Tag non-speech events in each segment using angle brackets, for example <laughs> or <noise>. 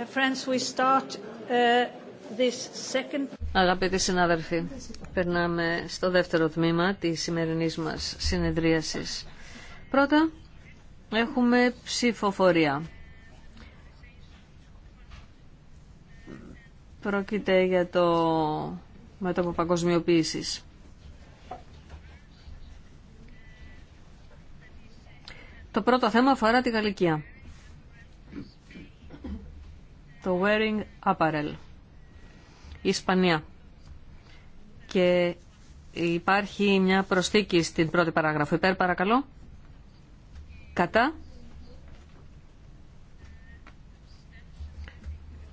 Uh, uh, Αγαπητοί συνάδελφοι, περνάμε στο δεύτερο τμήμα της σημερινής μας συνεδρίασης. Πρώτα, έχουμε ψηφοφορία. Πρόκειται για το μέτωπο παγκοσμιοποίησης. Το πρώτο θέμα αφορά τη Γαλλικία το Wearing Apparel, Ισπανία. Και υπάρχει μια προσθήκη στην πρώτη παράγραφο. Υπέρ παρακαλώ. Κατά.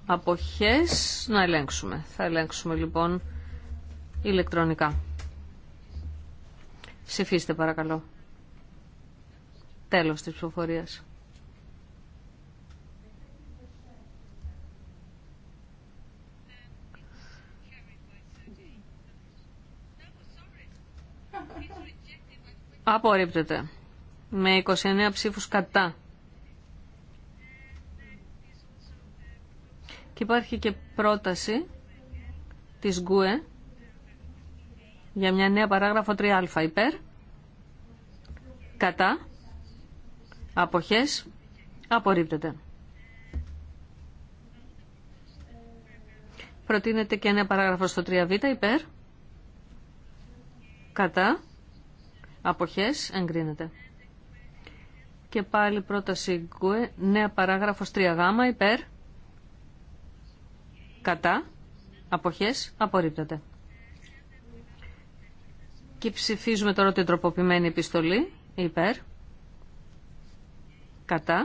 Αποχές να ελέγξουμε. Θα ελέγξουμε λοιπόν ηλεκτρονικά. Ψηφίστε παρακαλώ. Τέλος της ψηφοφορίας. Απορρίπτεται. Με 29 ψήφους κατά. Και υπάρχει και πρόταση της ΓΚΟΕ για μια νέα παράγραφο 3α υπέρ, κατά, αποχές, απορρίπτεται. Προτείνεται και ένα παράγραφο στο 3β υπέρ, κατά, Αποχές εγκρίνεται. Και πάλι πρόταση γκουε, νέα παράγραφος 3 γάμα, υπέρ, κατά, αποχές, απορρίπτεται. Και ψηφίζουμε τώρα την τροποποιημένη επιστολή, υπέρ, κατά.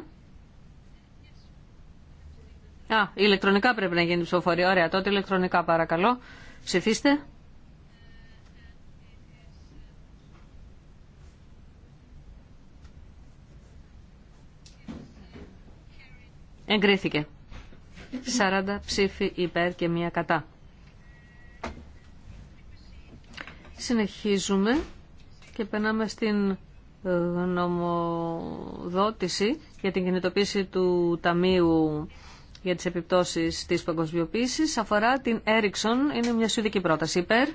Α, ηλεκτρονικά πρέπει να γίνει η ψηφοφορία. Ωραία, τότε ηλεκτρονικά παρακαλώ. Ψηφίστε. Εγκρίθηκε. 40 ψήφοι υπέρ και μία κατά. Συνεχίζουμε και περνάμε στην νομοδότηση για την κινητοποίηση του Ταμείου για τις επιπτώσεις της παγκοσμιοποίησης. Αφορά την Έριξον, είναι μια σουηδική πρόταση υπέρ.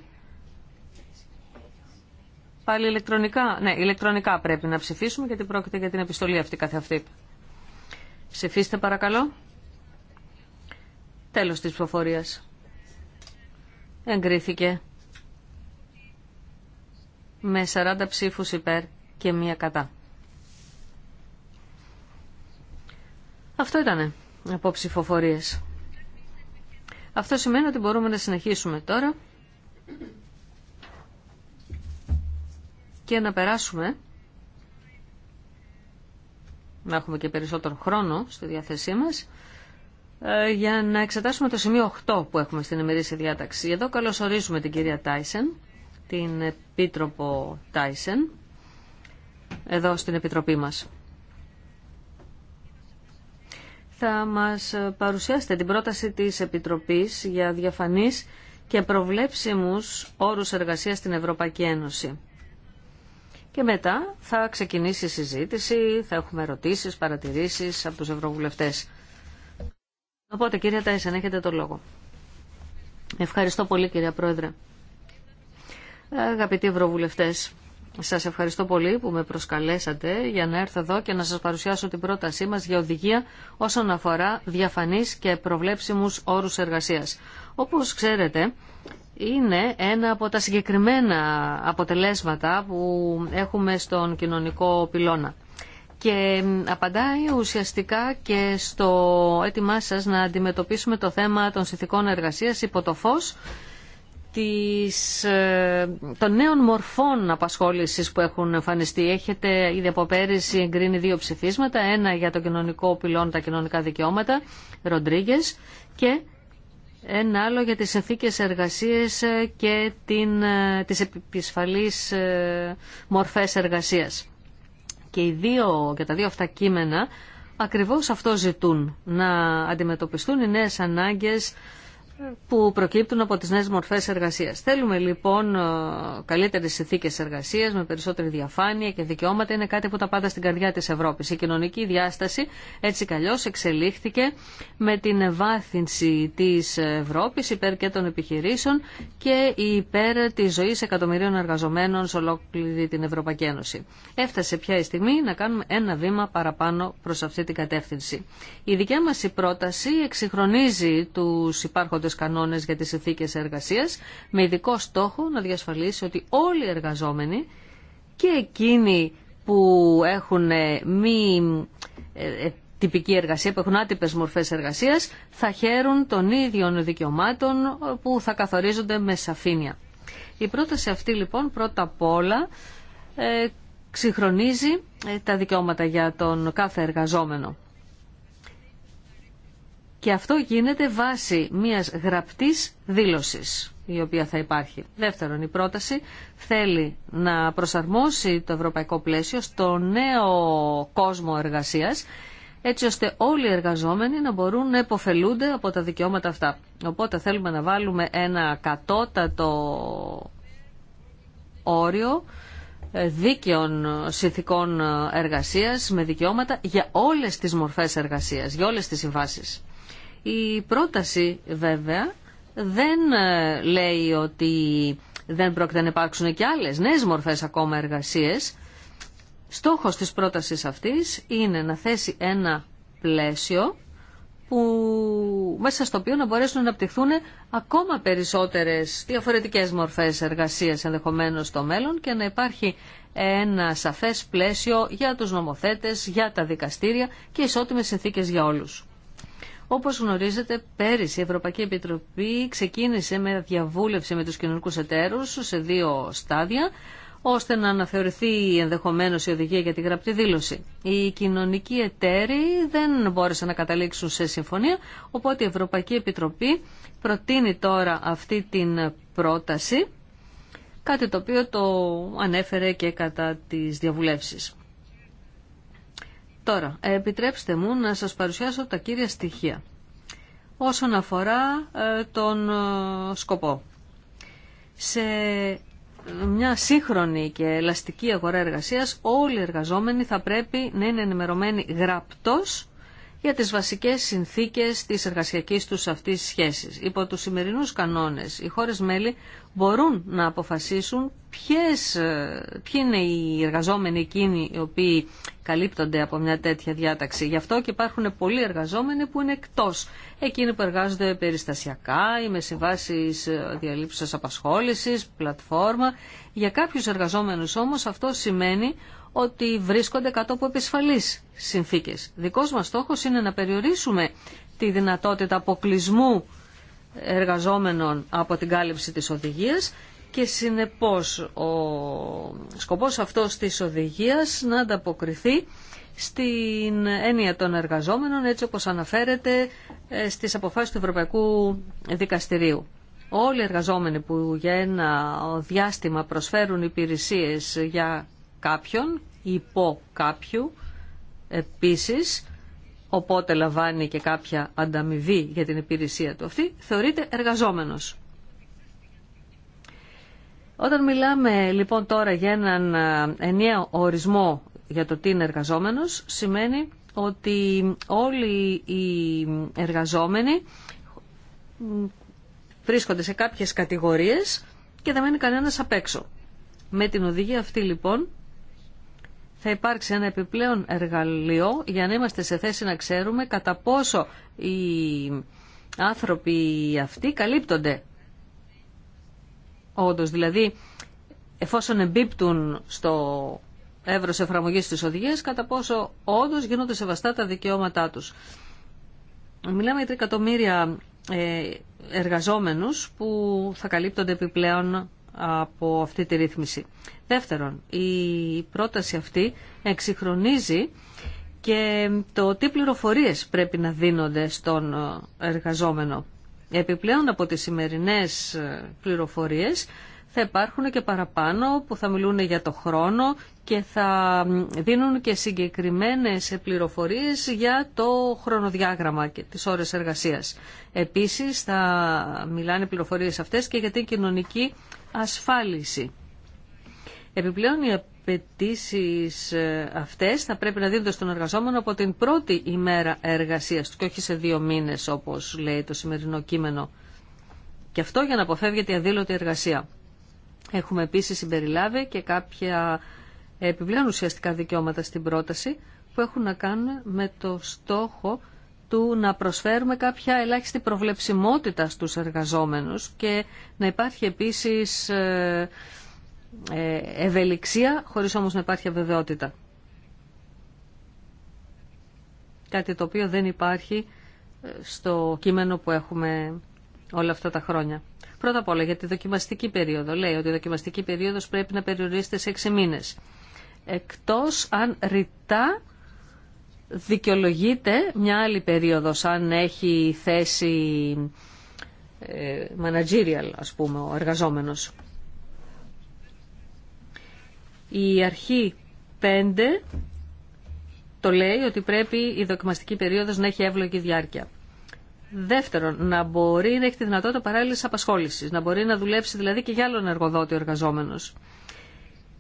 Πάλι ηλεκτρονικά, ναι, ηλεκτρονικά πρέπει να ψηφίσουμε γιατί πρόκειται για την επιστολή αυτή καθε αυτή. Ψηφίστε παρακαλώ. Τέλος της ψηφοφορίας. Εγκρίθηκε με 40 ψήφους υπέρ και μία κατά. Αυτό ήτανε από ψηφοφορίες. Αυτό σημαίνει ότι μπορούμε να συνεχίσουμε τώρα και να περάσουμε να έχουμε και περισσότερο χρόνο στη διάθεσή μας, ε, για να εξετάσουμε το σημείο 8 που έχουμε στην ημερήσια διάταξη. Εδώ καλωσορίζουμε την κυρία Τάισεν, την Επίτροπο Τάισεν, εδώ στην Επιτροπή μας. Θα μας παρουσιάσετε την πρόταση της Επιτροπής για διαφανείς και προβλέψιμους όρους εργασίας στην Ευρωπαϊκή Ένωση. Και μετά θα ξεκινήσει η συζήτηση, θα έχουμε ερωτήσεις, παρατηρήσεις από τους ευρωβουλευτές. Οπότε κύριε Τάισεν, έχετε το λόγο. Ευχαριστώ πολύ κύριε Πρόεδρε. Αγαπητοί ευρωβουλευτές, σας ευχαριστώ πολύ που με προσκαλέσατε για να έρθω εδώ και να σας παρουσιάσω την πρότασή μας για οδηγία όσον αφορά διαφανείς και προβλέψιμους όρους εργασίας. Όπως ξέρετε, είναι ένα από τα συγκεκριμένα αποτελέσματα που έχουμε στον κοινωνικό πυλώνα. Και απαντάει ουσιαστικά και στο έτοιμά σας να αντιμετωπίσουμε το θέμα των συνθηκών εργασίας υπό το φως της, ε, των νέων μορφών απασχόλησης που έχουν εμφανιστεί. Έχετε ήδη από πέρυσι εγκρίνει δύο ψηφίσματα, ένα για το κοινωνικό πυλώνα, τα κοινωνικά δικαιώματα, Ροντρίγκες, και ένα άλλο για τις συνθήκε εργασίες ε, και την, ε, τις επισφαλείς ε, μορφές εργασίας. Και, οι δύο, και τα δύο αυτά κείμενα ακριβώς αυτό ζητούν, να αντιμετωπιστούν οι νέες ανάγκες που προκύπτουν από τις νέες μορφές εργασίας. Θέλουμε λοιπόν ε, καλύτερες συνθήκε εργασίας με περισσότερη διαφάνεια και δικαιώματα είναι κάτι που τα πάντα στην καρδιά της Ευρώπης. Η κοινωνική διάσταση έτσι καλώς εξελίχθηκε με την ευάθυνση της Ευρώπης υπέρ και των επιχειρήσεων και υπέρ της ζωής εκατομμυρίων εργαζομένων σε ολόκληρη την Ευρωπαϊκή Ένωση. Έφτασε πια η στιγμή να κάνουμε ένα βήμα παραπάνω προς αυτή την κατεύθυνση. Η δικιά μας η πρόταση εξυγχρονίζει τους υπάρχοντες τους κανόνες για τις ηθίκες εργασίας με ειδικό στόχο να διασφαλίσει ότι όλοι οι εργαζόμενοι και εκείνοι που έχουν ε, μη ε, ε, τυπική εργασία, που έχουν άτυπες μορφές εργασίας, θα χαίρουν των ίδιων δικαιωμάτων που θα καθορίζονται με σαφήνεια. Η πρόταση αυτή λοιπόν πρώτα απ' όλα ε, ξυγχρονίζει τα δικαιώματα για τον κάθε εργαζόμενο. Και αυτό γίνεται βάσει μιας γραπτής δήλωσης η οποία θα υπάρχει. Δεύτερον, η πρόταση θέλει να προσαρμόσει το ευρωπαϊκό πλαίσιο στο νέο κόσμο εργασίας έτσι ώστε όλοι οι εργαζόμενοι να μπορούν να υποφελούνται από τα δικαιώματα αυτά. Οπότε θέλουμε να βάλουμε ένα κατώτατο όριο ε, δίκαιων συνθηκών ε, εργασίας με δικαιώματα για όλες τις μορφές εργασίας, για όλες τις συμβάσεις. Η πρόταση βέβαια δεν ε, λέει ότι δεν πρόκειται να υπάρξουν και άλλες νέες μορφές ακόμα εργασίες. Στόχος της πρότασης αυτής είναι να θέσει ένα πλαίσιο που, μέσα στο οποίο να μπορέσουν να αναπτυχθούν ακόμα περισσότερες διαφορετικές μορφές εργασίας ενδεχομένως στο μέλλον και να υπάρχει ένα σαφές πλαίσιο για τους νομοθέτες, για τα δικαστήρια και ισότιμες συνθήκες για όλους. Όπως γνωρίζετε, πέρυσι η Ευρωπαϊκή Επιτροπή ξεκίνησε με διαβούλευση με τους κοινωνικούς εταίρους σε δύο στάδια, ώστε να αναθεωρηθεί ενδεχομένως η οδηγία για τη γραπτή δήλωση. Οι κοινωνικοί εταίροι δεν μπόρεσαν να καταλήξουν σε συμφωνία, οπότε η Ευρωπαϊκή Επιτροπή προτείνει τώρα αυτή την πρόταση, κάτι το οποίο το ανέφερε και κατά τις διαβουλεύσεις. Τώρα, επιτρέψτε μου να σας παρουσιάσω τα κύρια στοιχεία όσον αφορά ε, τον ε, σκοπό. Σε μια σύγχρονη και ελαστική αγορά εργασίας όλοι οι εργαζόμενοι θα πρέπει να είναι ενημερωμένοι γραπτός για τις βασικές συνθήκες της εργασιακής τους αυτής σχέσης. Υπό τους σημερινούς κανόνες, οι χώρες μέλη μπορούν να αποφασίσουν ποιες, ποιοι είναι οι εργαζόμενοι εκείνοι οι οποίοι καλύπτονται από μια τέτοια διάταξη. Γι' αυτό και υπάρχουν πολλοί εργαζόμενοι που είναι εκτός. Εκείνοι που εργάζονται περιστασιακά ή με συμβάσει ε, διαλήψης απασχόλησης, πλατφόρμα. Για κάποιους εργαζόμενους όμως αυτό σημαίνει ότι βρίσκονται κάτω από επισφαλείς συνθήκες. Δικός μας στόχος είναι να περιορίσουμε τη δυνατότητα αποκλεισμού εργαζόμενων από την κάλυψη της οδηγίας και συνεπώς ο σκοπός αυτός της οδηγίας να ανταποκριθεί στην έννοια των εργαζόμενων έτσι όπως αναφέρεται ε, στις αποφάσεις του Ευρωπαϊκού Δικαστηρίου. Όλοι οι εργαζόμενοι που για ένα διάστημα προσφέρουν υπηρεσίες για κάποιον, υπό κάποιου, επίσης οπότε λαμβάνει και κάποια ανταμοιβή για την υπηρεσία του αυτή, θεωρείται εργαζόμενος. Όταν μιλάμε λοιπόν τώρα για έναν ενιαίο ορισμό για το τι είναι εργαζόμενος, σημαίνει ότι όλοι οι εργαζόμενοι βρίσκονται σε κάποιες κατηγορίες και δεν μένει κανένας απ' έξω. Με την οδηγία αυτή λοιπόν θα υπάρξει ένα επιπλέον εργαλείο για να είμαστε σε θέση να ξέρουμε κατά πόσο οι άνθρωποι αυτοί καλύπτονται. Όντως, δηλαδή, εφόσον εμπίπτουν στο εύρο εφαρμογή τη οδηγία, κατά πόσο όντως γίνονται σεβαστά τα δικαιώματά τους. Μιλάμε για 3 εκατομμύρια ε, εργαζόμενους που θα καλύπτονται επιπλέον από αυτή τη ρύθμιση. Δεύτερον, η πρόταση αυτή εξυγχρονίζει και το τι πληροφορίες πρέπει να δίνονται στον ε, εργαζόμενο. Επιπλέον από τις σημερινές ε, πληροφορίες θα υπάρχουν και παραπάνω που θα μιλούν για το χρόνο και θα δίνουν και συγκεκριμένες πληροφορίες για το χρονοδιάγραμμα και τις ώρες εργασίας. Επίσης θα μιλάνε πληροφορίες αυτές και για την κοινωνική ασφάλιση. Επιπλέον οι απαιτήσει ε, αυτές θα πρέπει να δίνονται στον εργαζόμενο από την πρώτη ημέρα εργασίας του και όχι σε δύο μήνες όπως λέει το σημερινό κείμενο. Και αυτό για να αποφεύγεται η αδήλωτη εργασία. Έχουμε επίσης συμπεριλάβει και κάποια επιπλέον ουσιαστικά δικαιώματα στην πρόταση που έχουν να κάνουν με το στόχο του να προσφέρουμε κάποια ελάχιστη προβλεψιμότητα στους εργαζόμενους και να υπάρχει επίσης ε, ε, ευελιξία χωρίς όμως να υπάρχει αβεβαιότητα. Κάτι το οποίο δεν υπάρχει ε, στο κείμενο που έχουμε όλα αυτά τα χρόνια. Πρώτα απ' όλα για τη δοκιμαστική περίοδο. Λέει ότι η δοκιμαστική περίοδος πρέπει να περιορίζεται σε 6 μήνες. Εκτός αν ρητά δικαιολογείται μια άλλη περίοδος, αν έχει θέση ε, managerial, ας πούμε, ο εργαζόμενος. Η αρχή 5 το λέει ότι πρέπει η δοκιμαστική περίοδος να έχει εύλογη διάρκεια. Δεύτερον, να μπορεί να έχει τη δυνατότητα παράλληλη απασχόληση, να μπορεί να δουλέψει δηλαδή και για άλλον εργοδότη ο εργαζόμενο.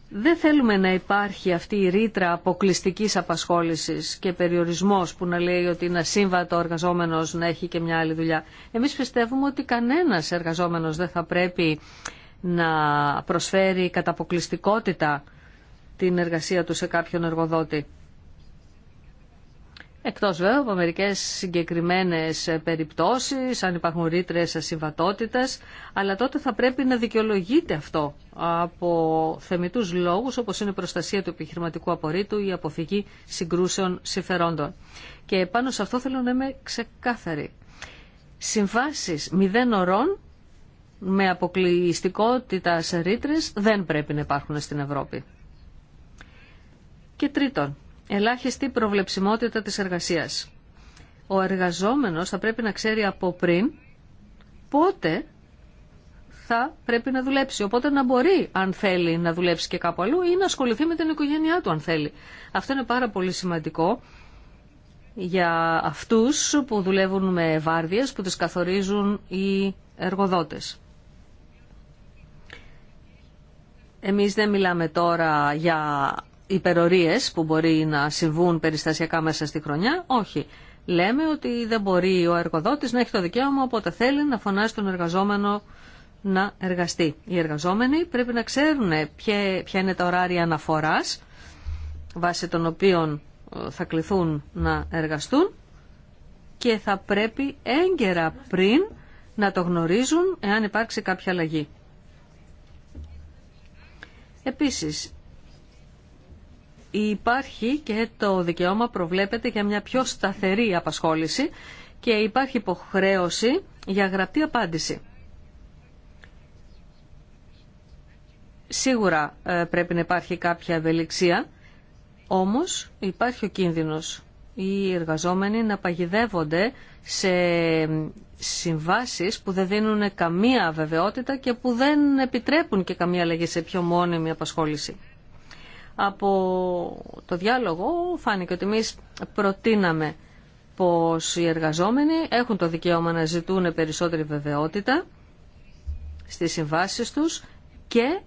Δεν θέλουμε να υπάρχει αυτή η ρήτρα αποκλειστική απασχόληση και περιορισμό που να λέει ότι είναι ασύμβατο ο εργαζόμενο να έχει και μια άλλη δουλειά. Εμεί πιστεύουμε ότι κανένα εργαζόμενο δεν θα πρέπει να προσφέρει κατά αποκλειστικότητα την εργασία του σε κάποιον εργοδότη. Εκτός βέβαια από μερικές συγκεκριμένες περιπτώσεις, αν υπάρχουν ρήτρες ασυμβατότητας, αλλά τότε θα πρέπει να δικαιολογείται αυτό από θεμητούς λόγους όπως είναι η προστασία του επιχειρηματικού απορρίτου ή η αποφυγή συγκρούσεων συμφερόντων. Και πάνω σε αυτό θέλω να είμαι ξεκάθαρη. Συμβάσει μηδέν ωρών με αποκλειστικότητα σε ρήτρες δεν πρέπει να υπάρχουν στην Ευρώπη. Και τρίτον, ελάχιστη προβλεψιμότητα της εργασίας. Ο εργαζόμενος θα πρέπει να ξέρει από πριν πότε θα πρέπει να δουλέψει. Οπότε να μπορεί, αν θέλει, να δουλέψει και κάπου αλλού ή να ασχοληθεί με την οικογένειά του, αν θέλει. Αυτό είναι πάρα πολύ σημαντικό για αυτούς που δουλεύουν με βάρδιες, που τις καθορίζουν οι εργοδότες. Εμείς δεν μιλάμε τώρα για υπερορίες που μπορεί να συμβούν περιστασιακά μέσα στη χρονιά. Όχι. Λέμε ότι δεν μπορεί ο εργοδότης να έχει το δικαίωμα όποτε θέλει να φωνάσει τον εργαζόμενο να εργαστεί. Οι εργαζόμενοι πρέπει να ξέρουν ποια, ποια είναι τα ωράρια αναφοράς βάσει των οποίων ε, θα κληθούν να εργαστούν και θα πρέπει έγκαιρα πριν να το γνωρίζουν εάν υπάρξει κάποια αλλαγή. Επίσης, υπάρχει και το δικαίωμα προβλέπεται για μια πιο σταθερή απασχόληση και υπάρχει υποχρέωση για γραπτή απάντηση. Σίγουρα ε, πρέπει να υπάρχει κάποια ευελιξία, όμως υπάρχει ο κίνδυνος οι εργαζόμενοι να παγιδεύονται σε συμβάσεις που δεν δίνουν καμία βεβαιότητα και που δεν επιτρέπουν και καμία αλλαγή σε πιο μόνιμη απασχόληση. Από το διάλογο φάνηκε ότι εμεί προτείναμε πως οι εργαζόμενοι έχουν το δικαίωμα να ζητούν περισσότερη βεβαιότητα στις συμβάσεις τους και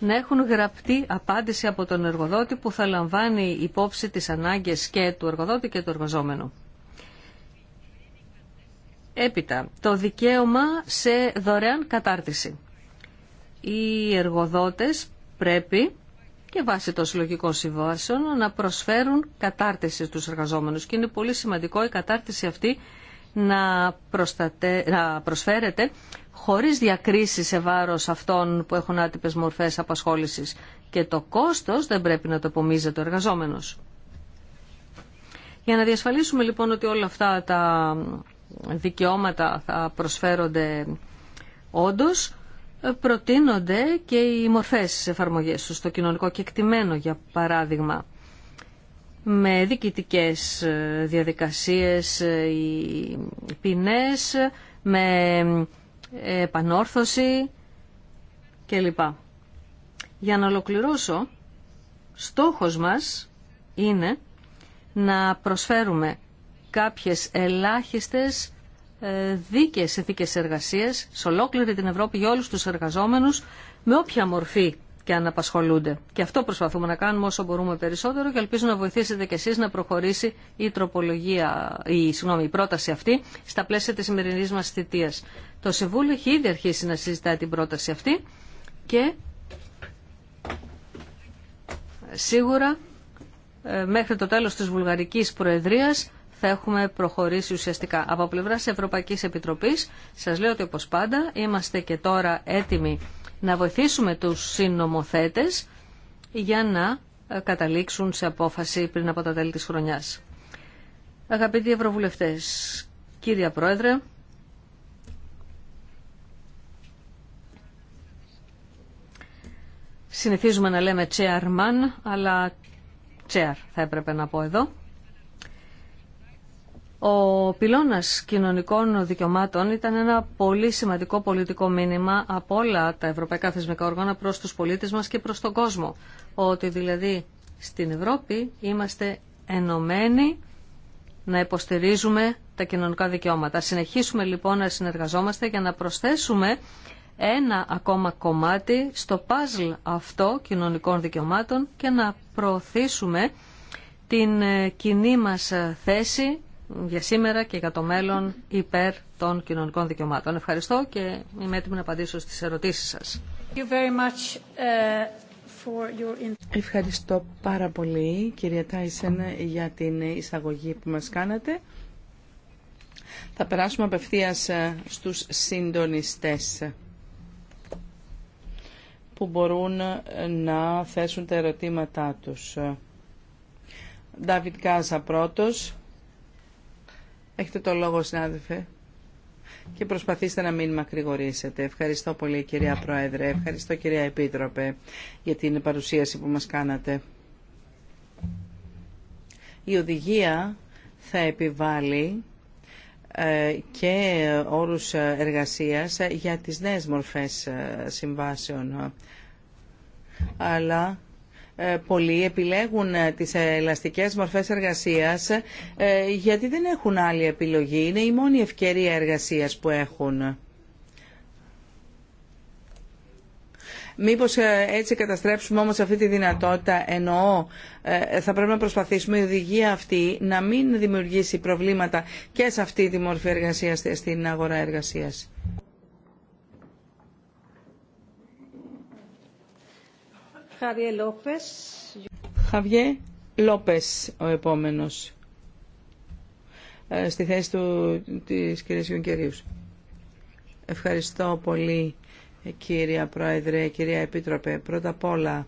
να έχουν γραπτή απάντηση από τον εργοδότη που θα λαμβάνει υπόψη τις ανάγκες και του εργοδότη και του εργαζόμενου. Έπειτα, το δικαίωμα σε δωρεάν κατάρτιση. Οι εργοδότες πρέπει και βάσει των συλλογικών συμβάσεων να προσφέρουν κατάρτιση στους εργαζόμενους. Και είναι πολύ σημαντικό η κατάρτιση αυτή να, προστατε... να προσφέρεται χωρίς διακρίσεις σε βάρος αυτών που έχουν άτυπες μορφές απασχόλησης. Και το κόστος δεν πρέπει να το επομίζεται ο εργαζόμενος. Για να διασφαλίσουμε λοιπόν ότι όλα αυτά τα δικαιώματα θα προσφέρονται όντως, προτείνονται και οι μορφές εφαρμογές του στο κοινωνικό κεκτημένο, για παράδειγμα, με δικητικές διαδικασίες, οι ποινές, με επανόρθωση κλπ. Για να ολοκληρώσω, στόχος μας είναι να προσφέρουμε κάποιες ελάχιστες ε, δίκαιε ηθίκες εργασίας σε ολόκληρη την Ευρώπη για όλου του εργαζόμενους με όποια μορφή και αν απασχολούνται. Και αυτό προσπαθούμε να κάνουμε όσο μπορούμε περισσότερο και ελπίζω να βοηθήσετε κι εσείς να προχωρήσει η, τροπολογία, η, συγγνώμη, η πρόταση αυτή στα πλαίσια τη σημερινή μα θητεία. Το Συμβούλιο έχει ήδη αρχίσει να συζητάει την πρόταση αυτή και σίγουρα ε, μέχρι το τέλος της Βουλγαρικής Προεδρίας θα έχουμε προχωρήσει ουσιαστικά. Από πλευρά τη Ευρωπαϊκή Επιτροπή, σα λέω ότι όπω πάντα είμαστε και τώρα έτοιμοι να βοηθήσουμε του συνομοθέτε για να ε, καταλήξουν σε απόφαση πριν από τα τέλη της χρονιάς. Αγαπητοί Ευρωβουλευτέ. κύρια Πρόεδρε, συνηθίζουμε να λέμε chairman, αλλά chair θα έπρεπε να πω εδώ. Ο πυλώνας κοινωνικών δικαιωμάτων ήταν ένα πολύ σημαντικό πολιτικό μήνυμα από όλα τα ευρωπαϊκά θεσμικά οργάνα προς τους πολίτες μας και προς τον κόσμο. Ότι δηλαδή στην Ευρώπη είμαστε ενωμένοι να υποστηρίζουμε τα κοινωνικά δικαιώματα. Συνεχίσουμε λοιπόν να συνεργαζόμαστε για να προσθέσουμε ένα ακόμα κομμάτι στο παζλ αυτό κοινωνικών δικαιωμάτων και να προωθήσουμε την ε, κοινή μας ε, θέση για σήμερα και για το μέλλον υπέρ των κοινωνικών δικαιωμάτων. Ευχαριστώ και είμαι έτοιμη να απαντήσω στις ερωτήσεις σας. Uh, Ευχαριστώ πάρα πολύ κυρία Τάισεν για την εισαγωγή που μας κάνατε. Θα περάσουμε απευθείας ε, στους συντονιστές που μπορούν ε, να θέσουν τα ερωτήματά τους. Ε, Ντάβιτ Κάζα πρώτος. Έχετε το λόγο, συνάδελφε. Και προσπαθήστε να μην μακρηγορήσετε. Ευχαριστώ πολύ, κυρία Πρόεδρε. Ευχαριστώ, κυρία Επίτροπε, για την παρουσίαση που μας κάνατε. Η οδηγία θα επιβάλλει ε, και όρους εργασίας για τις νέες μορφές ε, συμβάσεων. Αλλά ε, πολλοί επιλέγουν ε, τις ελαστικές μορφές εργασίας ε, γιατί δεν έχουν άλλη επιλογή. Είναι η μόνη ευκαιρία εργασίας που έχουν. Μήπως έτσι καταστρέψουμε όμως αυτή τη δυνατότητα, εννοώ θα πρέπει να προσπαθήσουμε η οδηγία αυτή να μην δημιουργήσει προβλήματα και σε αυτή τη μορφή εργασίας στην αγορά εργασίας. Χαβιέ Λόπες ο επόμενος ε, στη θέση του, της κυρίας Ιονκερίους. Ευχαριστώ πολύ κυρία Πρόεδρε, κυρία Επίτροπε. Πρώτα απ' όλα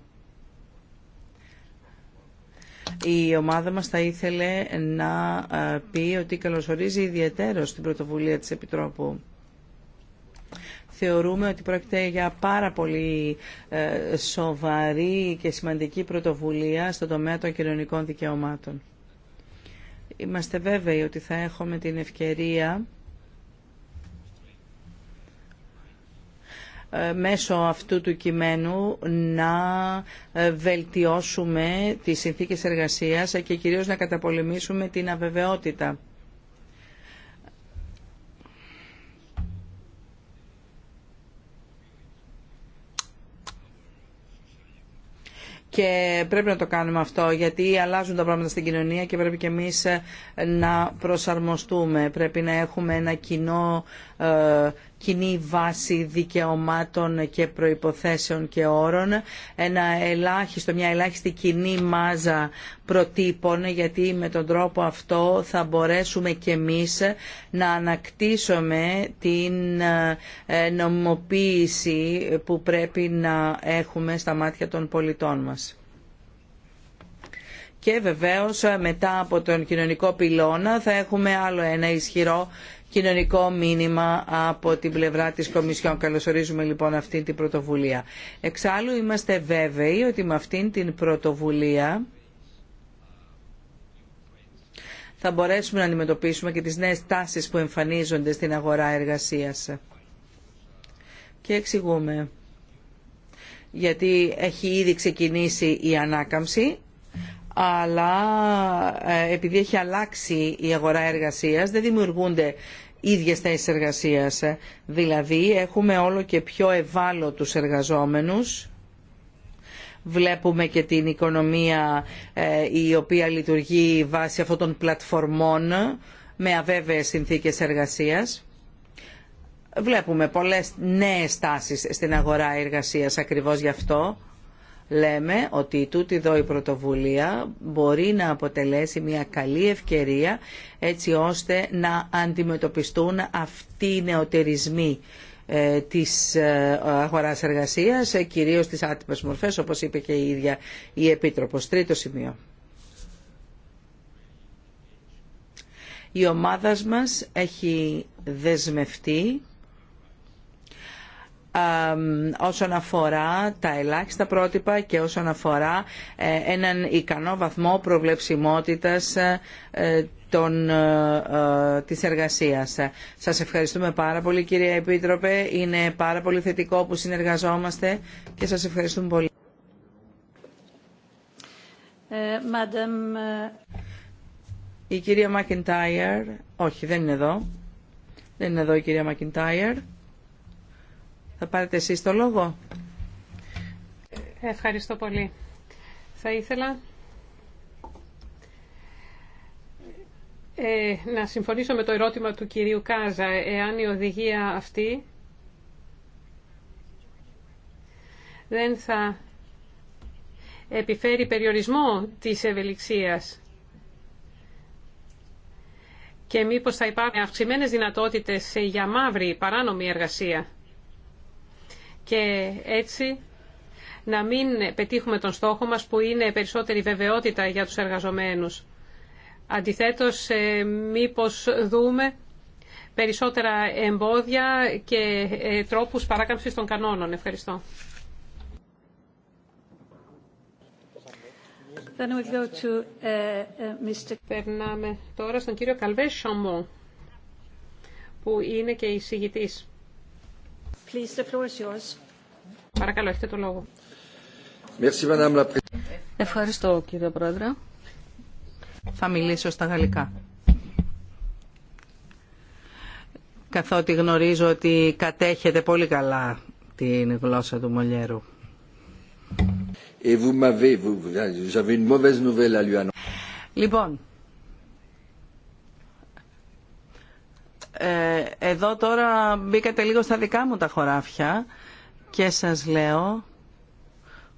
η ομάδα μας θα ήθελε να ε, πει ότι καλωσορίζει ιδιαίτερο στην πρωτοβουλία της Επιτρόπου θεωρούμε ότι πρόκειται για πάρα πολύ ε, σοβαρή και σημαντική πρωτοβουλία στον τομέα των κοινωνικών δικαιωμάτων. Είμαστε βέβαιοι ότι θα έχουμε την ευκαιρία ε, μέσω αυτού του κειμένου να ε, βελτιώσουμε τις συνθήκες εργασίας και κυρίως να καταπολεμήσουμε την αβεβαιότητα. και πρέπει να το κάνουμε αυτό γιατί αλλάζουν τα πράγματα στην κοινωνία και πρέπει και εμείς ε, να προσαρμοστούμε. Πρέπει να έχουμε ένα κοινό ε, κοινή βάση δικαιωμάτων και προϋποθέσεων και όρων, ένα ελάχιστο, μια ελάχιστη κοινή μάζα προτύπων, γιατί με τον τρόπο αυτό θα μπορέσουμε και εμείς να ανακτήσουμε την ε, νομοποίηση που πρέπει να έχουμε στα μάτια των πολιτών μας και βεβαίως μετά από τον κοινωνικό πυλώνα θα έχουμε άλλο ένα ισχυρό κοινωνικό μήνυμα από την πλευρά της Κομισιόν. Καλωσορίζουμε λοιπόν αυτή την πρωτοβουλία. Εξάλλου είμαστε βέβαιοι ότι με αυτήν την πρωτοβουλία θα μπορέσουμε να αντιμετωπίσουμε και τις νέες τάσεις που εμφανίζονται στην αγορά εργασίας. Και εξηγούμε. Γιατί έχει ήδη ξεκινήσει η ανάκαμψη, αλλά ε, επειδή έχει αλλάξει η αγορά εργασίας δεν δημιουργούνται ίδιες θέσεις εργασίας. Δηλαδή έχουμε όλο και πιο ευάλωτους εργαζόμενους βλέπουμε και την οικονομία ε, η οποία λειτουργεί βάσει αυτών των πλατφορμών με αβέβαιες συνθήκες εργασίας. Βλέπουμε πολλές νέες τάσεις στην αγορά εργασίας ακριβώς γι' αυτό λέμε ότι τούτη εδώ η πρωτοβουλία μπορεί να αποτελέσει μια καλή ευκαιρία έτσι ώστε να αντιμετωπιστούν αυτοί οι νεοτερισμοί ε, της ε, αγοράς εργασίας, ε, κυρίως τις άτυπες μορφές, όπως είπε και η ίδια η Επίτροπος. Τρίτο σημείο. Η ομάδα μας έχει δεσμευτεί όσον αφορά τα ελάχιστα πρότυπα και όσον αφορά ε, έναν ικανό βαθμό προβλεψιμότητας ε, ε, των, της εργασίας. Σας ευχαριστούμε πάρα πολύ κυρία Επίτροπε. Είναι πάρα πολύ θετικό που συνεργαζόμαστε και σας ευχαριστούμε πολύ. Η κυρία Μακιντάιερ, όχι δεν είναι εδώ, δεν είναι εδώ η κυρία Μακιντάιερ. Θα πάρετε εσείς το λόγο. Ευχαριστώ πολύ. Θα ήθελα ε, να συμφωνήσω με το ερώτημα του κυρίου Κάζα, εάν η οδηγία αυτή δεν θα επιφέρει περιορισμό της ευελιξίας και μήπως θα υπάρχουν αυξημένες δυνατότητες για μαύρη παράνομη εργασία και έτσι να μην πετύχουμε τον στόχο μας που είναι περισσότερη βεβαιότητα για τους εργαζομένους. Αντιθέτως, ε, μήπως δούμε περισσότερα εμπόδια και ε, τρόπους παράκαμψης των κανόνων. Ευχαριστώ. Then we go to, ε, Mr. Περνάμε τώρα στον κύριο Καλβέ Σαμό, που είναι και εισηγητής. Ευχαριστώ, κύριε Πρόεδρε. Θα μιλήσω στα γαλλικά. Καθότι γνωρίζω ότι κατέχετε πολύ καλά την γλώσσα του Μολιέρου. Λοιπόν, Ε, εδώ τώρα μπήκατε λίγο στα δικά μου τα χωράφια και σας λέω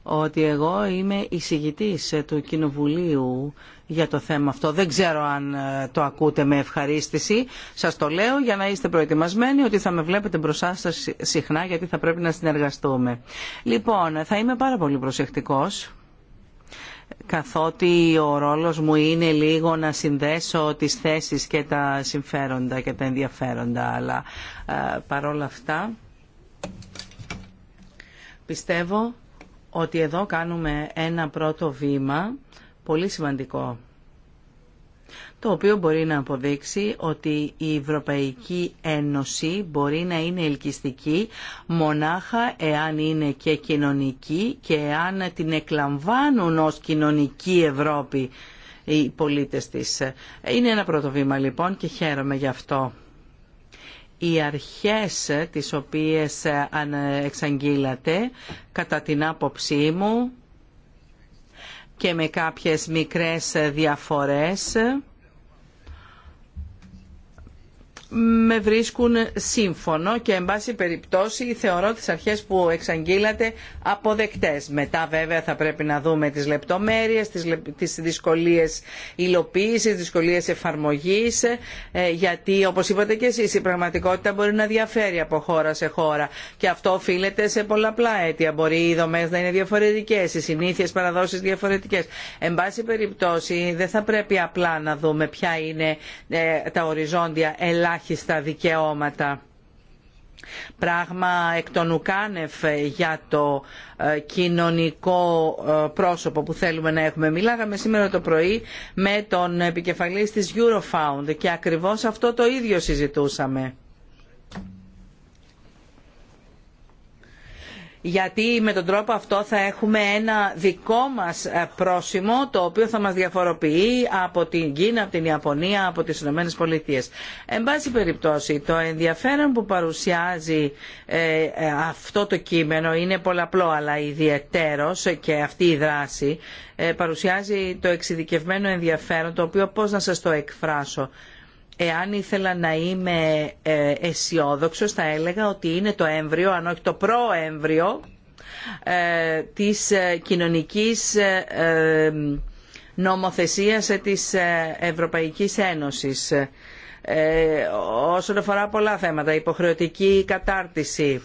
ότι εγώ είμαι εισηγητής ε, του Κοινοβουλίου για το θέμα αυτό. Δεν ξέρω αν ε, το ακούτε με ευχαρίστηση. Σας το λέω για να είστε προετοιμασμένοι ότι θα με βλέπετε μπροστά σας συχνά γιατί θα πρέπει να συνεργαστούμε. Λοιπόν, θα είμαι πάρα πολύ προσεκτικός καθότι ο ρόλος μου είναι λίγο να συνδέσω τις θέσεις και τα συμφέροντα και τα ενδιαφέροντα. Αλλά ε, παρόλα αυτά πιστεύω ότι εδώ κάνουμε ένα πρώτο βήμα πολύ σημαντικό το οποίο μπορεί να αποδείξει ότι η Ευρωπαϊκή Ένωση μπορεί να είναι ελκυστική μονάχα εάν είναι και κοινωνική και εάν την εκλαμβάνουν ως κοινωνική Ευρώπη οι πολίτες της. Είναι ένα πρώτο βήμα λοιπόν και χαίρομαι γι' αυτό. Οι αρχές τις οποίες εξαγγείλατε, κατά την άποψή μου και με κάποιες μικρές διαφορές, με βρίσκουν σύμφωνο και εν πάση περιπτώσει θεωρώ τις αρχές που εξαγγείλατε αποδεκτές. Μετά βέβαια θα πρέπει να δούμε τις λεπτομέρειες, τις δυσκολίες υλοποίησης, τις δυσκολίες εφαρμογής ε, γιατί όπως είπατε και εσείς η πραγματικότητα μπορεί να διαφέρει από χώρα σε χώρα και αυτό οφείλεται σε πολλαπλά αίτια. Μπορεί οι δομές να είναι διαφορετικές, οι συνήθειες παραδόσεις διαφορετικές. Εν πάση περιπτώσει δεν θα πρέπει απλά να δούμε ποια είναι ε, τα οριζόντια ελάχιστα ελάχιστα δικαιώματα. Πράγμα εκ των ουκάνευ για το ε, κοινωνικό ε, πρόσωπο που θέλουμε να έχουμε. Μιλάγαμε σήμερα το πρωί με τον επικεφαλής της Eurofound και ακριβώς αυτό το ίδιο συζητούσαμε. γιατί με τον τρόπο αυτό θα έχουμε ένα δικό μας ε, πρόσημο το οποίο θα μας διαφοροποιεί από την Κίνα, από την Ιαπωνία, από τις Ηνωμένες Πολιτείες. Εν πάση περιπτώσει το ενδιαφέρον που παρουσιάζει ε, ε, αυτό το κείμενο είναι πολλαπλό αλλά ιδιαιτέρως και αυτή η δράση παρουσιάζει το εξειδικευμένο ενδιαφέρον το οποίο πώς να σας το εκφράσω Εάν ήθελα να είμαι ε, αισιόδοξο, θα έλεγα ότι είναι το έμβριο, αν όχι το προέμβριο, ε, της ε, κοινωνικής νομοθεσίας της Ευρωπαϊκής Ένωσης. Όσον αφορά πολλά θέματα, υποχρεωτική κατάρτιση,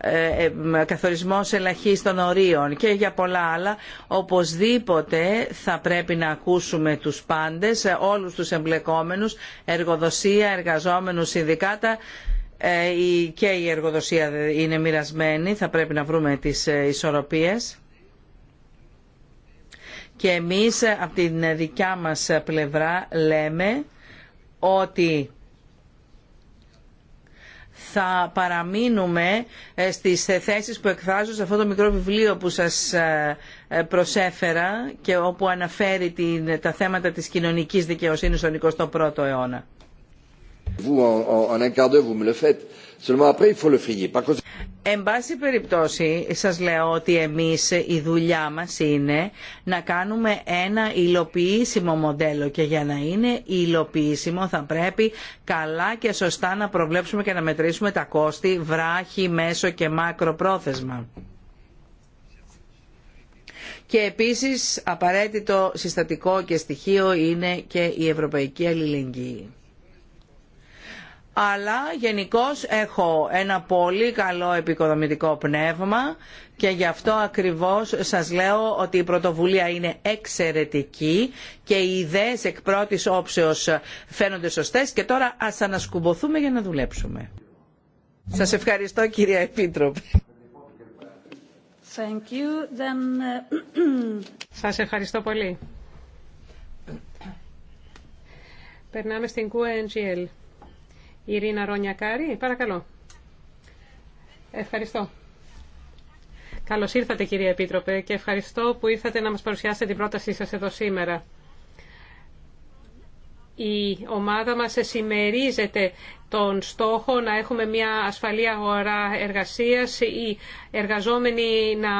ε, ε, καθορισμός ελαχίστων ορίων και για πολλά άλλα οπωσδήποτε θα πρέπει να ακούσουμε τους πάντες, ε, όλους τους εμπλεκόμενους, εργοδοσία, εργαζόμενους, συνδικάτα και η εργοδοσία είναι μοιρασμένη, θα πρέπει να βρούμε τις ισορροπίες. Και εμείς από την δικιά μας πλευρά λέμε ότι θα παραμείνουμε ε, στις θέσεις που εκφράζω σε αυτό το μικρό βιβλίο που σας ε, ε, προσέφερα και όπου αναφέρει την, τα θέματα της κοινωνικής δικαιοσύνης στον 21ο αιώνα. Vous, en, vous me le faites. Εν πάση περιπτώσει, σας λέω ότι εμείς η δουλειά μας είναι να κάνουμε ένα υλοποιήσιμο μοντέλο και για να είναι υλοποιήσιμο θα πρέπει καλά και σωστά να προβλέψουμε και να μετρήσουμε τα κόστη βράχη, μέσο και πρόθεσμα. Και επίσης απαραίτητο συστατικό και στοιχείο είναι και η ευρωπαϊκή αλληλεγγύη αλλά γενικώ έχω ένα πολύ καλό επικοδομητικό πνεύμα και γι' αυτό ακριβώς σας λέω ότι η πρωτοβουλία είναι εξαιρετική και οι ιδέες εκ πρώτης όψεως φαίνονται σωστές και τώρα ας ανασκουμποθούμε για να δουλέψουμε. Σας ευχαριστώ κυρία Επίτροπη. Thank you. Then... <clears throat> Σας ευχαριστώ πολύ. <clears throat> Περνάμε στην QNGL. Ειρήνα ρόνια παρακαλώ. Ευχαριστώ. Καλώς ήρθατε κυρία Επίτροπε και ευχαριστώ που ήρθατε να μας παρουσιάσετε την πρότασή σας εδώ σήμερα. Η ομάδα μας εσημερίζεται τον στόχο να έχουμε μια ασφαλή αγορά εργασίας, ή εργαζόμενοι να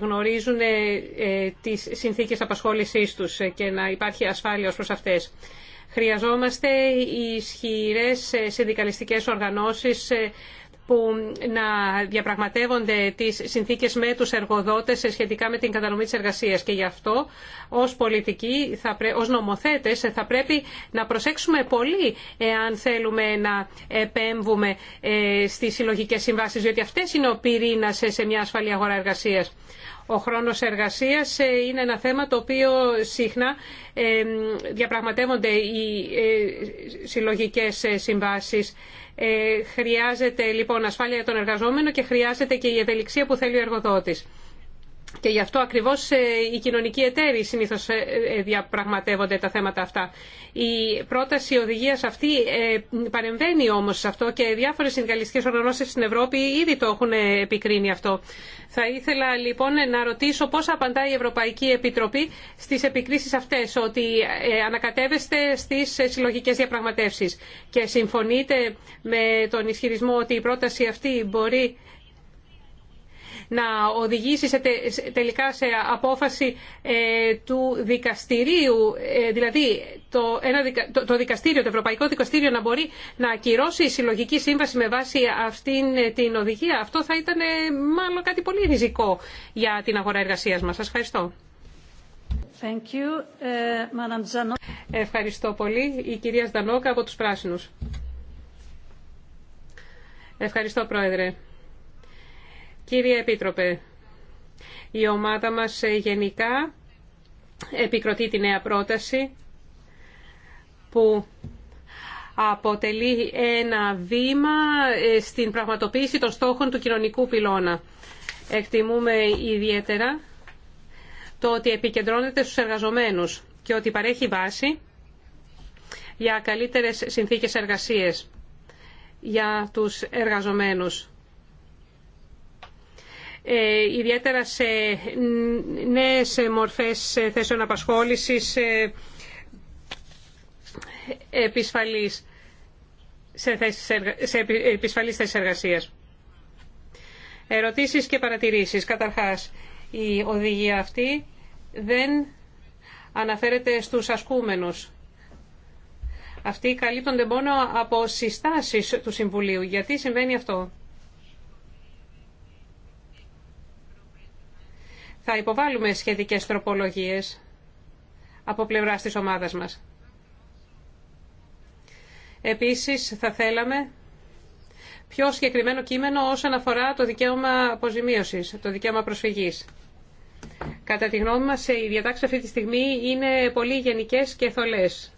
γνωρίζουν ε, τις συνθήκες απασχόλησής τους και να υπάρχει ασφάλεια ως προς αυτές. Χρειαζόμαστε ισχυρές ε, συνδικαλιστικές οργανώσεις ε, που να διαπραγματεύονται τις συνθήκες με τους εργοδότες σχετικά με την κατανομή της εργασίας. Και γι' αυτό ως πολιτικοί, θα πρέ... ως νομοθέτες θα πρέπει να προσέξουμε πολύ εάν θέλουμε να επέμβουμε ε, στις συλλογικές συμβάσεις, διότι αυτές είναι ο πυρήνας σε μια ασφαλή αγορά εργασίας. Ο χρόνος εργασίας ε, είναι ένα θέμα το οποίο συχνά ε, διαπραγματεύονται οι ε, συλλογικές συμβάσεις. Χρειάζεται λοιπόν ασφάλεια για τον εργαζόμενο και χρειάζεται και η ευελιξία που θέλει ο εργοδότης. Και γι' αυτό ακριβώς ε, οι κοινωνικοί εταίροι συνήθως ε, ε, διαπραγματεύονται τα θέματα αυτά. Η πρόταση οδηγία αυτή παρεμβαίνει όμω σε αυτό και διάφορε συνδικαλιστικέ οργανώσει στην Ευρώπη ήδη το έχουν επικρίνει αυτό. Θα ήθελα λοιπόν να ρωτήσω πώ απαντά η Ευρωπαϊκή Επιτροπή στι επικρίσει αυτέ, ότι ανακατεύεστε στι συλλογικέ διαπραγματεύσει. και συμφωνείτε με τον ισχυρισμό ότι η πρόταση αυτή μπορεί να οδηγήσει σε, τελικά σε απόφαση ε, του δικαστηρίου, ε, δηλαδή το, ένα, το, δικαστήριο, το Ευρωπαϊκό Δικαστήριο να μπορεί να ακυρώσει η συλλογική σύμβαση με βάση αυτήν την οδηγία, αυτό θα ήταν ε, μάλλον κάτι πολύ ριζικό για την αγορά εργασίας μας. Σας ευχαριστώ. Thank you. Ευχαριστώ πολύ. Η κυρία Στανόκα από τους Πράσινους. Ευχαριστώ, Πρόεδρε. Κύριε Επίτροπε, η ομάδα μας ε, γενικά επικροτεί τη νέα πρόταση που αποτελεί ένα βήμα ε, στην πραγματοποίηση των στόχων του κοινωνικού πυλώνα. Εκτιμούμε ιδιαίτερα το ότι επικεντρώνεται στους εργαζομένους και ότι παρέχει βάση για καλύτερες συνθήκες εργασίες για τους εργαζομένους ε, ιδιαίτερα σε νέες μορφές θέσεων απασχόλησης ε, επισφαλής, σε, θέσεις, σε επισφαλής θέσεις Ερωτήσεις και παρατηρήσεις. Καταρχάς, η οδηγία αυτή δεν αναφέρεται στους ασκούμενους. Αυτοί καλύπτονται μόνο από συστάσεις του Συμβουλίου. Γιατί συμβαίνει αυτό. Θα υποβάλουμε σχετικές τροπολογίες από πλευράς της ομάδας μας. Επίσης, θα θέλαμε πιο συγκεκριμένο κείμενο όσον αφορά το δικαίωμα αποζημίωσης, το δικαίωμα προσφυγής. Κατά τη γνώμη μας, οι διατάξεις αυτή τη στιγμή είναι πολύ γενικές και θολές.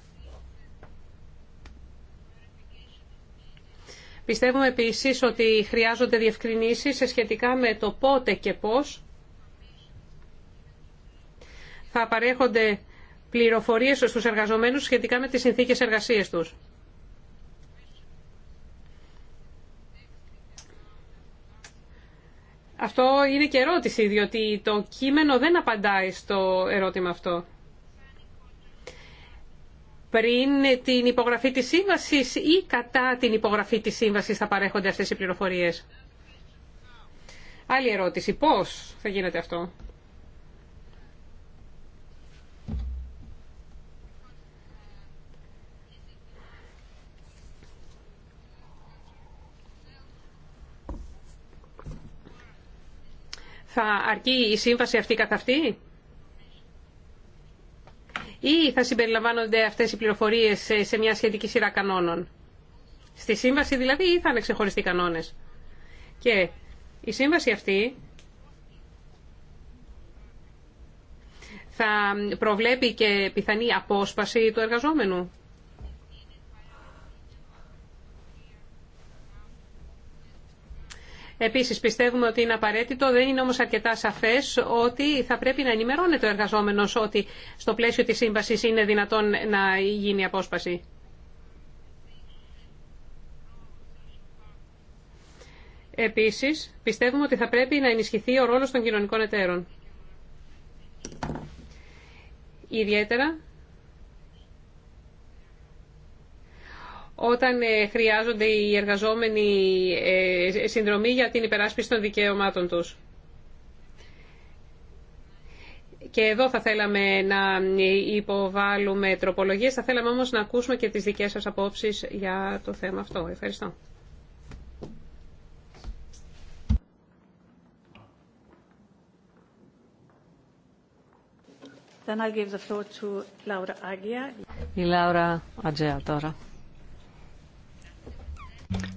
Πιστεύουμε επίσης ότι χρειάζονται διευκρινήσεις σε σχετικά με το πότε και πώς θα παρέχονται πληροφορίες στους εργαζομένους σχετικά με τις συνθήκες εργασίας τους. Αυτό είναι και ερώτηση, διότι το κείμενο δεν απαντάει στο ερώτημα αυτό. Πριν την υπογραφή της σύμβασης ή κατά την υπογραφή της σύμβασης θα παρέχονται αυτές οι πληροφορίες. Άλλη ερώτηση, πώς θα γίνεται αυτό. θα αρκεί η σύμβαση αυτή καθ' αυτή ή θα συμπεριλαμβάνονται αυτές οι πληροφορίες σε μια σχετική σειρά κανόνων. Στη σύμβαση δηλαδή ή θα είναι ξεχωριστοί κανόνες. Και η σύμβαση αυτή θα προβλέπει και πιθανή απόσπαση του εργαζόμενου. Επίσης πιστεύουμε ότι είναι απαραίτητο, δεν είναι όμως αρκετά σαφές ότι θα πρέπει να ενημερώνεται ο εργαζόμενος ότι στο πλαίσιο της σύμβασης είναι δυνατόν να γίνει απόσπαση. Επίσης, πιστεύουμε ότι θα πρέπει να ενισχυθεί ο ρόλος των κοινωνικών εταίρων. Ιδιαίτερα όταν ε, χρειάζονται οι εργαζόμενοι ε, συνδρομή για την υπεράσπιση των δικαιωμάτων τους. Και εδώ θα θέλαμε να υποβάλουμε τροπολογίες, θα θέλαμε όμως να ακούσουμε και τις δικές σας απόψεις για το θέμα αυτό. Ευχαριστώ. Η Λάουρα Ατζέα τώρα.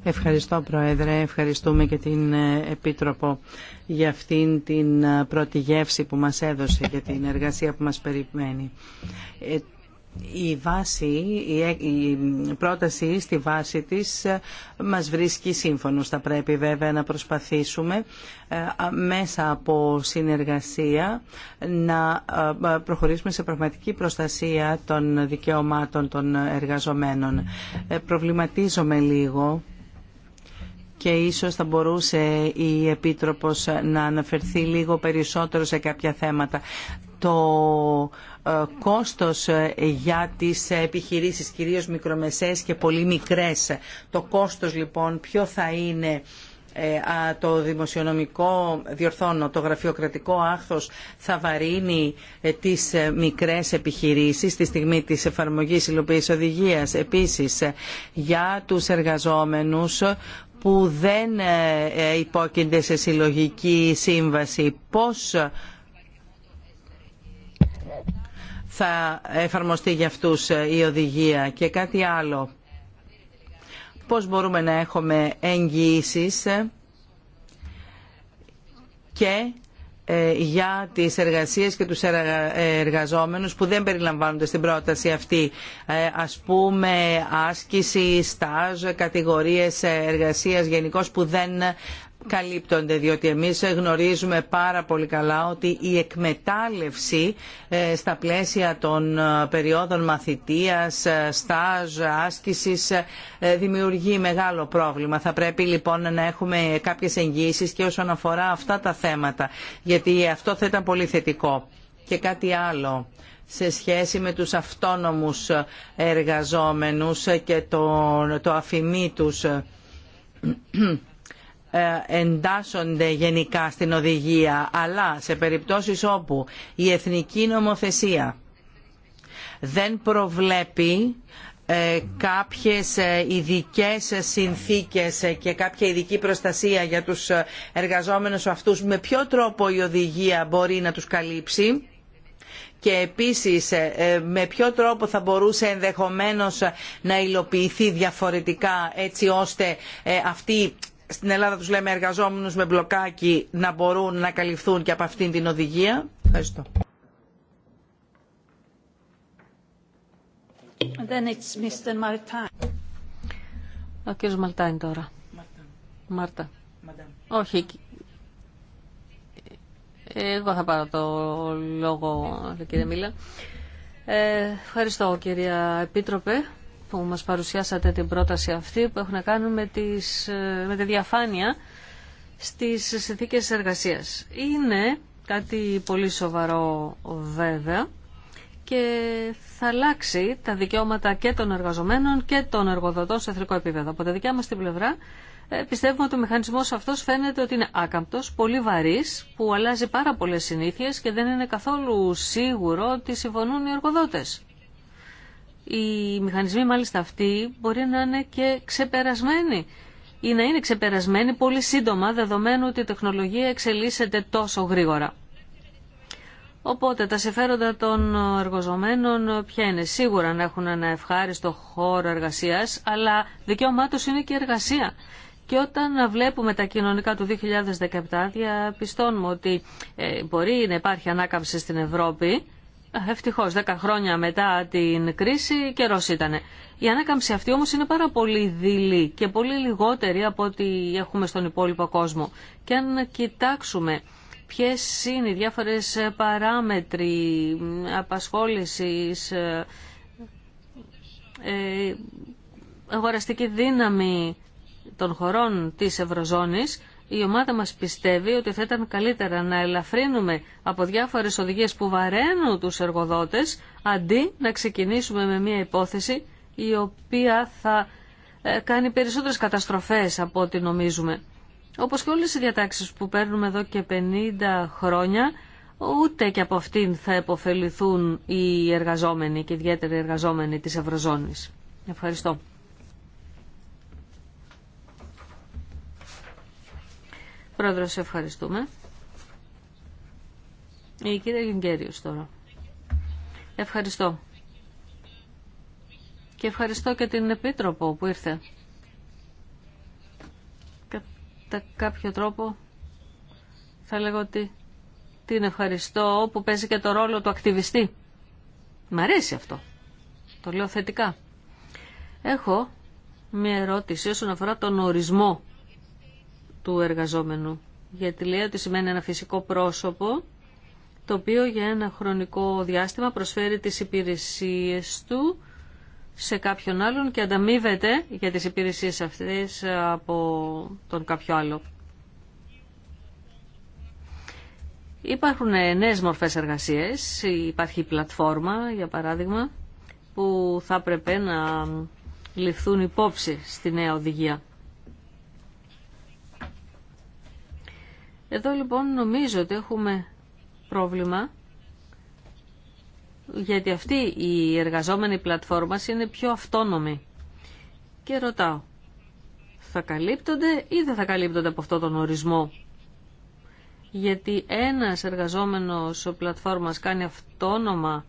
Ευχαριστώ Πρόεδρε, ευχαριστούμε και την ε, Επίτροπο για αυτήν την ε, πρώτη γεύση που μας έδωσε και την εργασία που μας περιμένει. Ε, η βάση, ε, η πρόταση στη βάση της ε, μας βρίσκει σύμφωνος. Θα πρέπει βέβαια να προσπαθήσουμε ε, μέσα από συνεργασία να προχωρήσουμε σε πραγματική προστασία των δικαιωμάτων των εργαζομένων. Προβληματίζομαι λίγο και ίσως θα μπορούσε η Επίτροπος να αναφερθεί λίγο περισσότερο σε κάποια θέματα. Το ε, κόστος ε, για τις επιχειρήσεις, κυρίως μικρομεσαίες και πολύ μικρές. Το κόστος λοιπόν ποιο θα είναι ε, το δημοσιονομικό διορθώνω, το γραφειοκρατικό άχθος θα βαρύνει ε, τις ε, μικρές επιχειρήσεις στη στιγμή της εφαρμογής υλοποίησης οδηγίας. Επίσης, για τους εργαζόμενους που δεν υπόκεινται σε συλλογική σύμβαση, πώς θα εφαρμοστεί για αυτούς η οδηγία και κάτι άλλο. Πώς μπορούμε να έχουμε εγγυήσεις και ε, για τις εργασίες και τους εργαζόμενους που δεν περιλαμβάνονται στην πρόταση αυτή. Ε, ας πούμε άσκηση, στάζ, κατηγορίες ε, εργασίας γενικώ που δεν καλύπτονται διότι εμείς γνωρίζουμε πάρα πολύ καλά ότι η εκμετάλλευση ε, στα πλαίσια των ε, περιόδων μαθητείας, ε, στάζ, άσκησης δημιουργεί μεγάλο πρόβλημα. Θα πρέπει λοιπόν να έχουμε κάποιες εγγύσεις και όσον αφορά αυτά τα θέματα γιατί αυτό θα ήταν πολύ θετικό. Και κάτι άλλο σε σχέση με τους αυτόνομους εργαζόμενους και το, το αφημί τους ε, εντάσσονται γενικά στην οδηγία αλλά σε περιπτώσεις όπου η εθνική νομοθεσία δεν προβλέπει ε, κάποιες ε, ειδικέ συνθήκες και κάποια ειδική προστασία για τους εργαζόμενους αυτούς με ποιο τρόπο η οδηγία μπορεί να τους καλύψει και επίσης με ποιο τρόπο θα μπορούσε ενδεχομένως να υλοποιηθεί διαφορετικά έτσι ώστε αυτή στην Ελλάδα τους λέμε εργαζόμενους με μπλοκάκι να μπορούν να καλυφθούν και από αυτήν την οδηγία. Ευχαριστώ. Then it's Mr. Martin. Ο κ. Μαλτάιν τώρα. Μάρτα. Όχι. Εγώ θα πάρω το λόγο, κύριε Μίλα. Ε, ευχαριστώ, κυρία Επίτροπε που μας παρουσιάσατε την πρόταση αυτή που έχουν να κάνουν με, τις, με τη διαφάνεια στις συνθήκες εργασίας. Είναι κάτι πολύ σοβαρό βέβαια και θα αλλάξει τα δικαιώματα και των εργαζομένων και των εργοδοτών σε εθνικό επίπεδο. Από τα δικιά μας την πλευρά ε, πιστεύουμε ότι ο μηχανισμός αυτός φαίνεται ότι είναι άκαμπτος, πολύ βαρύς, που αλλάζει πάρα πολλές συνήθειες και δεν είναι καθόλου σίγουρο ότι συμφωνούν οι εργοδότες οι μηχανισμοί μάλιστα αυτοί μπορεί να είναι και ξεπερασμένοι ή να είναι ξεπερασμένοι πολύ σύντομα δεδομένου ότι η τεχνολογία εξελίσσεται τόσο γρήγορα. Οπότε τα συμφέροντα των εργοζομένων ποια είναι. Σίγουρα να έχουν ένα ευχάριστο χώρο εργασίας, αλλά δικαίωμά τους είναι και εργασία. Και όταν βλέπουμε τα κοινωνικά του 2017 διαπιστώνουμε ότι ε, μπορεί να υπάρχει ανάκαμψη στην Ευρώπη, Ευτυχώ, 10 χρόνια μετά την κρίση καιρό ήταν. Η ανάκαμψη αυτή όμω είναι πάρα πολύ δειλή και πολύ λιγότερη από ό,τι έχουμε στον υπόλοιπο κόσμο. Και αν κοιτάξουμε ποιε είναι οι διάφορε παράμετροι απασχόληση, ε, ε, αγοραστική δύναμη των χωρών της Ευρωζώνης, η ομάδα μας πιστεύει ότι θα ήταν καλύτερα να ελαφρύνουμε από διάφορες οδηγίες που βαραίνουν τους εργοδότες αντί να ξεκινήσουμε με μια υπόθεση η οποία θα ε, κάνει περισσότερες καταστροφές από ό,τι νομίζουμε. Όπως και όλες οι διατάξεις που παίρνουμε εδώ και 50 χρόνια, ούτε και από αυτήν θα επωφεληθούν οι εργαζόμενοι και ιδιαίτερα οι εργαζόμενοι της Ευρωζώνης. Ευχαριστώ. Πρόεδρο, σε ευχαριστούμε. Η κυρία Γιουγκέριος τώρα. Ευχαριστώ. Και ευχαριστώ και την Επίτροπο που ήρθε. Κατά κάποιο τρόπο θα λέγω ότι την ευχαριστώ που παίζει και το ρόλο του ακτιβιστή. Μ' αρέσει αυτό. Το λέω θετικά. Έχω μια ερώτηση όσον αφορά τον ορισμό του εργαζόμενου. Γιατί λέει ότι σημαίνει ένα φυσικό πρόσωπο το οποίο για ένα χρονικό διάστημα προσφέρει τις υπηρεσίες του σε κάποιον άλλον και ανταμείβεται για τις υπηρεσίες αυτές από τον κάποιο άλλο. Υπάρχουν νέες μορφές εργασίες, υπάρχει η πλατφόρμα για παράδειγμα που θα πρέπει να ληφθούν υπόψη στη νέα οδηγία. Εδώ λοιπόν νομίζω ότι έχουμε πρόβλημα γιατί αυτή η εργαζόμενη πλατφόρμα είναι πιο αυτόνομη. Και ρωτάω, θα καλύπτονται ή δεν θα καλύπτονται από αυτό τον ορισμό. Γιατί ένας εργαζόμενος πλατφόρμας κάνει αυτόνομα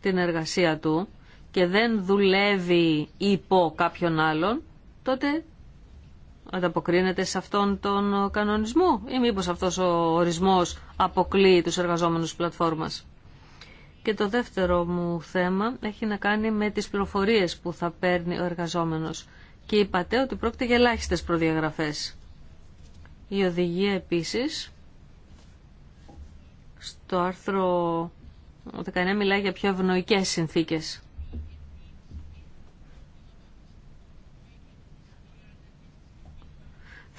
την εργασία του και δεν δουλεύει υπό κάποιον άλλον, τότε ανταποκρίνεται σε αυτόν τον κανονισμό ή μήπως αυτός ο ορισμός αποκλείει τους εργαζόμενους πλατφόρμας. Και το δεύτερο μου θέμα έχει να κάνει με τις πληροφορίες που θα παίρνει ο εργαζόμενος. Και είπατε ότι πρόκειται για ελάχιστε προδιαγραφές. Η οδηγία επίσης στο άρθρο 19 μιλάει για πιο ευνοϊκές συνθήκες.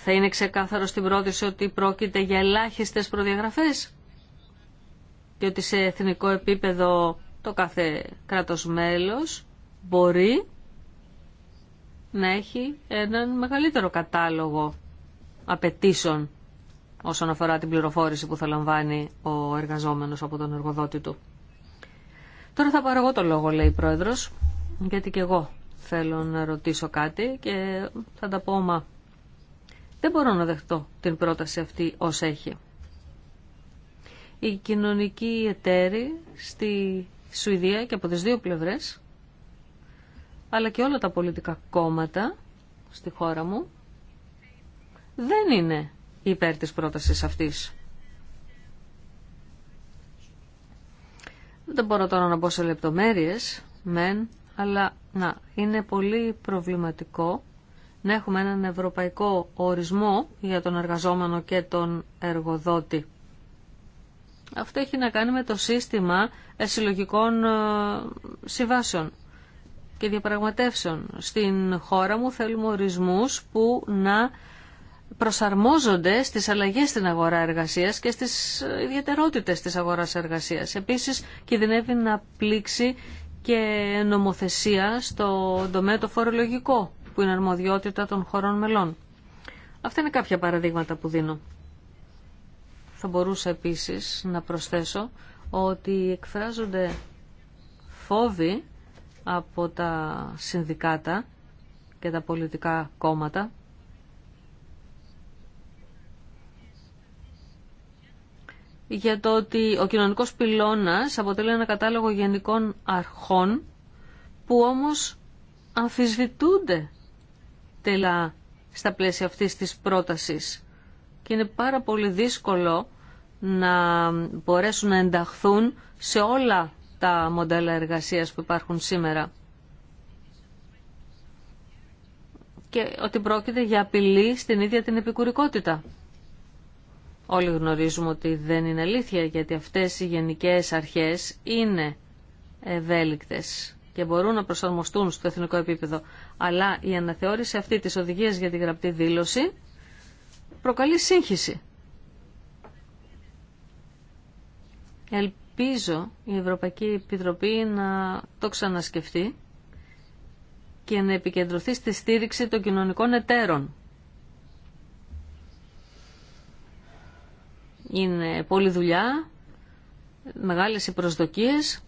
Θα είναι ξεκάθαρο στην πρόταση ότι πρόκειται για ελάχιστες προδιαγραφές και ότι σε εθνικό επίπεδο το κάθε κράτος μέλος μπορεί να έχει έναν μεγαλύτερο κατάλογο απαιτήσεων όσον αφορά την πληροφόρηση που θα λαμβάνει ο εργαζόμενος από τον εργοδότη του. Τώρα θα πάρω εγώ το λόγο, λέει η Πρόεδρος, γιατί και εγώ θέλω να ρωτήσω κάτι και θα τα πω μα δεν μπορώ να δεχτώ την πρόταση αυτή ως έχει. Οι κοινωνικοί εταίροι στη Σουηδία και από τις δύο πλευρές, αλλά και όλα τα πολιτικά κόμματα στη χώρα μου, δεν είναι υπέρ της πρότασης αυτής. Δεν μπορώ τώρα να μπω σε λεπτομέρειες, μεν, αλλά να, είναι πολύ προβληματικό να έχουμε έναν ευρωπαϊκό ορισμό για τον εργαζόμενο και τον εργοδότη. Αυτό έχει να κάνει με το σύστημα ε, συλλογικών ε, συμβάσεων και διαπραγματεύσεων. Στην χώρα μου θέλουμε ορισμούς που να προσαρμόζονται στις αλλαγές στην αγορά εργασίας και στις ε, ιδιαιτερότητες της αγοράς εργασίας. Επίσης, κινδυνεύει να πλήξει και νομοθεσία στο τομέα το φορολογικό που είναι αρμοδιότητα των χωρών μελών. Αυτά είναι κάποια παραδείγματα που δίνω. Θα μπορούσα επίσης να προσθέσω ότι εκφράζονται φόβοι από τα συνδικάτα και τα πολιτικά κόμματα για το ότι ο κοινωνικός πυλώνας αποτελεί ένα κατάλογο γενικών αρχών που όμως αμφισβητούνται στα πλαίσια αυτής της πρότασης. Και είναι πάρα πολύ δύσκολο να μπορέσουν να ενταχθούν σε όλα τα μοντέλα εργασίας που υπάρχουν σήμερα. Και ότι πρόκειται για απειλή στην ίδια την επικουρικότητα. Όλοι γνωρίζουμε ότι δεν είναι αλήθεια, γιατί αυτές οι γενικές αρχές είναι ευέλικτες και μπορούν να προσαρμοστούν στο εθνικό επίπεδο. Αλλά η αναθεώρηση αυτή της οδηγίας για τη γραπτή δήλωση προκαλεί σύγχυση. Ελπίζω η Ευρωπαϊκή Επιτροπή να το ξανασκεφτεί και να επικεντρωθεί στη στήριξη των κοινωνικών εταίρων. Είναι πολλή δουλειά, μεγάλες οι προσδοκίες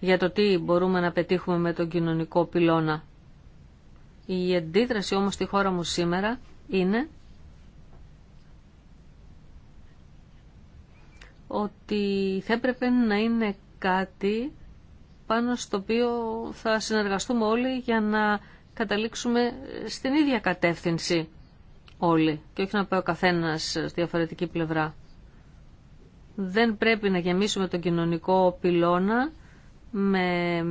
για το τι μπορούμε να πετύχουμε με τον κοινωνικό πυλώνα. Η αντίδραση όμως στη χώρα μου σήμερα είναι ότι θα έπρεπε να είναι κάτι πάνω στο οποίο θα συνεργαστούμε όλοι για να καταλήξουμε στην ίδια κατεύθυνση όλοι και όχι να πάει ο καθένας στη διαφορετική πλευρά. Δεν πρέπει να γεμίσουμε τον κοινωνικό πυλώνα με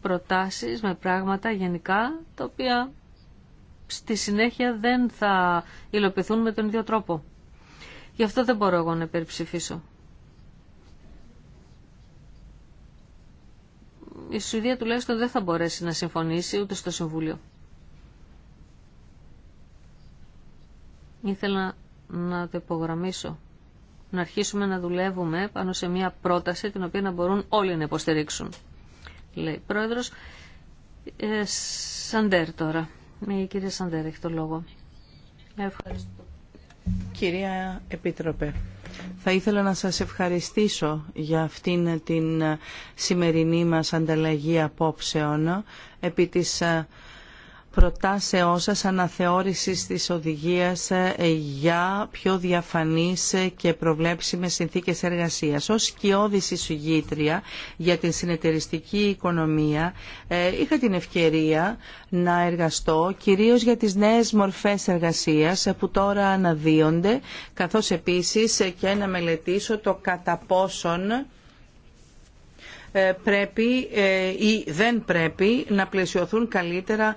προτάσεις, με πράγματα γενικά, τα οποία στη συνέχεια δεν θα υλοποιηθούν με τον ίδιο τρόπο. Γι' αυτό δεν μπορώ εγώ να υπερψηφίσω. Η Σουηδία τουλάχιστον δεν θα μπορέσει να συμφωνήσει ούτε στο Συμβούλιο. Ήθελα να το υπογραμμίσω να αρχίσουμε να δουλεύουμε πάνω σε μια πρόταση την οποία να μπορούν όλοι να υποστηρίξουν. Λέει πρόεδρος ε, Σαντέρ τώρα. Ε, η κυρία Σαντέρ έχει το λόγο. Ευχαριστώ. Κυρία Επίτροπε, θα ήθελα να σας ευχαριστήσω για αυτήν την σημερινή μας ανταλλαγή απόψεων επί της ε, προτάσεώς σας αναθεώρησης της οδηγίας ε, για πιο διαφανείς ε, και προβλέψιμες συνθήκες εργασίας. Ως σκιώδης εισηγήτρια για την συνεταιριστική οικονομία ε, είχα την ευκαιρία να εργαστώ κυρίως για τις νέες μορφές εργασίας που τώρα αναδύονται καθώς επίσης και να μελετήσω το κατά πόσον πρέπει ή δεν πρέπει να πλαισιωθούν καλύτερα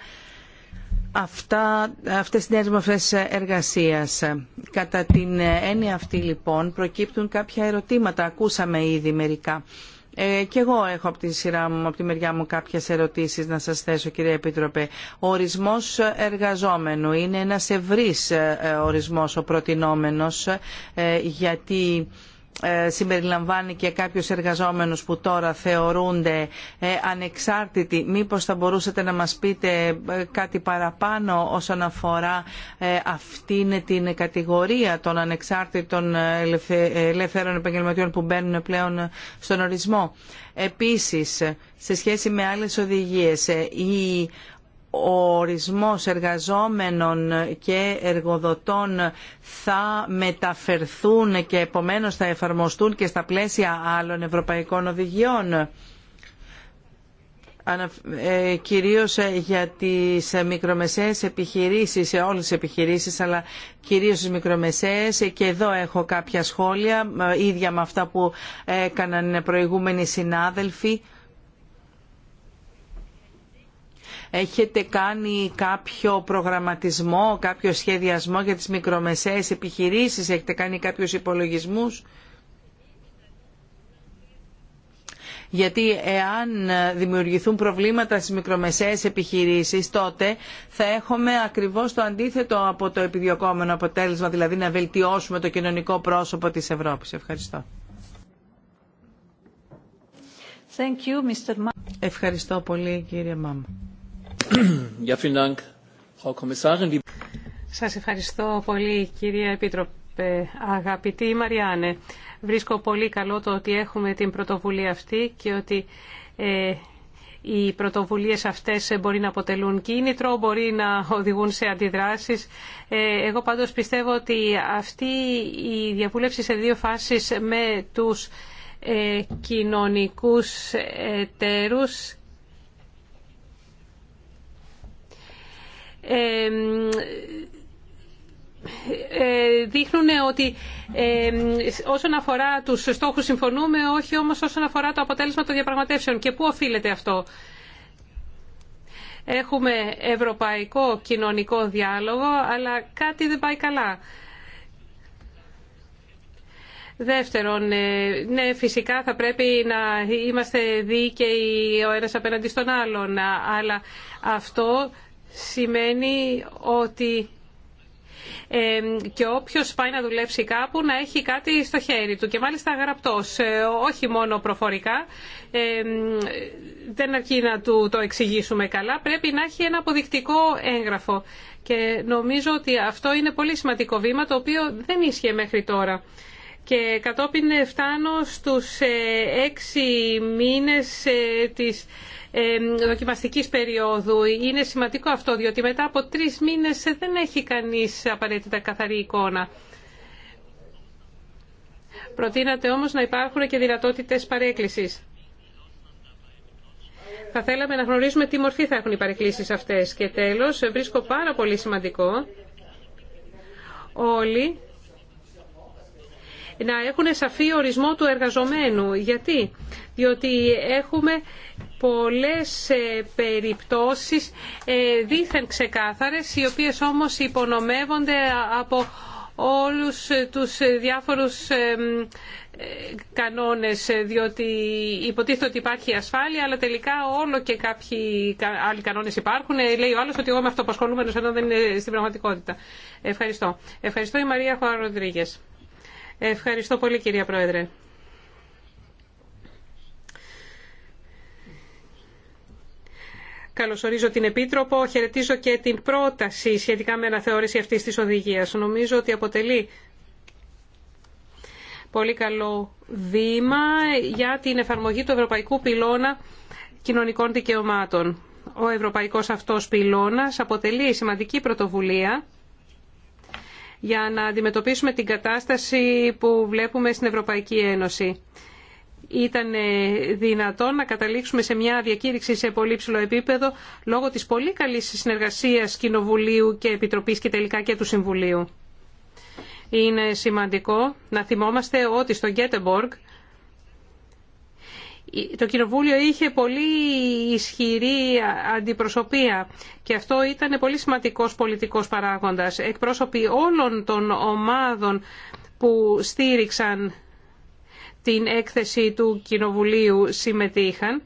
αυτά, αυτές τις νέες μορφές εργασίας. Κατά την έννοια αυτή λοιπόν προκύπτουν κάποια ερωτήματα. Ακούσαμε ήδη μερικά. Ε, και εγώ έχω από τη σειρά μου, από τη μεριά μου κάποιες ερωτήσεις να σας θέσω κύριε Επίτροπε. Ο ορισμός εργαζόμενου είναι ένας ευρύς ε, ορισμός ο προτινόμενος ε, γιατί ε, συμπεριλαμβάνει και κάποιους εργαζόμενους που τώρα θεωρούνται ε, ανεξάρτητοι. Μήπως θα μπορούσατε να μας πείτε ε, κάτι παραπάνω όσον αφορά αυτήν την κατηγορία των ανεξάρτητων ελεύθερων επαγγελματιών που μπαίνουν πλέον στον ορισμό. Επίσης, σε σχέση με άλλες οδηγίες, η ο ορισμός εργαζόμενων και εργοδοτών θα μεταφερθούν και επομένως θα εφαρμοστούν και στα πλαίσια άλλων ευρωπαϊκών οδηγιών ε, κυρίως ε, για τις ε, μικρομεσαίες επιχειρήσεις, σε όλες τις επιχειρήσεις, αλλά κυρίως τις μικρομεσαίες και εδώ έχω κάποια σχόλια, ίδια με αυτά που έκαναν προηγούμενοι συνάδελφοι Έχετε κάνει κάποιο προγραμματισμό, κάποιο σχεδιασμό για τις μικρομεσαίες επιχειρήσεις, έχετε κάνει κάποιους υπολογισμούς. γιατί εάν δημιουργηθούν προβλήματα στις μικρομεσαίες επιχειρήσεις τότε θα έχουμε ακριβώς το αντίθετο από το επιδιωκόμενο αποτέλεσμα δηλαδή να βελτιώσουμε το κοινωνικό πρόσωπο της Ευρώπης. Ευχαριστώ. Thank you, Mr. Ευχαριστώ πολύ κύριε Μάμ. Σας ευχαριστώ πολύ κυρία Επίτροπε. Αγαπητή Μαριάνε. βρίσκω πολύ καλό το ότι έχουμε την πρωτοβουλία αυτή και ότι ε, οι πρωτοβουλίες αυτές μπορεί να αποτελούν κίνητρο, μπορεί να οδηγούν σε αντιδράσεις. Ε, εγώ πάντως πιστεύω ότι αυτή η διαβούλευση σε δύο φάσεις με τους ε, κοινωνικούς τέρους Ε, δείχνουν ότι όσον αφορά τους στόχους συμφωνούμε, όχι όμως όσον αφορά το αποτέλεσμα των διαπραγματεύσεων. Και πού οφείλεται αυτό. Έχουμε ευρωπαϊκό κοινωνικό διάλογο, αλλά κάτι δεν πάει καλά. Δεύτερον, ε, ναι, φυσικά θα πρέπει να είμαστε δίκαιοι ο ένας απέναντι στον άλλον, αλλά αυτό σημαίνει ότι και όποιος πάει να δουλέψει κάπου να έχει κάτι στο χέρι του και μάλιστα γραπτός, ε, όχι μόνο προφορικά. Δεν αρκεί να του το εξηγήσουμε καλά, πρέπει να έχει ένα αποδεικτικό έγγραφο. Και νομίζω ότι αυτό είναι πολύ σημαντικό βήμα το οποίο δεν ίσχυε μέχρι τώρα. Και κατόπιν φτάνω στους ε, έξι μήνες ε, της δοκιμαστικής περίοδου. Είναι σημαντικό αυτό, διότι μετά από τρεις μήνες δεν έχει κανείς απαραίτητα καθαρή εικόνα. Προτείνατε όμως να υπάρχουν και δυνατότητες παρέκκλησης. Θα θέλαμε να γνωρίζουμε τι μορφή θα έχουν οι παρεκκλήσεις αυτές. Και τέλος, βρίσκω πάρα πολύ σημαντικό όλοι να έχουν σαφή ορισμό του εργαζομένου. Γιατί, διότι έχουμε πολλές ε, περιπτώσεις ε, δήθεν ξεκάθαρες, οι οποίες όμως υπονομεύονται από όλους τους διάφορους ε, κανόνες διότι υποτίθεται ότι υπάρχει ασφάλεια αλλά τελικά όλο και κάποιοι άλλοι κανόνες υπάρχουν λέει ο άλλος ότι εγώ είμαι αυτοπασχολούμενος ενώ δεν είναι στην πραγματικότητα Ευχαριστώ Ευχαριστώ η Μαρία Χωαροντρίγες Ευχαριστώ πολύ κυρία Πρόεδρε Καλωσορίζω την Επίτροπο, χαιρετίζω και την πρόταση σχετικά με αναθεώρηση αυτής της οδηγίας. Νομίζω ότι αποτελεί πολύ καλό βήμα για την εφαρμογή του Ευρωπαϊκού Πυλώνα Κοινωνικών Δικαιωμάτων. Ο Ευρωπαϊκός αυτός πυλώνας αποτελεί σημαντική πρωτοβουλία για να αντιμετωπίσουμε την κατάσταση που βλέπουμε στην Ευρωπαϊκή Ένωση ήταν ε, δυνατόν να καταλήξουμε σε μια διακήρυξη σε πολύ ψηλό επίπεδο λόγω της πολύ καλής συνεργασίας Κοινοβουλίου και Επιτροπής και τελικά και του Συμβουλίου. Είναι σημαντικό να θυμόμαστε ότι στο Γκέτεμποργκ το Κοινοβούλιο είχε πολύ ισχυρή αντιπροσωπεία και αυτό ήταν πολύ σημαντικός πολιτικός παράγοντας. Εκπρόσωποι όλων των ομάδων που στήριξαν στην έκθεση του Κοινοβουλίου συμμετείχαν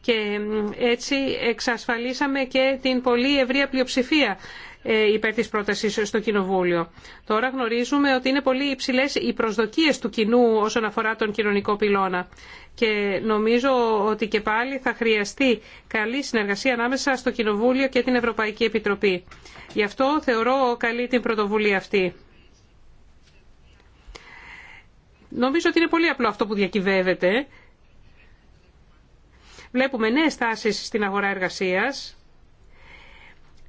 και έτσι εξασφαλίσαμε και την πολύ ευρία πλειοψηφία ε, υπέρ της πρότασης στο Κοινοβούλιο. Τώρα γνωρίζουμε ότι είναι πολύ υψηλές οι προσδοκίες του κοινού όσον αφορά τον κοινωνικό πυλώνα και νομίζω ότι και πάλι θα χρειαστεί καλή συνεργασία ανάμεσα στο Κοινοβούλιο και την Ευρωπαϊκή Επιτροπή. Γι' αυτό θεωρώ καλή την πρωτοβουλία αυτή. Νομίζω ότι είναι πολύ απλό αυτό που διακυβεύεται. Βλέπουμε νέες τάσεις στην αγορά εργασίας,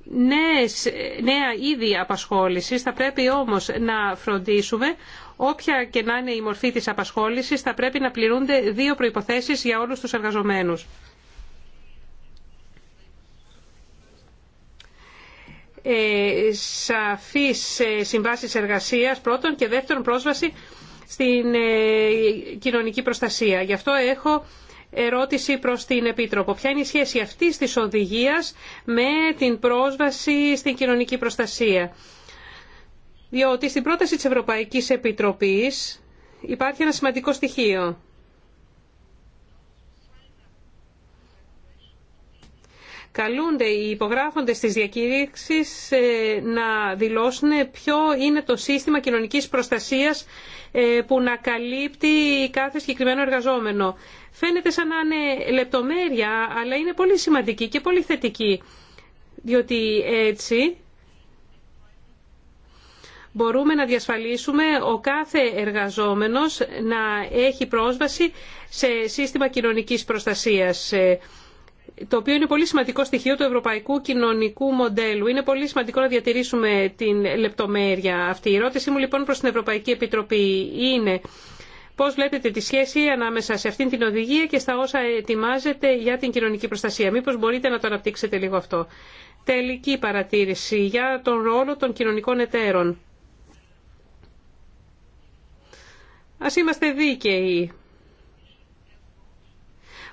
νέες, νέα είδη απασχόλησης. Θα πρέπει όμως να φροντίσουμε όποια και να είναι η μορφή της απασχόλησης θα πρέπει να πληρούνται δύο προϋποθέσεις για όλους τους εργαζομένους. Ε, σαφείς ε, συμβάσεις εργασίας πρώτον και δεύτερον πρόσβαση στην ε, κοινωνική προστασία. Γι' αυτό έχω ερώτηση προς την Επίτροπο. Ποια είναι η σχέση αυτής της οδηγίας με την πρόσβαση στην κοινωνική προστασία. Διότι στην πρόταση της Ευρωπαϊκής Επιτροπής υπάρχει ένα σημαντικό στοιχείο καλούνται οι υπογράφοντες της διακήρυξης ε, να δηλώσουν ποιο είναι το σύστημα κοινωνικής προστασίας ε, που να καλύπτει κάθε συγκεκριμένο εργαζόμενο. Φαίνεται σαν να είναι λεπτομέρεια, αλλά είναι πολύ σημαντική και πολύ θετική, διότι έτσι μπορούμε να διασφαλίσουμε ο κάθε εργαζόμενος να έχει πρόσβαση σε σύστημα κοινωνικής προστασίας ε, το οποίο είναι πολύ σημαντικό στοιχείο του ευρωπαϊκού κοινωνικού μοντέλου. Είναι πολύ σημαντικό να διατηρήσουμε την λεπτομέρεια αυτή. Η ερώτησή μου λοιπόν προς την Ευρωπαϊκή Επιτροπή είναι πώς βλέπετε τη σχέση ανάμεσα σε αυτήν την οδηγία και στα όσα ετοιμάζετε για την κοινωνική προστασία. Μήπως μπορείτε να το αναπτύξετε λίγο αυτό. Τελική παρατήρηση για τον ρόλο των κοινωνικών εταίρων. Ας είμαστε δίκαιοι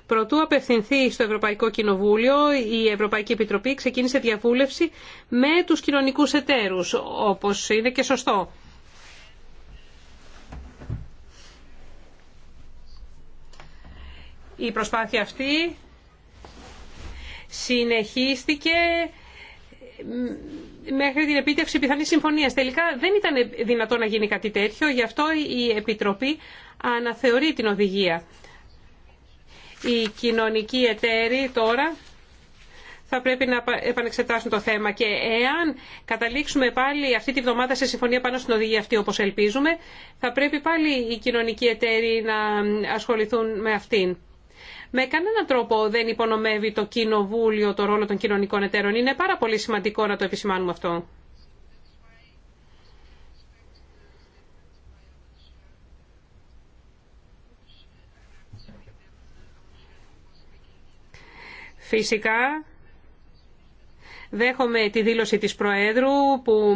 Προτού απευθυνθεί στο Ευρωπαϊκό Κοινοβούλιο, η Ευρωπαϊκή Επιτροπή ξεκίνησε διαβούλευση με τους κοινωνικούς εταίρους, όπως είναι και σωστό. Η προσπάθεια αυτή συνεχίστηκε μέχρι την επίτευξη πιθανής συμφωνίας. Τελικά δεν ήταν δυνατό να γίνει κάτι τέτοιο, γι' αυτό η Επιτροπή αναθεωρεί την οδηγία οι κοινωνικοί εταίροι τώρα θα πρέπει να επανεξετάσουν το θέμα και εάν καταλήξουμε πάλι αυτή τη βδομάδα σε συμφωνία πάνω στην οδηγία αυτή όπως ελπίζουμε θα πρέπει πάλι οι κοινωνικοί εταίροι να ασχοληθούν με αυτήν. Με κανέναν τρόπο δεν υπονομεύει το κοινοβούλιο το ρόλο των κοινωνικών εταίρων. Είναι πάρα πολύ σημαντικό να το επισημάνουμε αυτό. Φυσικά, δέχομαι τη δήλωση της Προέδρου που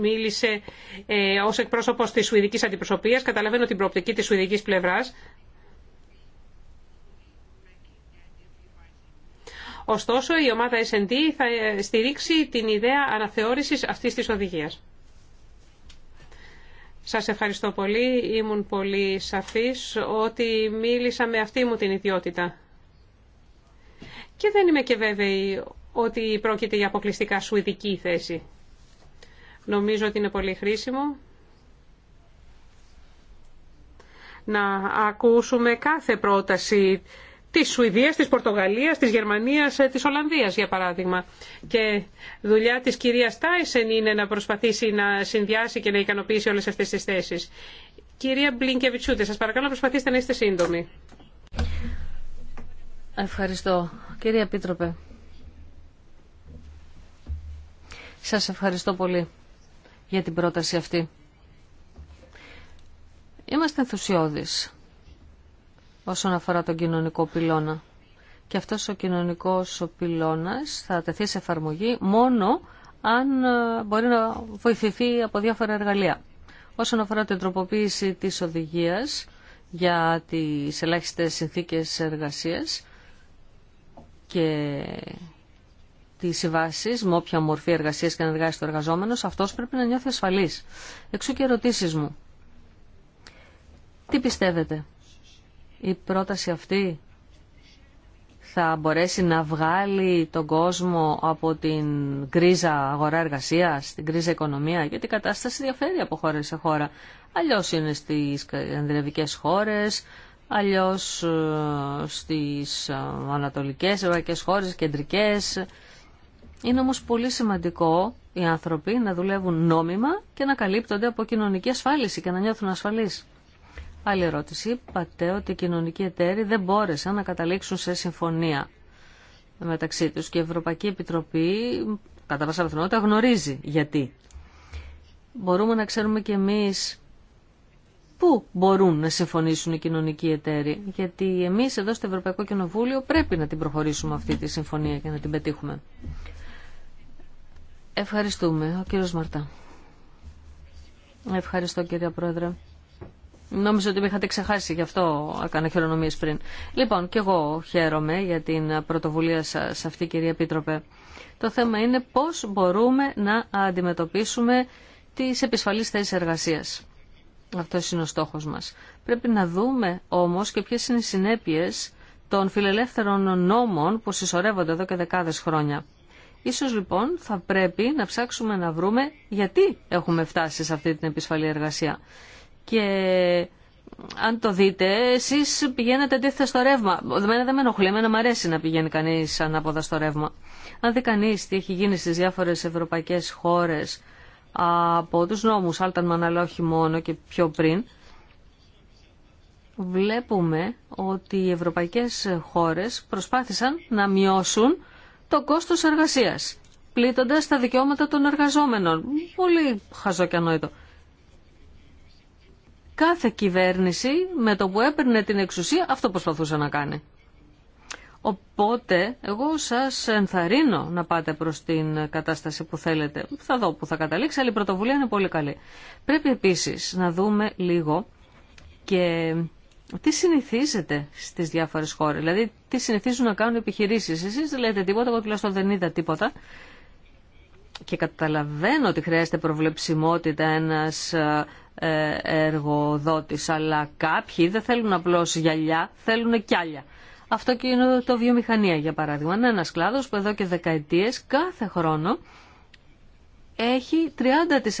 μίλησε ε, ως εκπρόσωπος της Σουηδικής Αντιπροσωπείας. Καταλαβαίνω την προοπτική της Σουηδικής πλευράς. Ωστόσο, η ομάδα S&D θα ε, στηρίξει την ιδέα αναθεώρησης αυτής της οδηγίας. Σας ευχαριστώ πολύ. Ήμουν πολύ σαφής ότι μίλησα με αυτή μου την ιδιότητα και δεν είμαι και βέβαιη ότι πρόκειται για αποκλειστικά σουηδική θέση. Νομίζω ότι είναι πολύ χρήσιμο να ακούσουμε κάθε πρόταση της Σουηδίας, της Πορτογαλίας, της Γερμανίας, ε, της Ολλανδίας για παράδειγμα. Και δουλειά της κυρίας Τάισεν είναι να προσπαθήσει να συνδυάσει και να ικανοποιήσει όλες αυτές τις θέσεις. Κυρία Μπλίνκεβιτσούτε, σας παρακαλώ να να είστε σύντομοι. Ευχαριστώ. Κύριε Επίτροπε, σας ευχαριστώ πολύ για την πρόταση αυτή. Είμαστε ενθουσιώδεις όσον αφορά τον κοινωνικό πυλώνα. Και αυτός ο κοινωνικός πυλώνας θα τεθεί σε εφαρμογή μόνο αν ε, μπορεί να βοηθηθεί από διάφορα εργαλεία. Όσον αφορά την τροποποίηση της οδηγίας για τις ελάχιστες συνθήκες εργασίας, και τι συμβάσει με όποια μορφή εργασία και να εργάζεται ο εργαζόμενο, αυτό πρέπει να νιώθει ασφαλή. Εξού και ερωτήσει μου. Τι πιστεύετε, η πρόταση αυτή θα μπορέσει να βγάλει τον κόσμο από την κρίζα αγορά εργασία, την κρίζα οικονομία, γιατί η κατάσταση διαφέρει από χώρα σε χώρα. Αλλιώ είναι στι σκανδιναβικέ χώρε, αλλιώς ε, στις ε, ανατολικές ευρωπαϊκές χώρες, κεντρικές. Είναι όμως πολύ σημαντικό οι άνθρωποι να δουλεύουν νόμιμα και να καλύπτονται από κοινωνική ασφάλιση και να νιώθουν ασφαλείς. Άλλη ερώτηση. Είπατε ότι οι κοινωνικοί εταίροι δεν μπόρεσαν να καταλήξουν σε συμφωνία μεταξύ τους και η Ευρωπαϊκή Επιτροπή κατά βάση γνωρίζει γιατί. Μπορούμε να ξέρουμε κι εμείς πού μπορούν να συμφωνήσουν οι κοινωνικοί εταίροι. Γιατί εμείς εδώ στο Ευρωπαϊκό Κοινοβούλιο πρέπει να την προχωρήσουμε αυτή τη συμφωνία και να την πετύχουμε. Ευχαριστούμε. Ο κύριος Μαρτά. Ευχαριστώ κυρία Πρόεδρε. Νόμιζα ότι με είχατε ξεχάσει, γι' αυτό έκανα χειρονομίες πριν. Λοιπόν, και εγώ χαίρομαι για την πρωτοβουλία σας αυτή κυρία Επίτροπε. Το θέμα είναι πώς μπορούμε να αντιμετωπίσουμε τις επισφαλείς θέσει εργασία. Αυτό είναι ο στόχος μας. Πρέπει να δούμε όμως και ποιε είναι οι συνέπειες των φιλελεύθερων νόμων που συσσωρεύονται εδώ και δεκάδε χρόνια. Ίσως λοιπόν θα πρέπει να ψάξουμε να βρούμε γιατί έχουμε φτάσει σε αυτή την επισφαλή εργασία. Και αν το δείτε, εσείς πηγαίνετε αντίθετα στο ρεύμα. Εμένα δεν με ενοχλεί, εμένα μου αρέσει να πηγαίνει κανείς ανάποδα στο ρεύμα. Αν δει κανείς τι έχει γίνει στις διάφορες ευρωπαϊκές χώρες από τους νόμους Άλταν αλλά όχι μόνο και πιο πριν, βλέπουμε ότι οι ευρωπαϊκές χώρες προσπάθησαν να μειώσουν το κόστος εργασίας, πλήττοντας τα δικαιώματα των εργαζόμενων. Πολύ χαζό και ανόητο. Κάθε κυβέρνηση με το που έπαιρνε την εξουσία αυτό προσπαθούσε να κάνει. Οπότε εγώ σας ενθαρρύνω να πάτε προς την κατάσταση που θέλετε. Θα δω που θα καταλήξει, αλλά η πρωτοβουλία είναι πολύ καλή. Πρέπει επίσης να δούμε λίγο και τι συνηθίζεται στις διάφορες χώρες. Δηλαδή τι συνηθίζουν να κάνουν επιχειρήσεις. Εσείς δεν λέτε τίποτα, εγώ τουλάχιστον δεν είδα τίποτα. Και καταλαβαίνω ότι χρειάζεται προβλεψιμότητα ένας ε, ε, εργοδότης, αλλά κάποιοι δεν θέλουν απλώς γυαλιά, θέλουν κιάλια. Αυτό το βιομηχανία για παράδειγμα. Είναι ένας κλάδος που εδώ και δεκαετίες κάθε χρόνο έχει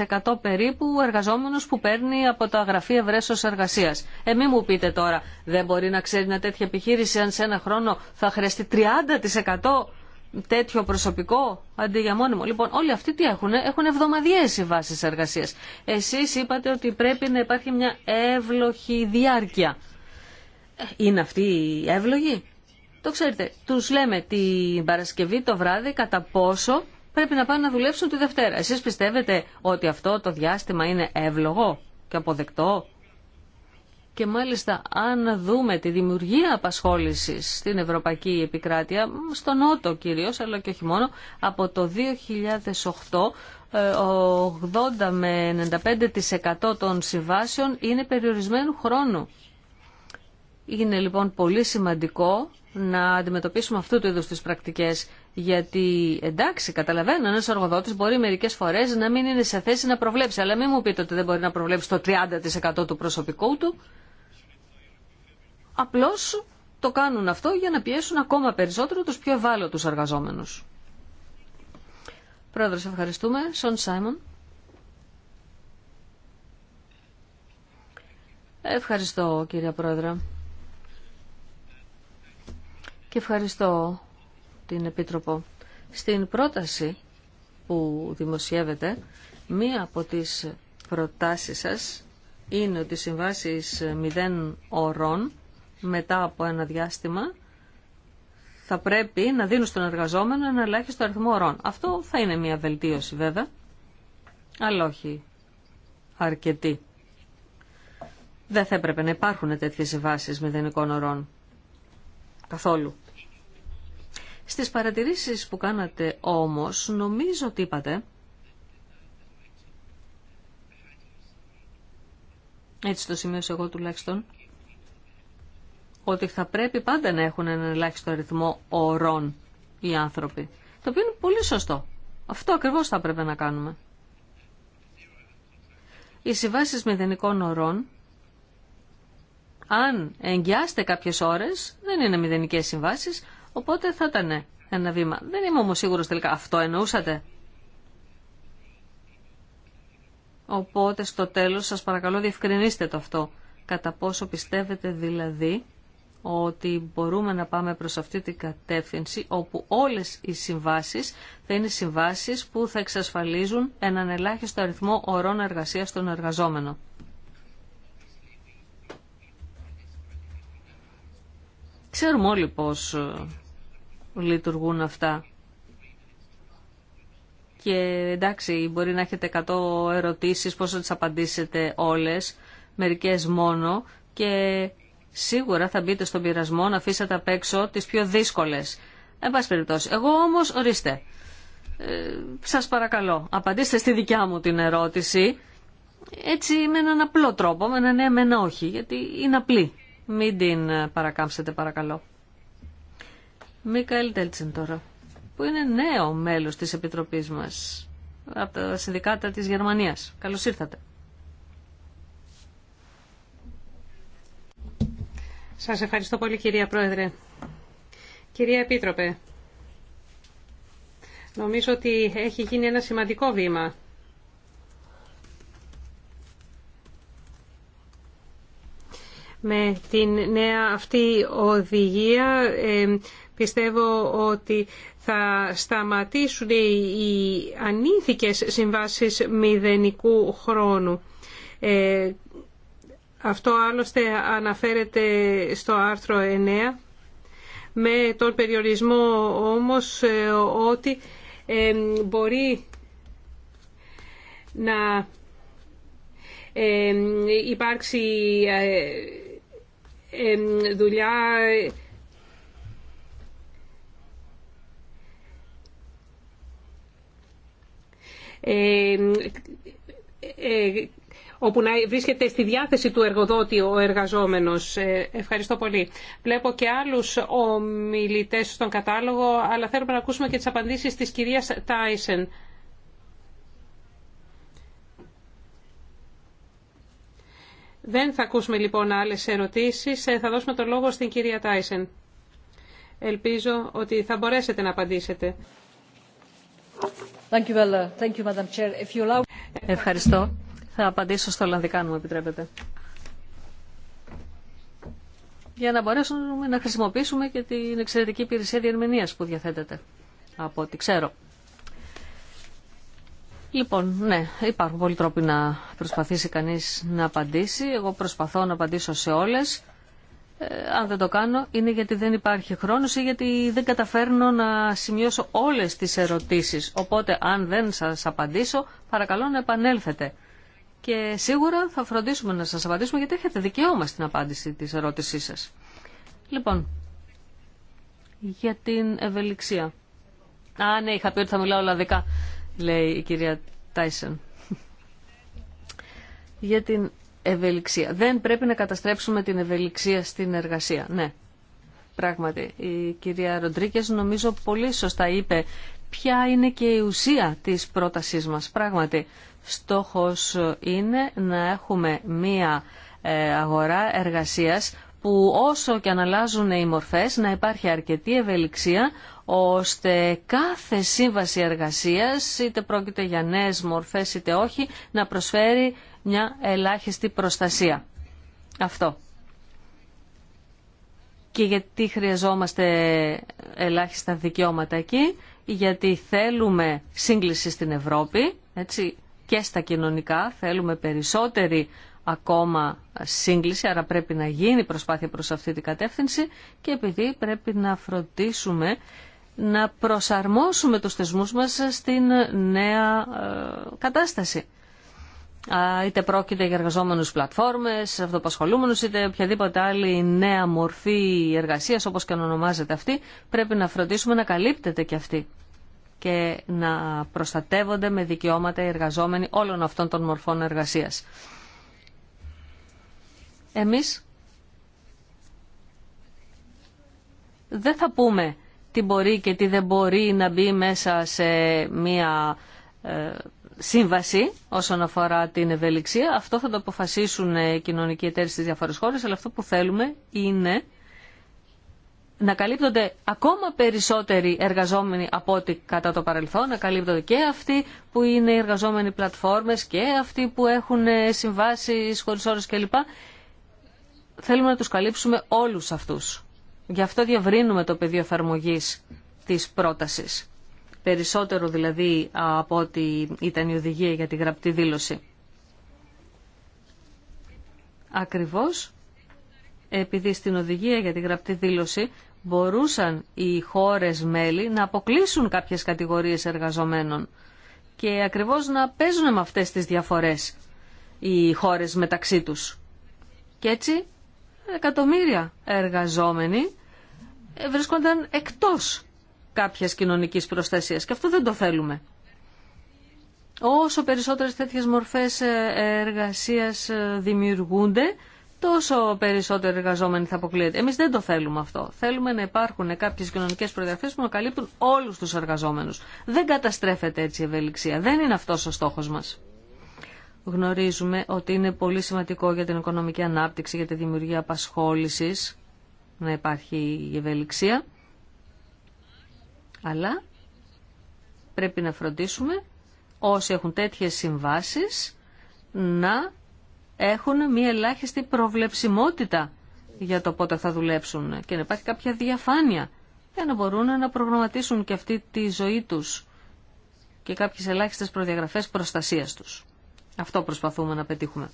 30% περίπου εργαζόμενους που παίρνει από τα γραφεία βρέσος εργασίας. Ε, μη μου πείτε τώρα, δεν μπορεί να ξέρει μια τέτοια επιχείρηση αν σε ένα χρόνο θα χρειαστεί 30% τέτοιο προσωπικό αντί για μόνιμο. Λοιπόν, όλοι αυτοί τι έχουν, έχουν εβδομαδιαίες οι βάσεις εργασίας. Εσείς είπατε ότι πρέπει να υπάρχει μια εύλοχη διάρκεια είναι αυτοί εύλογοι. Το ξέρετε, τους λέμε την Παρασκευή το βράδυ κατά πόσο πρέπει να πάνε να δουλέψουν τη Δευτέρα. Εσείς πιστεύετε ότι αυτό το διάστημα είναι εύλογο και αποδεκτό. Και μάλιστα αν δούμε τη δημιουργία απασχόλησης στην Ευρωπαϊκή Επικράτεια, στον Νότο κυρίως, αλλά και όχι μόνο, από το 2008, 80 ε, με 95% των συμβάσεων είναι περιορισμένου χρόνου. Είναι λοιπόν πολύ σημαντικό να αντιμετωπίσουμε αυτού του είδους τις πρακτικές γιατί εντάξει καταλαβαίνω ένα εργοδότη μπορεί μερικέ φορέ να μην είναι σε θέση να προβλέψει αλλά μην μου πείτε ότι δεν μπορεί να προβλέψει το 30% του προσωπικού του Απλώ το κάνουν αυτό για να πιέσουν ακόμα περισσότερο του πιο ευάλωτου εργαζόμενου. Πρόεδρο, ευχαριστούμε. Σον Σάιμον. Ευχαριστώ, κύριε Πρόεδρε και ευχαριστώ την Επίτροπο. Στην πρόταση που δημοσιεύεται, μία από τις προτάσεις σας είναι ότι οι συμβάσεις 0 ωρών μετά από ένα διάστημα θα πρέπει να δίνουν στον εργαζόμενο ένα ελάχιστο αριθμό ωρών. Αυτό θα είναι μια βελτίωση συμβασεις μηδέν ωρων μετα απο ενα διαστημα αλλά όχι αρκετή. Δεν θα έπρεπε να υπάρχουν τέτοιες συμβάσεις μηδενικών ωρών καθόλου. Στις παρατηρήσεις που κάνατε όμως, νομίζω ότι είπατε, έτσι το σημείωσα εγώ τουλάχιστον, ότι θα πρέπει πάντα να έχουν έναν ελάχιστο αριθμό ορών οι άνθρωποι. Το οποίο είναι πολύ σωστό. Αυτό ακριβώς θα πρέπει να κάνουμε. Οι συμβάσει μηδενικών ορών αν εγγυάστε κάποιες ώρες, δεν είναι μηδενικές συμβάσεις, οπότε θα ήταν ένα βήμα. Δεν είμαι όμως σίγουρος τελικά. Αυτό εννοούσατε. Οπότε στο τέλος σας παρακαλώ διευκρινίστε το αυτό. Κατά πόσο πιστεύετε δηλαδή ότι μπορούμε να πάμε προς αυτή την κατεύθυνση όπου όλες οι συμβάσεις θα είναι συμβάσεις που θα εξασφαλίζουν έναν ελάχιστο αριθμό ωρών εργασίας στον εργαζόμενο. Ξέρουμε όλοι πώς ε, λειτουργούν αυτά. Και εντάξει, μπορεί να έχετε 100 ερωτήσεις, πώς θα τις απαντήσετε όλες, μερικές μόνο και σίγουρα θα μπείτε στον πειρασμό να αφήσετε απ' έξω τις πιο δύσκολες. Εν Εγώ όμως, ορίστε, ε, σας παρακαλώ, απαντήστε στη δικιά μου την ερώτηση, έτσι με έναν απλό τρόπο, με ένα ναι, με ένα όχι, γιατί είναι απλή. Μην την ε, παρακάμψετε παρακαλώ. Μίκαελ Τέλτσιν τώρα, που είναι νέο μέλος της Επιτροπής μας από τα συνδικάτα της Γερμανίας. Καλώς ήρθατε. Σας ευχαριστώ πολύ κυρία Πρόεδρε. Κυρία Επίτροπε, νομίζω ότι έχει γίνει ένα σημαντικό βήμα Με την νέα αυτή οδηγία ε, πιστεύω ότι θα σταματήσουν οι ανήθικες συμβάσεις μηδενικού χρόνου. Ε, αυτό άλλωστε αναφέρεται στο άρθρο 9 με τον περιορισμό όμως ε, ότι μπορεί να υπάρξει δουλειά ε, ε, ε, όπου να βρίσκεται στη διάθεση του εργοδότη ο εργαζόμενος. Ευχαριστώ πολύ. Βλέπω και άλλους ομιλητές στον κατάλογο, αλλά θέλουμε να ακούσουμε και τις απαντήσεις της κυρίας Τάισεν. Δεν θα ακούσουμε λοιπόν άλλες ερωτήσεις. Ε, θα δώσουμε το λόγο στην κυρία Τάισεν. Ελπίζω ότι θα μπορέσετε να απαντήσετε. Ευχαριστώ. Θα απαντήσω στο Ολλανδικά, αν μου επιτρέπετε. Για να μπορέσουμε να χρησιμοποιήσουμε και την εξαιρετική υπηρεσία διερμηνίας που διαθέτεται, από ό,τι ξέρω. Λοιπόν, ναι, υπάρχουν πολλοί τρόποι να προσπαθήσει κανείς να απαντήσει. Εγώ προσπαθώ να απαντήσω σε όλες. Ε, αν δεν το κάνω είναι γιατί δεν υπάρχει χρόνος ή γιατί δεν καταφέρνω να σημειώσω όλες τις ερωτήσεις. Οπότε αν δεν σας απαντήσω παρακαλώ να επανέλθετε. Και σίγουρα θα φροντίσουμε να σας απαντήσουμε γιατί έχετε δικαίωμα στην απάντηση της ερώτησής σας. Λοιπόν, για την ευελιξία. Α, ναι, είχα πει ότι θα μιλάω λαδικά λέει η κυρία Τάισεν, Για την ευελιξία. Δεν πρέπει να καταστρέψουμε την ευελιξία στην εργασία. Ναι, πράγματι. Η κυρία Ροντρίκες νομίζω πολύ σωστά είπε ποια είναι και η ουσία της πρότασής μας. Πράγματι, στόχος είναι να έχουμε μία ε, αγορά εργασίας που όσο και αν αλλάζουν οι μορφές να υπάρχει αρκετή ευελιξία ώστε κάθε σύμβαση εργασίας, είτε πρόκειται για νέες μορφές είτε όχι, να προσφέρει μια ελάχιστη προστασία. Αυτό. Και γιατί χρειαζόμαστε ελάχιστα δικαιώματα εκεί, γιατί θέλουμε σύγκληση στην Ευρώπη, έτσι, και στα κοινωνικά, θέλουμε περισσότερη ακόμα σύγκληση, άρα πρέπει να γίνει προσπάθεια προς αυτή την κατεύθυνση και επειδή πρέπει να φροντίσουμε να προσαρμόσουμε τους θεσμούς μας στην νέα ε, κατάσταση. Είτε πρόκειται για εργαζόμενους πλατφόρμες, αυτοπασχολούμενους, είτε οποιαδήποτε άλλη νέα μορφή εργασίας, όπως και ονομάζεται αυτή, πρέπει να φροντίσουμε να καλύπτεται και αυτή και να προστατεύονται με δικαιώματα οι εργαζόμενοι όλων αυτών των μορφών εργασίας. Εμείς δεν θα πούμε τι μπορεί και τι δεν μπορεί να μπει μέσα σε μία ε, σύμβαση όσον αφορά την ευελιξία. Αυτό θα το αποφασίσουν ε, οι κοινωνικοί εταίροι στις διάφορες χώρες, αλλά αυτό που θέλουμε είναι να καλύπτονται ακόμα περισσότεροι εργαζόμενοι από ό,τι κατά το παρελθόν, να καλύπτονται και αυτοί που είναι εργαζόμενοι πλατφόρμες και αυτοί που έχουν ε, συμβάσεις χωρίς όρους κλπ θέλουμε να τους καλύψουμε όλους αυτούς. Γι' αυτό διαβρύνουμε το πεδίο εφαρμογή της πρότασης. Περισσότερο δηλαδή από ό,τι ήταν η οδηγία για τη γραπτή δήλωση. Ακριβώς επειδή στην οδηγία για τη γραπτή δήλωση μπορούσαν οι χώρες μέλη να αποκλείσουν κάποιες κατηγορίες εργαζομένων και ακριβώς να παίζουν με αυτές τις διαφορές οι χώρες μεταξύ τους. Και έτσι εκατομμύρια εργαζόμενοι βρίσκονταν εκτός κάποιας κοινωνικής προστασίας και αυτό δεν το θέλουμε. Όσο περισσότερες τέτοιες μορφές ε, εργασίας ε, δημιουργούνται, τόσο περισσότεροι εργαζόμενοι θα αποκλείεται. Εμείς δεν το θέλουμε αυτό. Θέλουμε να υπάρχουν κάποιες κοινωνικές προστασίες που να καλύπτουν όλους τους εργαζόμενους. Δεν καταστρέφεται έτσι η ευελιξία. Δεν είναι αυτός ο στόχος μας γνωρίζουμε ότι είναι πολύ σημαντικό για την οικονομική ανάπτυξη, για τη δημιουργία απασχόλησης, να υπάρχει ευελιξία. Αλλά πρέπει να φροντίσουμε όσοι έχουν τέτοιες συμβάσεις να έχουν μία ελάχιστη προβλεψιμότητα για το πότε θα δουλέψουν και να υπάρχει κάποια διαφάνεια για να μπορούν να προγραμματίσουν και αυτή τη ζωή τους και κάποιες ελάχιστες προδιαγραφές προστασίας τους. Αυτό προσπαθούμε να πετύχουμε.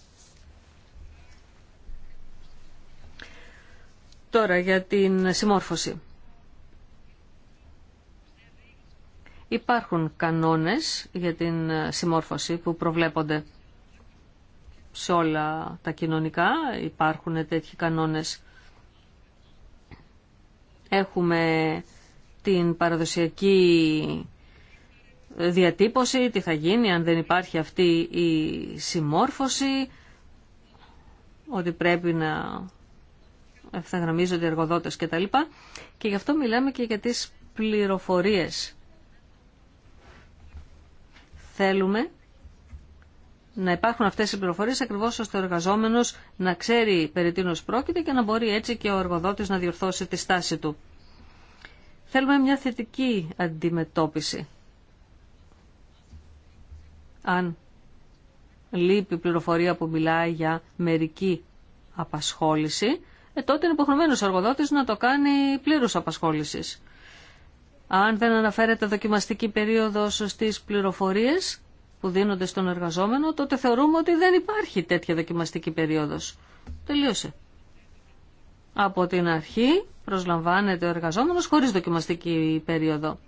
Τώρα για την συμμόρφωση. Υπάρχουν κανόνες για την συμμόρφωση που προβλέπονται σε όλα τα κοινωνικά. Υπάρχουν τέτοιοι κανόνες. Έχουμε την παραδοσιακή διατύπωση, τι θα γίνει αν δεν υπάρχει αυτή η συμμόρφωση, ότι πρέπει να ευθαγραμμίζονται οι εργοδότες κτλ. Και γι' αυτό μιλάμε και για τις πληροφορίες. Θέλουμε να υπάρχουν αυτές οι πληροφορίες ακριβώς ώστε ο εργαζόμενος να ξέρει περί τίνος πρόκειται και να μπορεί έτσι και ο εργοδότης να διορθώσει τη στάση του. Θέλουμε μια θετική αντιμετώπιση αν λείπει πληροφορία που μιλάει για μερική απασχόληση, ε, τότε είναι υποχρεωμένο ο εργοδότης να το κάνει πλήρους απασχόλησης. Αν δεν αναφέρεται δοκιμαστική περίοδο στις πληροφορίες που δίνονται στον εργαζόμενο, τότε θεωρούμε ότι δεν υπάρχει τέτοια δοκιμαστική περίοδος. Τελείωσε. Από την αρχή προσλαμβάνεται ο εργαζόμενος χωρίς δοκιμαστική περίοδο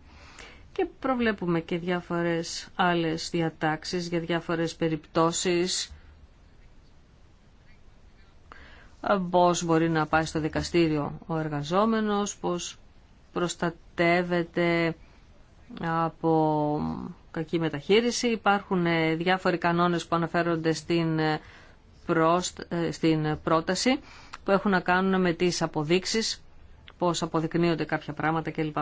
και προβλέπουμε και διάφορες άλλες διατάξεις για διάφορες περιπτώσεις. Πώς μπορεί να πάει στο δικαστήριο ο εργαζόμενος, πώς προστατεύεται από κακή μεταχείριση. Υπάρχουν ε, διάφοροι κανόνες που αναφέρονται στην, ε, ε, στην πρόταση που έχουν να κάνουν με τις αποδείξεις, πώς αποδεικνύονται κάποια πράγματα κλπ.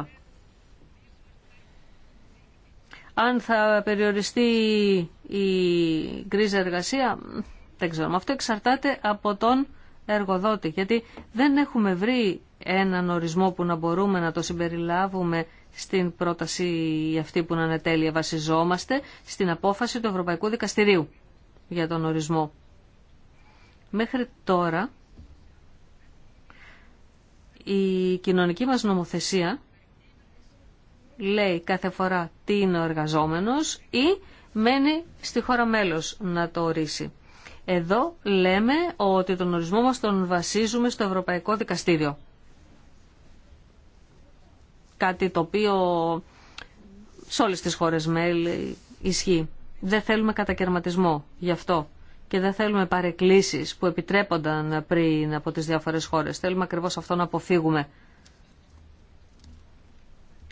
Αν θα περιοριστεί η γκρίζα εργασία, δεν ξέρω. Αυτό εξαρτάται από τον εργοδότη, γιατί δεν έχουμε βρει έναν ορισμό που να μπορούμε να το συμπεριλάβουμε στην πρόταση αυτή που να είναι τέλεια. Βασιζόμαστε στην απόφαση του Ευρωπαϊκού Δικαστηρίου για τον ορισμό. Μέχρι τώρα η κοινωνική μας νομοθεσία λέει κάθε φορά τι είναι ο εργαζόμενος ή μένει στη χώρα μέλος να το ορίσει. Εδώ λέμε ότι τον ορισμό μας τον βασίζουμε στο Ευρωπαϊκό Δικαστήριο. Κάτι το οποίο σε όλες τις χώρες μέλη ισχύει. Δεν θέλουμε κατακαιρματισμό γι' αυτό και δεν θέλουμε παρεκκλήσεις που επιτρέπονταν πριν από τις διάφορες χώρες. Θέλουμε ακριβώς αυτό να αποφύγουμε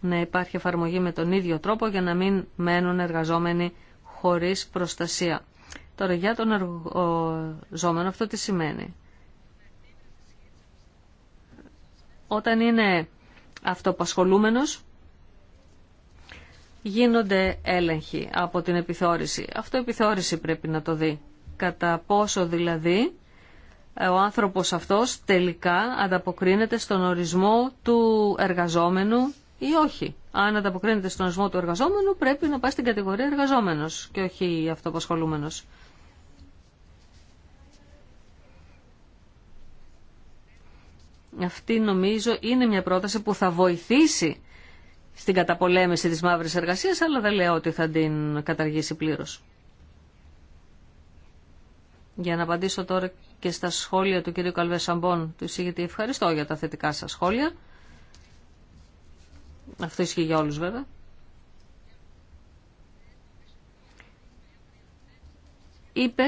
να υπάρχει εφαρμογή με τον ίδιο τρόπο για να μην μένουν εργαζόμενοι χωρίς προστασία. Τώρα για τον εργαζόμενο αυτό τι σημαίνει. Όταν είναι αυτοπασχολούμενος γίνονται έλεγχοι από την επιθόρηση. Αυτό η επιθόρηση πρέπει να το δει. Κατά πόσο δηλαδή ο άνθρωπος αυτός τελικά ανταποκρίνεται στον ορισμό του εργαζόμενου ή όχι. Αν ανταποκρίνεται στον ορισμό του εργαζόμενου, πρέπει να πάει στην κατηγορία εργαζόμενο και όχι αυτοαπασχολούμενο. Αυτή νομίζω είναι μια πρόταση που θα βοηθήσει στην καταπολέμηση της μαύρης εργασίας, αλλά δεν λέω ότι θα την καταργήσει πλήρως. Για να απαντήσω τώρα και στα σχόλια του κ. Καλβέ Σαμπών, του εισηγητή, ευχαριστώ για τα θετικά σας σχόλια. Αυτό ισχύει για όλους βέβαια. Είπε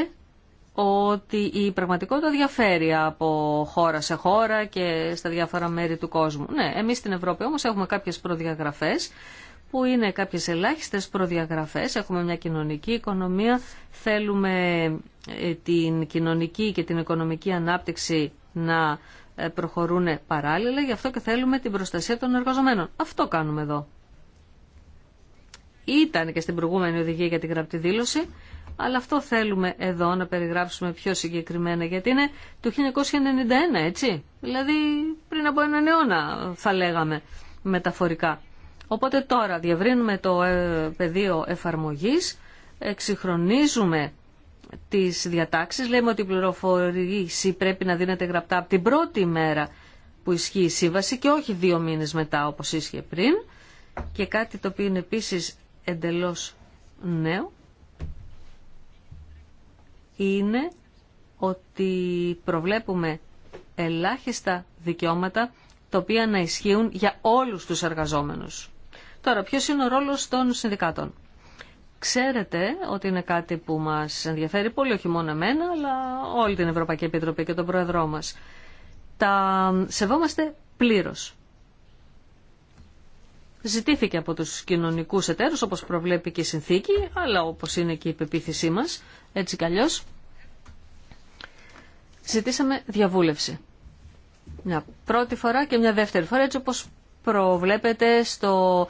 ότι η πραγματικότητα διαφέρει από χώρα σε χώρα και στα διάφορα μέρη του κόσμου. Ναι, εμείς στην Ευρώπη όμως έχουμε κάποιες προδιαγραφές που είναι κάποιες ελάχιστες προδιαγραφές. Έχουμε μια κοινωνική οικονομία, θέλουμε ε, την κοινωνική και την οικονομική ανάπτυξη να ε, προχωρούν παράλληλα, γι' αυτό και θέλουμε την προστασία των εργαζομένων. Αυτό κάνουμε εδώ. Ήταν και στην προηγούμενη οδηγία για την γραπτή δήλωση, αλλά αυτό θέλουμε εδώ να περιγράψουμε πιο συγκεκριμένα, γιατί είναι του 1991, έτσι. Δηλαδή πριν από έναν αιώνα θα λέγαμε μεταφορικά. Οπότε τώρα διαβρύνουμε το ε, πεδίο εφαρμογής, εξυγχρονίζουμε τι διατάξεις λέμε ότι η πληροφορήση πρέπει να δίνεται γραπτά από την πρώτη μέρα που ισχύει η σύμβαση και όχι δύο μήνες μετά όπως ίσχυε πριν και κάτι το οποίο είναι επίση εντελώς νέο είναι ότι προβλέπουμε ελάχιστα δικαιώματα τα οποία να ισχύουν για όλους τους εργαζόμενους. Τώρα, ποιος είναι ο ρόλος των συνδικάτων. Ξέρετε ότι είναι κάτι που μας ενδιαφέρει πολύ, όχι μόνο εμένα, αλλά όλη την Ευρωπαϊκή Επιτροπή και τον Πρόεδρό μας. Τα σεβόμαστε πλήρως. Ζητήθηκε από τους κοινωνικούς εταίρους, όπως προβλέπει και η συνθήκη, αλλά όπως είναι και η πεποίθησή μας, έτσι αλλιώς. Ζητήσαμε διαβούλευση. Μια πρώτη φορά και μια δεύτερη φορά, έτσι όπως προβλέπεται στο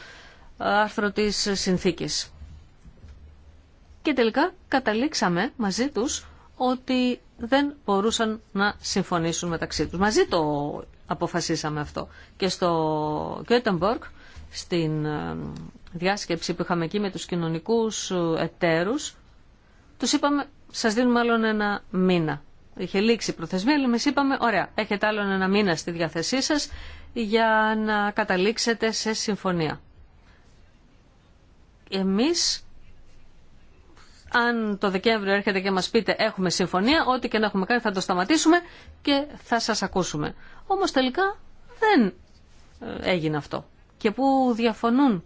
άρθρο της συνθήκης. Και τελικά καταλήξαμε μαζί τους ότι δεν μπορούσαν να συμφωνήσουν μεταξύ τους. Μαζί το αποφασίσαμε αυτό. Και στο Κέτεμπορκ, στην ε, διάσκεψη που είχαμε εκεί με τους κοινωνικούς ε, εταίρους, τους είπαμε, σας δίνουμε άλλον ένα μήνα. Είχε λήξει η προθεσμία, αλλά είπαμε, ωραία, έχετε άλλον ένα μήνα στη διάθεσή σας για να καταλήξετε σε συμφωνία. Εμείς αν το Δεκέμβριο έρχεται και μας πείτε έχουμε συμφωνία, ό,τι και να έχουμε κάνει θα το σταματήσουμε και θα σας ακούσουμε. Όμως τελικά δεν ε, έγινε αυτό. Και που διαφωνούν.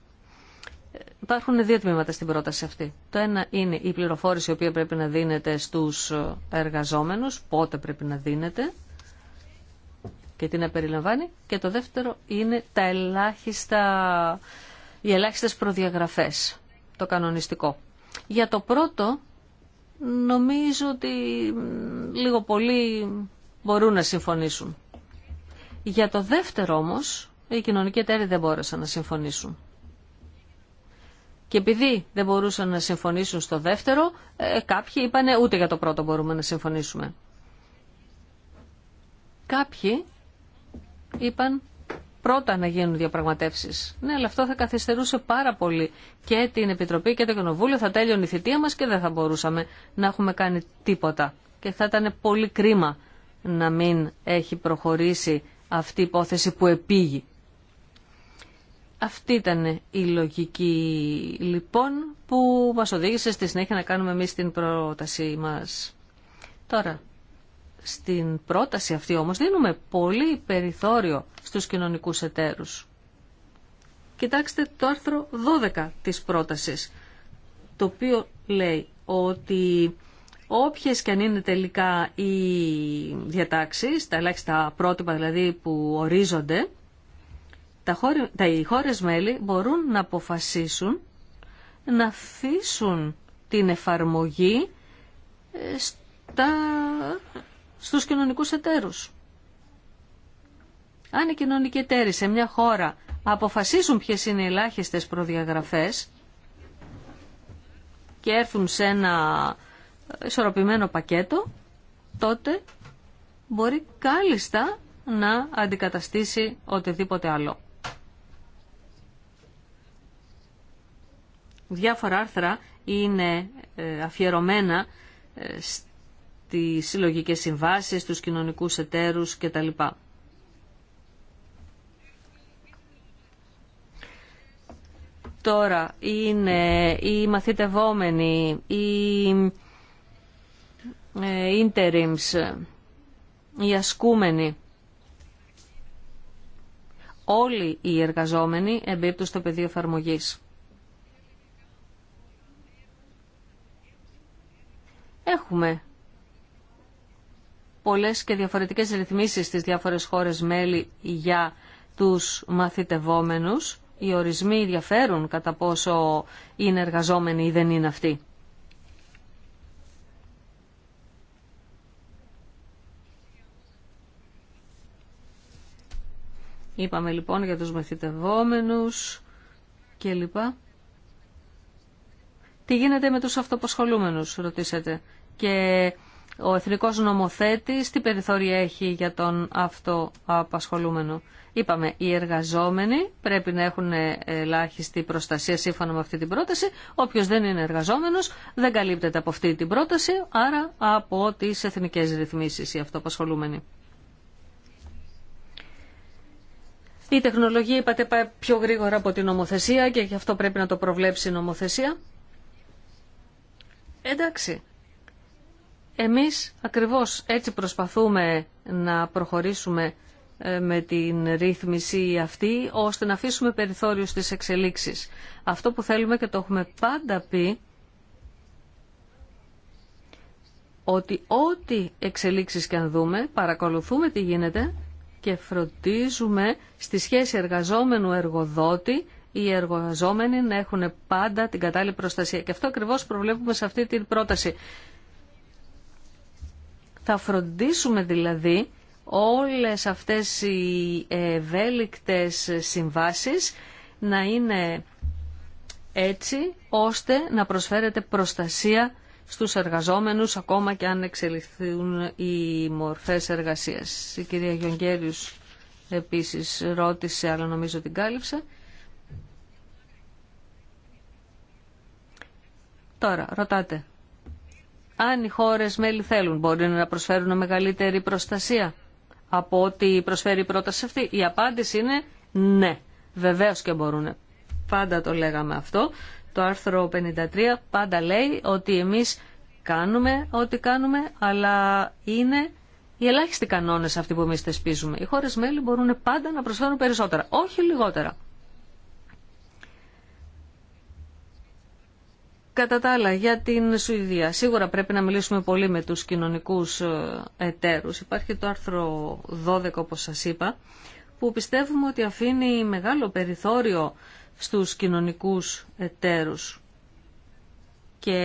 Υπάρχουν δύο τμήματα στην πρόταση αυτή. Το ένα είναι η πληροφόρηση η οποία πρέπει να δίνεται στους ε, εργαζόμενους, πότε πρέπει να δίνεται και τι να περιλαμβάνει. Και το δεύτερο είναι τα ελάχιστα, οι ελάχιστες προδιαγραφές, το κανονιστικό. Για το πρώτο, νομίζω ότι λίγο πολύ μπορούν να συμφωνήσουν. Για το δεύτερο όμως, οι κοινωνικοί εταίροι δεν μπόρεσαν να συμφωνήσουν. Και επειδή δεν μπορούσαν να συμφωνήσουν στο δεύτερο, ε, κάποιοι είπανε ούτε για το πρώτο μπορούμε να συμφωνήσουμε. Κάποιοι είπαν πρώτα να γίνουν διαπραγματεύσεις. Ναι, αλλά αυτό θα καθυστερούσε πάρα πολύ και την Επιτροπή και το Κοινοβούλιο. Θα τέλειωνε η θητεία μας και δεν θα μπορούσαμε να έχουμε κάνει τίποτα. Και θα ήταν πολύ κρίμα να μην έχει προχωρήσει αυτή η υπόθεση που επήγει. Αυτή ήταν η λογική λοιπόν που μας οδήγησε στη συνέχεια να κάνουμε εμείς την πρότασή μας. Τώρα, στην πρόταση αυτή όμως δίνουμε πολύ περιθώριο στους κοινωνικούς εταίρους. Κοιτάξτε το άρθρο 12 της πρότασης, το οποίο λέει ότι όποιες και αν είναι τελικά οι διατάξεις, τα ελάχιστα πρότυπα δηλαδή που ορίζονται, τα, οι χώρες μέλη μπορούν να αποφασίσουν να αφήσουν την εφαρμογή ε, στα στους κοινωνικούς εταίρους. Αν οι κοινωνικοί εταίροι σε μια χώρα αποφασίσουν ποιες είναι οι ελάχιστες προδιαγραφές και έρθουν σε ένα ισορροπημένο πακέτο, τότε μπορεί κάλλιστα να αντικαταστήσει οτιδήποτε άλλο. Διάφορα άρθρα είναι ε, αφιερωμένα ε, τις συλλογικές συμβάσεις, τους κοινωνικούς εταίρους κτλ. Τώρα είναι οι μαθητευόμενοι, οι ε, interims, οι ασκούμενοι. Όλοι οι εργαζόμενοι εμπίπτουν στο πεδίο εφαρμογή. Έχουμε πολλές και διαφορετικές ρυθμίσεις στις διάφορες χώρες μέλη για τους μαθητευόμενους. Οι ορισμοί διαφέρουν κατά πόσο είναι εργαζόμενοι ή δεν είναι αυτοί. Είπαμε λοιπόν για τους μαθητευόμενους και λοιπά. Τι γίνεται με τους αυτοπασχολούμενους, ρωτήσατε. Και ο εθνικός νομοθέτης τι περιθώρια έχει για τον αυτοαπασχολούμενο. Είπαμε, οι εργαζόμενοι πρέπει να έχουν ελάχιστη προστασία σύμφωνα με αυτή την πρόταση. Όποιος δεν είναι εργαζόμενος δεν καλύπτεται από αυτή την πρόταση, άρα από τις εθνικές ρυθμίσεις οι αυτοαπασχολούμενοι. Η τεχνολογία, είπατε, πάει πιο γρήγορα από την νομοθεσία και γι' αυτό πρέπει να το προβλέψει η νομοθεσία. Εντάξει, εμείς ακριβώς έτσι προσπαθούμε να προχωρήσουμε ε, με την ρύθμιση αυτή, ώστε να αφήσουμε περιθώριο στις εξελίξεις. Αυτό που θέλουμε και το έχουμε πάντα πει, ότι ό,τι εξελίξεις και αν δούμε, παρακολουθούμε τι γίνεται και φροντίζουμε στη σχέση εργαζόμενου-εργοδότη οι εργαζόμενοι να έχουν πάντα την κατάλληλη προστασία. Και αυτό ακριβώς προβλέπουμε σε αυτή την πρόταση. Θα φροντίσουμε δηλαδή όλες αυτές οι ευέλικτες συμβάσεις να είναι έτσι ώστε να προσφέρεται προστασία στους εργαζόμενους ακόμα και αν εξελιχθούν οι μορφές εργασίας. Η κυρία Γιονγκέριους επίσης ρώτησε, αλλά νομίζω την κάλυψε. Τώρα, ρωτάτε, αν οι χώρες μέλη θέλουν, μπορεί να προσφέρουν μεγαλύτερη προστασία από ό,τι προσφέρει η πρόταση αυτή. Η απάντηση είναι ναι, βεβαίως και μπορούν. Πάντα το λέγαμε αυτό. Το άρθρο 53 πάντα λέει ότι εμείς κάνουμε ό,τι κάνουμε, αλλά είναι οι ελάχιστοι κανόνες αυτοί που εμείς θεσπίζουμε. Οι χώρες μέλη μπορούν πάντα να προσφέρουν περισσότερα, όχι λιγότερα. Κατά τα άλλα, για την Σουηδία. Σίγουρα πρέπει να μιλήσουμε πολύ με τους κοινωνικούς ε, εταίρους. Υπάρχει το άρθρο 12, όπως σας είπα, που πιστεύουμε ότι αφήνει μεγάλο περιθώριο στους κοινωνικούς εταίρους. Και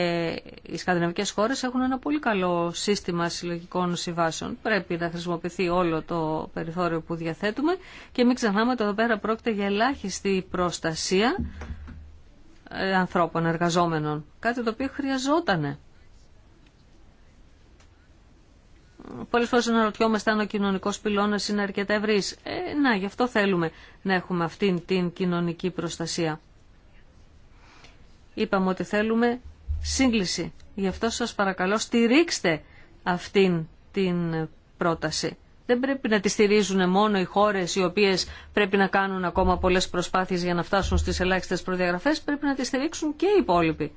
οι σκανδιναβικές χώρες έχουν ένα πολύ καλό σύστημα συλλογικών συμβάσεων. Πρέπει να χρησιμοποιηθεί όλο το περιθώριο που διαθέτουμε και μην ξεχνάμε ότι εδώ πέρα πρόκειται για ελάχιστη προστασία ε, ανθρώπων εργαζόμενων. Κάτι το οποίο χρειαζόταν Πολλές φορές αναρωτιόμαστε αν ο κοινωνικός πυλώνας είναι αρκετά ευρύς. Ε, να, γι' αυτό θέλουμε να έχουμε αυτήν την κοινωνική προστασία. Είπαμε ότι θέλουμε σύγκληση. Γι' αυτό σας παρακαλώ στηρίξτε αυτήν την πρόταση δεν πρέπει να τη στηρίζουν μόνο οι χώρες οι οποίες πρέπει να κάνουν ακόμα πολλέ προσπάθειες για να φτάσουν στις ελάχιστες προδιαγραφές, πρέπει να τη στηρίξουν και οι υπόλοιποι.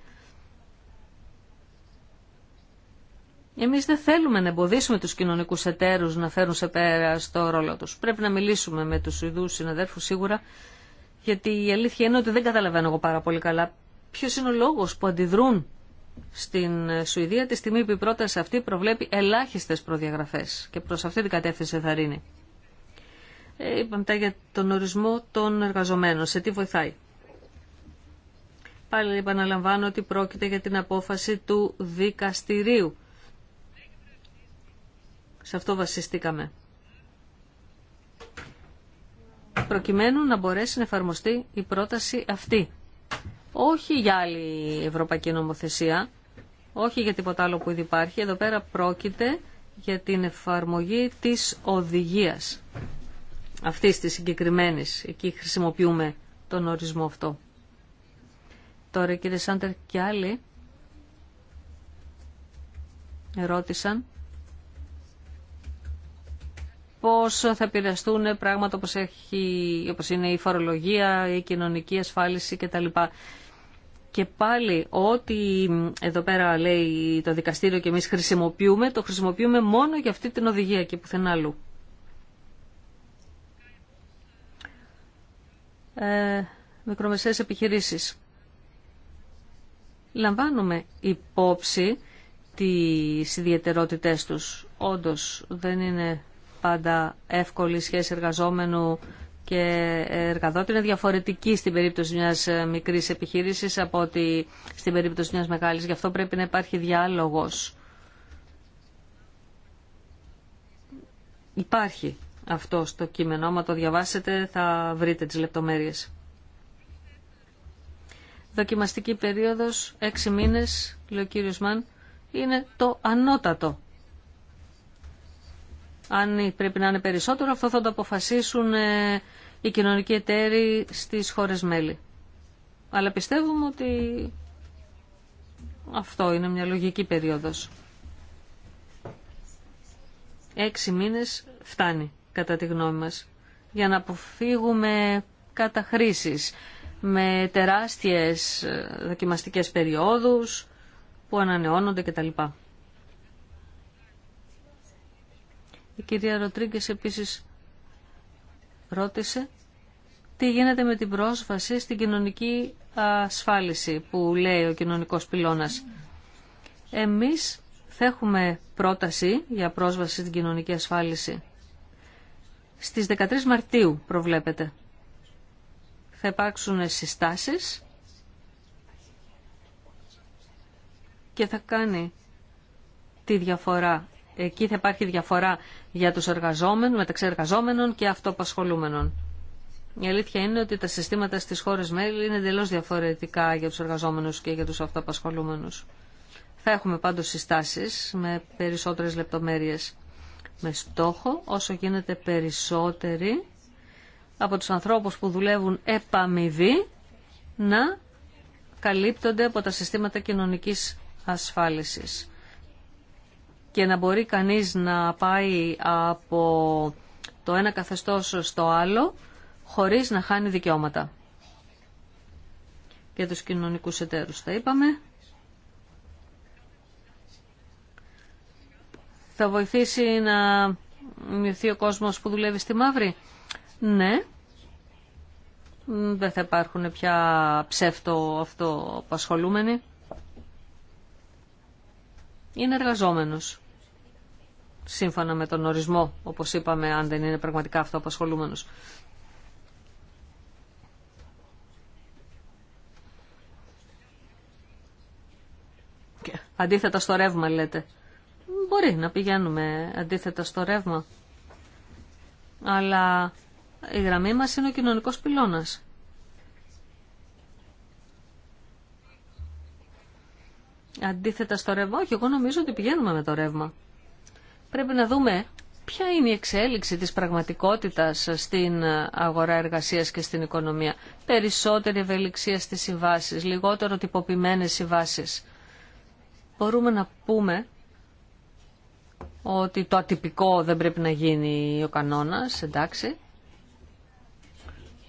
Εμείς δεν θέλουμε να εμποδίσουμε τους κοινωνικούς εταίρους να φέρουν σε πέρα στο ρόλο τους. Πρέπει να μιλήσουμε με τους Ιδούς συναδέρφους σίγουρα, γιατί η αλήθεια είναι ότι δεν καταλαβαίνω εγώ πάρα πολύ καλά ποιος είναι ο λόγος που αντιδρούν στην Σουηδία τη στιγμή που η πρόταση αυτή προβλέπει ελάχιστες προδιαγραφές και προς αυτή την κατεύθυνση θα ρίνει. Ε, για τον ορισμό των εργαζομένων, σε τι βοηθάει. Πάλι επαναλαμβάνω ότι πρόκειται για την απόφαση του δικαστηρίου. Σε αυτό βασιστήκαμε. Προκειμένου να μπορέσει να εφαρμοστεί η πρόταση αυτή όχι για άλλη ευρωπαϊκή νομοθεσία, όχι για τίποτα άλλο που ήδη υπάρχει. Εδώ πέρα πρόκειται για την εφαρμογή της οδηγίας αυτής της συγκεκριμένης. Εκεί χρησιμοποιούμε τον ορισμό αυτό. Τώρα κύριε Σάντερ και άλλοι ερώτησαν πώς θα επηρεαστούν πράγματα όπω έχει, όπως είναι η φορολογία, η κοινωνική ασφάλιση κτλ. Και πάλι ό,τι εδώ πέρα λέει το δικαστήριο και εμείς χρησιμοποιούμε, το χρησιμοποιούμε μόνο για αυτή την οδηγία και πουθενά άλλου. Ε, μικρομεσαίες επιχειρήσεις. Λαμβάνουμε υπόψη τις ιδιαιτερότητές τους. Όντως δεν είναι πάντα εύκολη σχέση εργαζόμενου και εργαδότη είναι διαφορετική στην περίπτωση μιας μικρής επιχείρησης από ότι στην περίπτωση μιας μεγάλης. Γι' αυτό πρέπει να υπάρχει διάλογος. Υπάρχει αυτό στο κείμενο. Άμα το διαβάσετε θα βρείτε τις λεπτομέρειες. Δοκιμαστική περίοδος, έξι μήνες, λέει ο κύριος Μαν, είναι το ανώτατο. Αν πρέπει να είναι περισσότερο, αυτό θα το αποφασίσουν ε, οι κοινωνικοί εταίροι στις χώρες μέλη. Αλλά πιστεύουμε ότι αυτό είναι μια λογική περίοδος. Έξι μήνες φτάνει, κατά τη γνώμη μας, για να αποφύγουμε καταχρήσεις με τεράστιες δοκιμαστικές περιόδους που ανανεώνονται κτλ. Η κυρία Ροτρίγκες επίσης ρώτησε τι γίνεται με την πρόσβαση στην κοινωνική ασφάλιση που λέει ο κοινωνικός πυλώνας. Εμείς θα έχουμε πρόταση για πρόσβαση στην κοινωνική ασφάλιση. Στις 13 Μαρτίου προβλέπεται. Θα υπάρξουν συστάσεις και θα κάνει τη διαφορά Εκεί θα υπάρχει διαφορά για τους εργαζόμενους, μεταξύ εργαζόμενων και αυτοπασχολούμενων. Η αλήθεια είναι ότι τα συστήματα στις χώρες μέλη είναι εντελώ διαφορετικά για τους εργαζόμενους και για τους αυτοπασχολούμενους. Θα έχουμε πάντως συστάσεις με περισσότερες λεπτομέρειες. Με στόχο όσο γίνεται περισσότεροι από τους ανθρώπους που δουλεύουν επαμοιβή να καλύπτονται από τα συστήματα κοινωνικής ασφάλισης και να μπορεί κανείς να πάει από το ένα καθεστώς στο άλλο χωρίς να χάνει δικαιώματα. Και τους κοινωνικούς εταίρους θα είπαμε. Θα βοηθήσει να μειωθεί ο κόσμος που δουλεύει στη μαύρη. Ναι. Δεν θα υπάρχουν πια ψεύτο αυτό απασχολούμενοι. Είναι εργαζόμενος σύμφωνα με τον ορισμό, όπως είπαμε, αν δεν είναι πραγματικά αυτοαπασχολούμενος. Και αντίθετα στο ρεύμα λέτε. Μπορεί να πηγαίνουμε αντίθετα στο ρεύμα. Αλλά η γραμμή μας είναι ο κοινωνικός πυλώνας. Αντίθετα στο ρεύμα, όχι, εγώ νομίζω ότι πηγαίνουμε με το ρεύμα πρέπει να δούμε ποια είναι η εξέλιξη της πραγματικότητας στην αγορά εργασίας και στην οικονομία. Περισσότερη ευελιξία στις συμβάσεις, λιγότερο τυποποιημένες συμβάσεις. Μπορούμε να πούμε ότι το ατυπικό δεν πρέπει να γίνει ο κανόνας, εντάξει.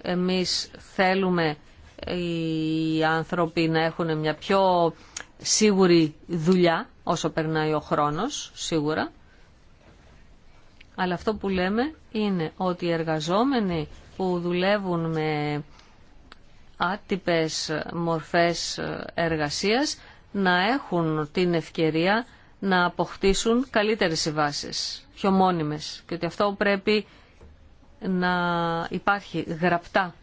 Εμείς θέλουμε οι άνθρωποι να έχουν μια πιο σίγουρη δουλειά όσο περνάει ο χρόνος, σίγουρα. Αλλά αυτό που λέμε είναι ότι οι εργαζόμενοι που δουλεύουν με άτυπες μορφές εργασίας να έχουν την ευκαιρία να αποκτήσουν καλύτερες συμβάσει, πιο μόνιμες και ότι αυτό πρέπει να υπάρχει γραπτά.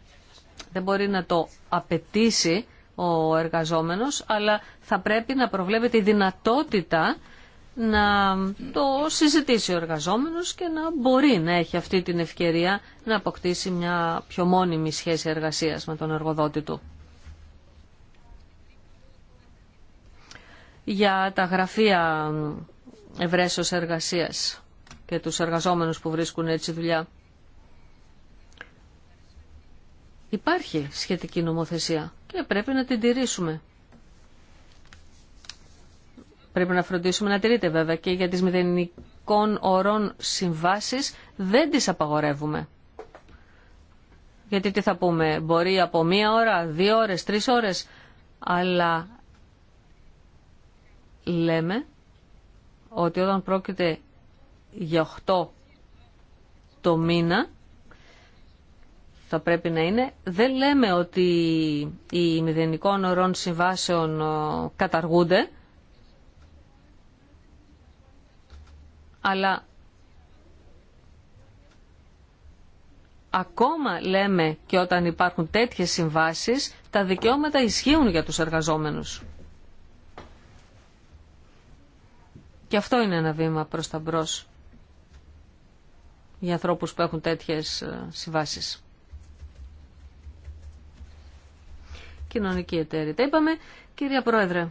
Δεν μπορεί να το απαιτήσει ο εργαζόμενος, αλλά θα πρέπει να προβλέπεται η δυνατότητα να το συζητήσει ο εργαζόμενος και να μπορεί να έχει αυτή την ευκαιρία να αποκτήσει μια πιο μόνιμη σχέση εργασίας με τον εργοδότη του. Για τα γραφεία ευρέσεως εργασίας και τους εργαζόμενους που βρίσκουν έτσι δουλειά. Υπάρχει σχετική νομοθεσία και πρέπει να την τηρήσουμε. Πρέπει να φροντίσουμε να τηρείται βέβαια και για τις μηδενικών ορών συμβάσεις δεν τις απαγορεύουμε. Γιατί τι θα πούμε, μπορεί από μία ώρα, δύο ώρες, τρεις ώρες, αλλά λέμε ότι όταν πρόκειται για 8 το μήνα, θα πρέπει να είναι. Δεν λέμε ότι οι μηδενικών ορών συμβάσεων ε, καταργούνται, αλλά ακόμα λέμε και όταν υπάρχουν τέτοιες συμβάσεις, τα δικαιώματα ισχύουν για τους εργαζόμενους. Και αυτό είναι ένα βήμα προς τα μπρος για ανθρώπους που έχουν τέτοιες ε, συμβάσεις. Κοινωνική εταίρεια. είπαμε, κυρία Πρόεδρε.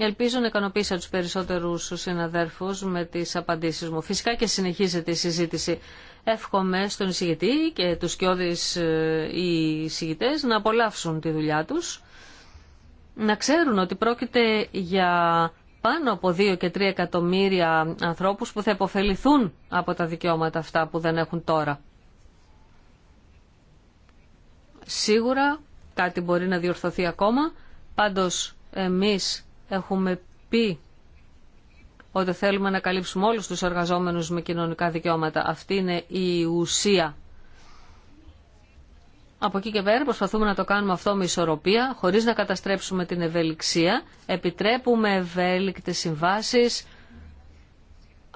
Ελπίζω να ικανοποιήσω τους περισσότερους συναδέρφους με τις απαντήσεις μου. Φυσικά και συνεχίζεται η συζήτηση. Εύχομαι στον εισηγητή και τους κοιόδης ε, οι εισηγητές να απολαύσουν τη δουλειά τους, να ξέρουν ότι πρόκειται για πάνω από 2 και 3 εκατομμύρια ανθρώπους που θα υποφεληθούν από τα δικαιώματα αυτά που δεν έχουν τώρα. Σίγουρα κάτι μπορεί να διορθωθεί ακόμα, πάντως εμείς Έχουμε πει ότι θέλουμε να καλύψουμε όλους τους εργαζόμενους με κοινωνικά δικαιώματα. Αυτή είναι η ουσία. Από εκεί και πέρα προσπαθούμε να το κάνουμε αυτό με ισορροπία, χωρίς να καταστρέψουμε την ευελιξία. Επιτρέπουμε ευέλικτες συμβάσεις,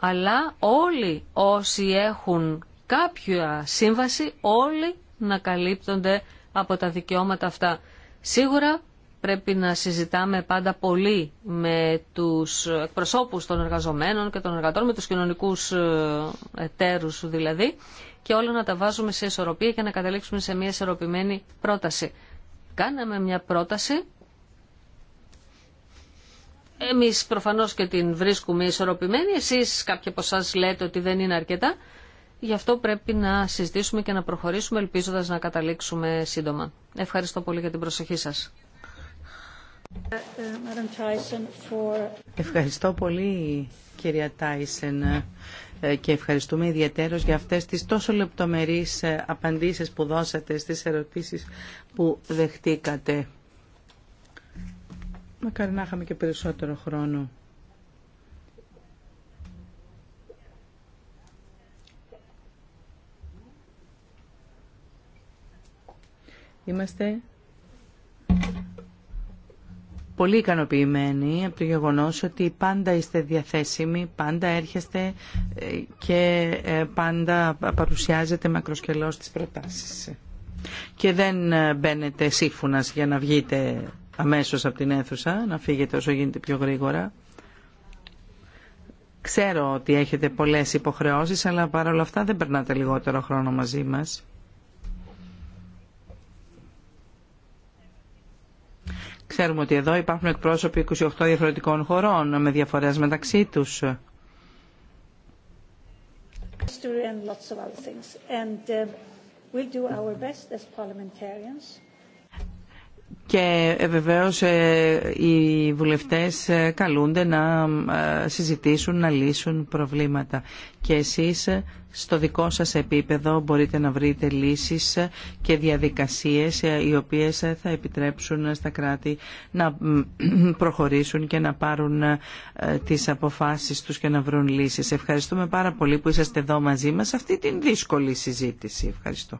αλλά όλοι όσοι έχουν κάποια σύμβαση, όλοι να καλύπτονται από τα δικαιώματα αυτά. Σίγουρα πρέπει να συζητάμε πάντα πολύ με τους εκπροσώπους των εργαζομένων και των εργατών, με τους κοινωνικούς ε, εταίρους δηλαδή, και όλα να τα βάζουμε σε ισορροπία και να καταλήξουμε σε μια ισορροπημένη πρόταση. Κάναμε μια πρόταση. Εμείς προφανώς και την βρίσκουμε ισορροπημένη. Εσείς κάποιοι από εσάς λέτε ότι δεν είναι αρκετά. Γι' αυτό πρέπει να συζητήσουμε και να προχωρήσουμε ελπίζοντας να καταλήξουμε σύντομα. Ευχαριστώ πολύ για την προσοχή σας. Ευχαριστώ πολύ κυρία Τάισεν ε, και ευχαριστούμε ιδιαίτερως για αυτές τις τόσο λεπτομερείς ε, απαντήσεις που δώσατε στις ερωτήσεις που δεχτήκατε. Μακάρι να είχαμε και περισσότερο χρόνο. Είμαστε πολύ ικανοποιημένοι από το γεγονός ότι πάντα είστε διαθέσιμοι, πάντα έρχεστε ε, και ε, πάντα παρουσιάζετε μακροσκελώς τις προτάσεις. Και δεν ε, μπαίνετε σύμφωνας για να βγείτε αμέσως από την αίθουσα, να φύγετε όσο γίνεται πιο γρήγορα. Ξέρω ότι έχετε πολλές υποχρεώσεις, αλλά παρόλα αυτά δεν περνάτε λιγότερο χρόνο μαζί μας. Ξέρουμε ότι εδώ υπάρχουν εκπρόσωποι 28 διαφορετικών χωρών με διαφορές μεταξύ τους. Και ε, βεβαίω ε, οι βουλευτές ε, καλούνται να συζητήσουν, να λύσουν προβλήματα. Και εσείς στο δικό σας επίπεδο μπορείτε να βρείτε λύσεις και διαδικασίες οι οποίες θα επιτρέψουν στα κράτη να <clears throat> προχωρήσουν και να πάρουν τις αποφάσεις του και να βρουν λύσεις. Ευχαριστούμε πάρα πολύ που είσαστε εδώ μαζί μας σε αυτή την δύσκολη συζήτηση. Ευχαριστώ.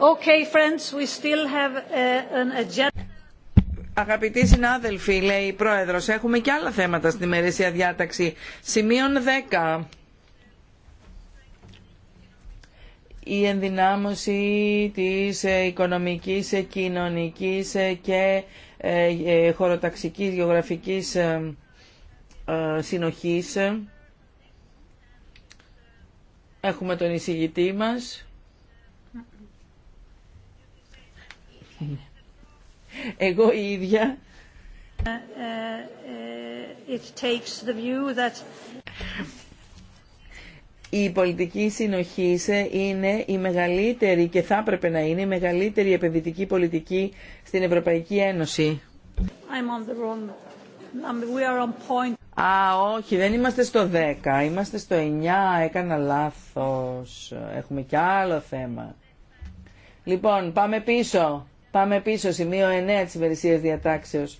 Uh, Αγαπητοί συνάδελφοι, λέει η Πρόεδρος, έχουμε και άλλα θέματα στην ημερήσια διάταξη. Σημείον 10. Η ενδυνάμωση της ε, οικονομικής, ε, κοινωνικής ε, και χωροταξικής, γεωγραφικής συνοχής. Έχουμε τον εισηγητή μας. <laughs> Εγώ η ίδια ε, ε, It takes the view that... Η πολιτική συνοχή είναι η μεγαλύτερη και θα έπρεπε να είναι η μεγαλύτερη επενδυτική πολιτική στην Ευρωπαϊκή Ένωση. I'm on the wrong... We are on point. Α, όχι, δεν είμαστε στο 10, είμαστε στο 9, έκανα λάθος, έχουμε κι άλλο θέμα. Λοιπόν, πάμε πίσω. Πάμε πίσω, σημείο 9 της ημερησίας διατάξεως.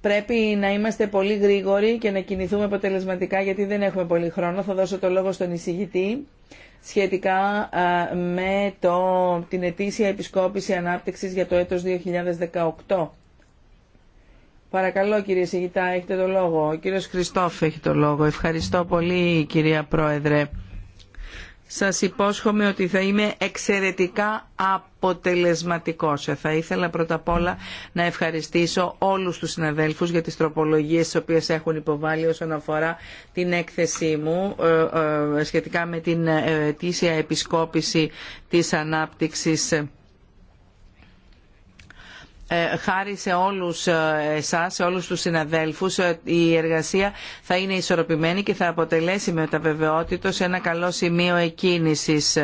Πρέπει να είμαστε πολύ γρήγοροι και να κινηθούμε αποτελεσματικά γιατί δεν έχουμε πολύ χρόνο. Θα δώσω το λόγο στον εισηγητή σχετικά με το, την ετήσια επισκόπηση ανάπτυξης για το έτος 2018. Παρακαλώ κύριε εισηγητά, έχετε το λόγο. Ο κύριος Χριστόφ έχει το λόγο. Ευχαριστώ πολύ κυρία Πρόεδρε. Σας υπόσχομαι ότι θα είμαι εξαιρετικά αποτελεσματικός. Θα ήθελα πρώτα απ' όλα να ευχαριστήσω όλους τους συναδέλφους για τις τροπολογίες τις οποίες έχουν υποβάλει όσον αφορά την έκθεσή μου ε, ε, σχετικά με την ε, ετήσια επισκόπηση της ανάπτυξης ε, χάρη σε όλους ε, εσάς, σε όλους τους συναδέλφους, ε, η εργασία θα είναι ισορροπημένη και θα αποτελέσει με τα σε ένα καλό σημείο εκκίνησης.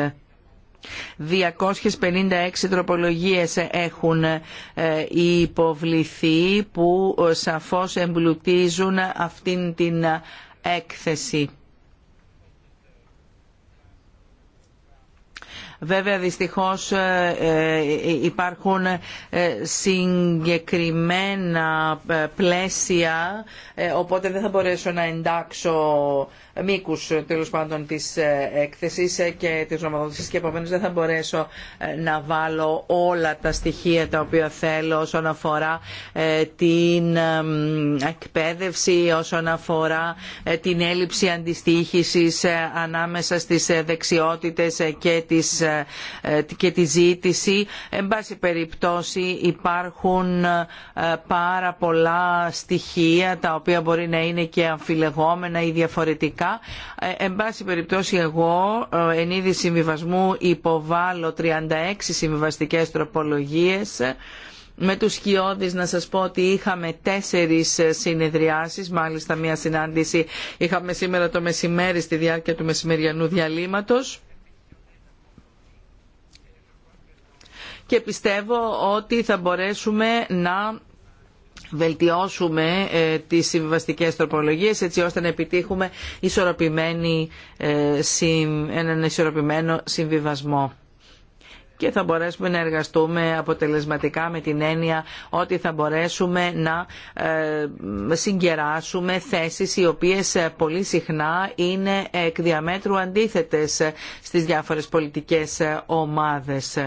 256 τροπολογίες έχουν υποβληθεί που σαφώς εμπλουτίζουν αυτήν την έκθεση. Βέβαια δυστυχώς ε, ε, υπάρχουν ε, συγκεκριμένα πλαίσια οπότε δεν θα μπορέσω να εντάξω μήκους τέλος πάντων της έκθεσης και της νομοδότησης και επομένως δεν θα μπορέσω να βάλω όλα τα στοιχεία τα οποία θέλω όσον αφορά την εκπαίδευση, όσον αφορά την έλλειψη αντιστοίχησης ανάμεσα στις δεξιότητες και τις ε, και τη ζήτηση. Εν πάση περιπτώσει υπάρχουν ε, πάρα πολλά στοιχεία τα οποία μπορεί να είναι και αμφιλεγόμενα ή διαφορετικά. Ε, εν πάση περιπτώσει εγώ εν είδη συμβιβασμού υποβάλλω 36 συμβιβαστικές τροπολογίες με τους χιώδεις να σας πω ότι είχαμε τέσσερις συνεδριάσεις, μάλιστα μία συνάντηση είχαμε σήμερα το μεσημέρι στη διάρκεια του μεσημεριανού διαλύματος. και πιστεύω ότι θα μπορέσουμε να βελτιώσουμε ε, τις συμβιβαστικές τροπολογίες έτσι ώστε να επιτύχουμε ισορροπημένη, ε, έναν ισορροπημένο συμβιβασμό και θα μπορέσουμε να εργαστούμε αποτελεσματικά με την έννοια ότι θα μπορέσουμε να ε, συγκεράσουμε θέσεις οι οποίες πολύ συχνά είναι εκ διαμέτρου αντίθετες στις διάφορες πολιτικές ομάδες.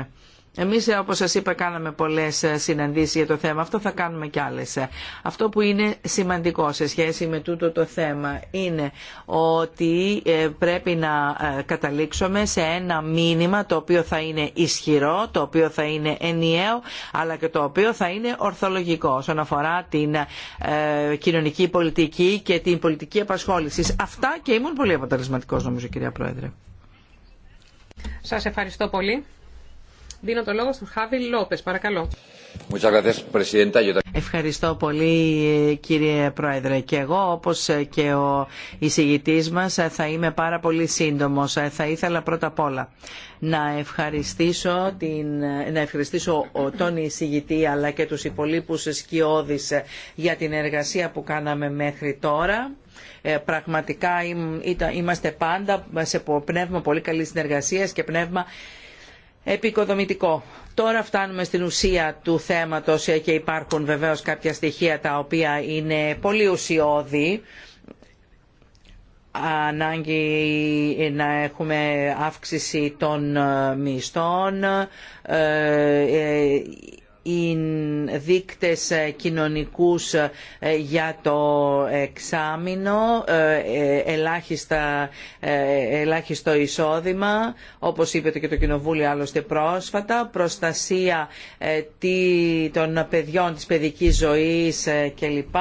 Εμείς, ε, όπω σα είπα, κάναμε πολλέ ε, συναντήσει για το θέμα. Αυτό θα κάνουμε κι άλλες. Ε, αυτό που είναι σημαντικό σε σχέση με τούτο το θέμα είναι ότι πρέπει να καταλήξουμε σε ένα μήνυμα το οποίο θα είναι ισχυρό, το οποίο θα είναι ενιαίο, αλλά και το οποίο θα είναι ορθολογικό όσον αφορά την κοινωνική πολιτική και την πολιτική απασχόληση. Αυτά και ήμουν πολύ αποτελεσματικό νομίζω, κυρία Πρόεδρε. Σας ευχαριστώ πολύ. Δίνω το λόγο στον Χάβι Λόπες. Παρακαλώ. Ευχαριστώ πολύ κύριε Πρόεδρε. Και εγώ όπως και ο εισηγητής μας θα είμαι πάρα πολύ σύντομος. Θα ήθελα πρώτα απ' όλα να ευχαριστήσω, την, τον εισηγητή αλλά και τους υπολείπους σκιώδης για την εργασία που κάναμε μέχρι τώρα. Ε, πραγματικά είμαστε πάντα σε πνεύμα πολύ καλής συνεργασίας και πνεύμα επικοδομητικό. Τώρα φτάνουμε στην ουσία του θέματος ε, και υπάρχουν βεβαίως κάποια στοιχεία τα οποία είναι πολύ ουσιώδη ανάγκη να έχουμε αύξηση των ε, μισθών, ε, δείκτες ε, κοινωνικούς ε, για το εξάμεινο, ε, ελάχιστο εισόδημα, όπως είπε και το Κοινοβούλιο άλλωστε πρόσφατα, προστασία των παιδιών της παιδικής ζωής κλπ.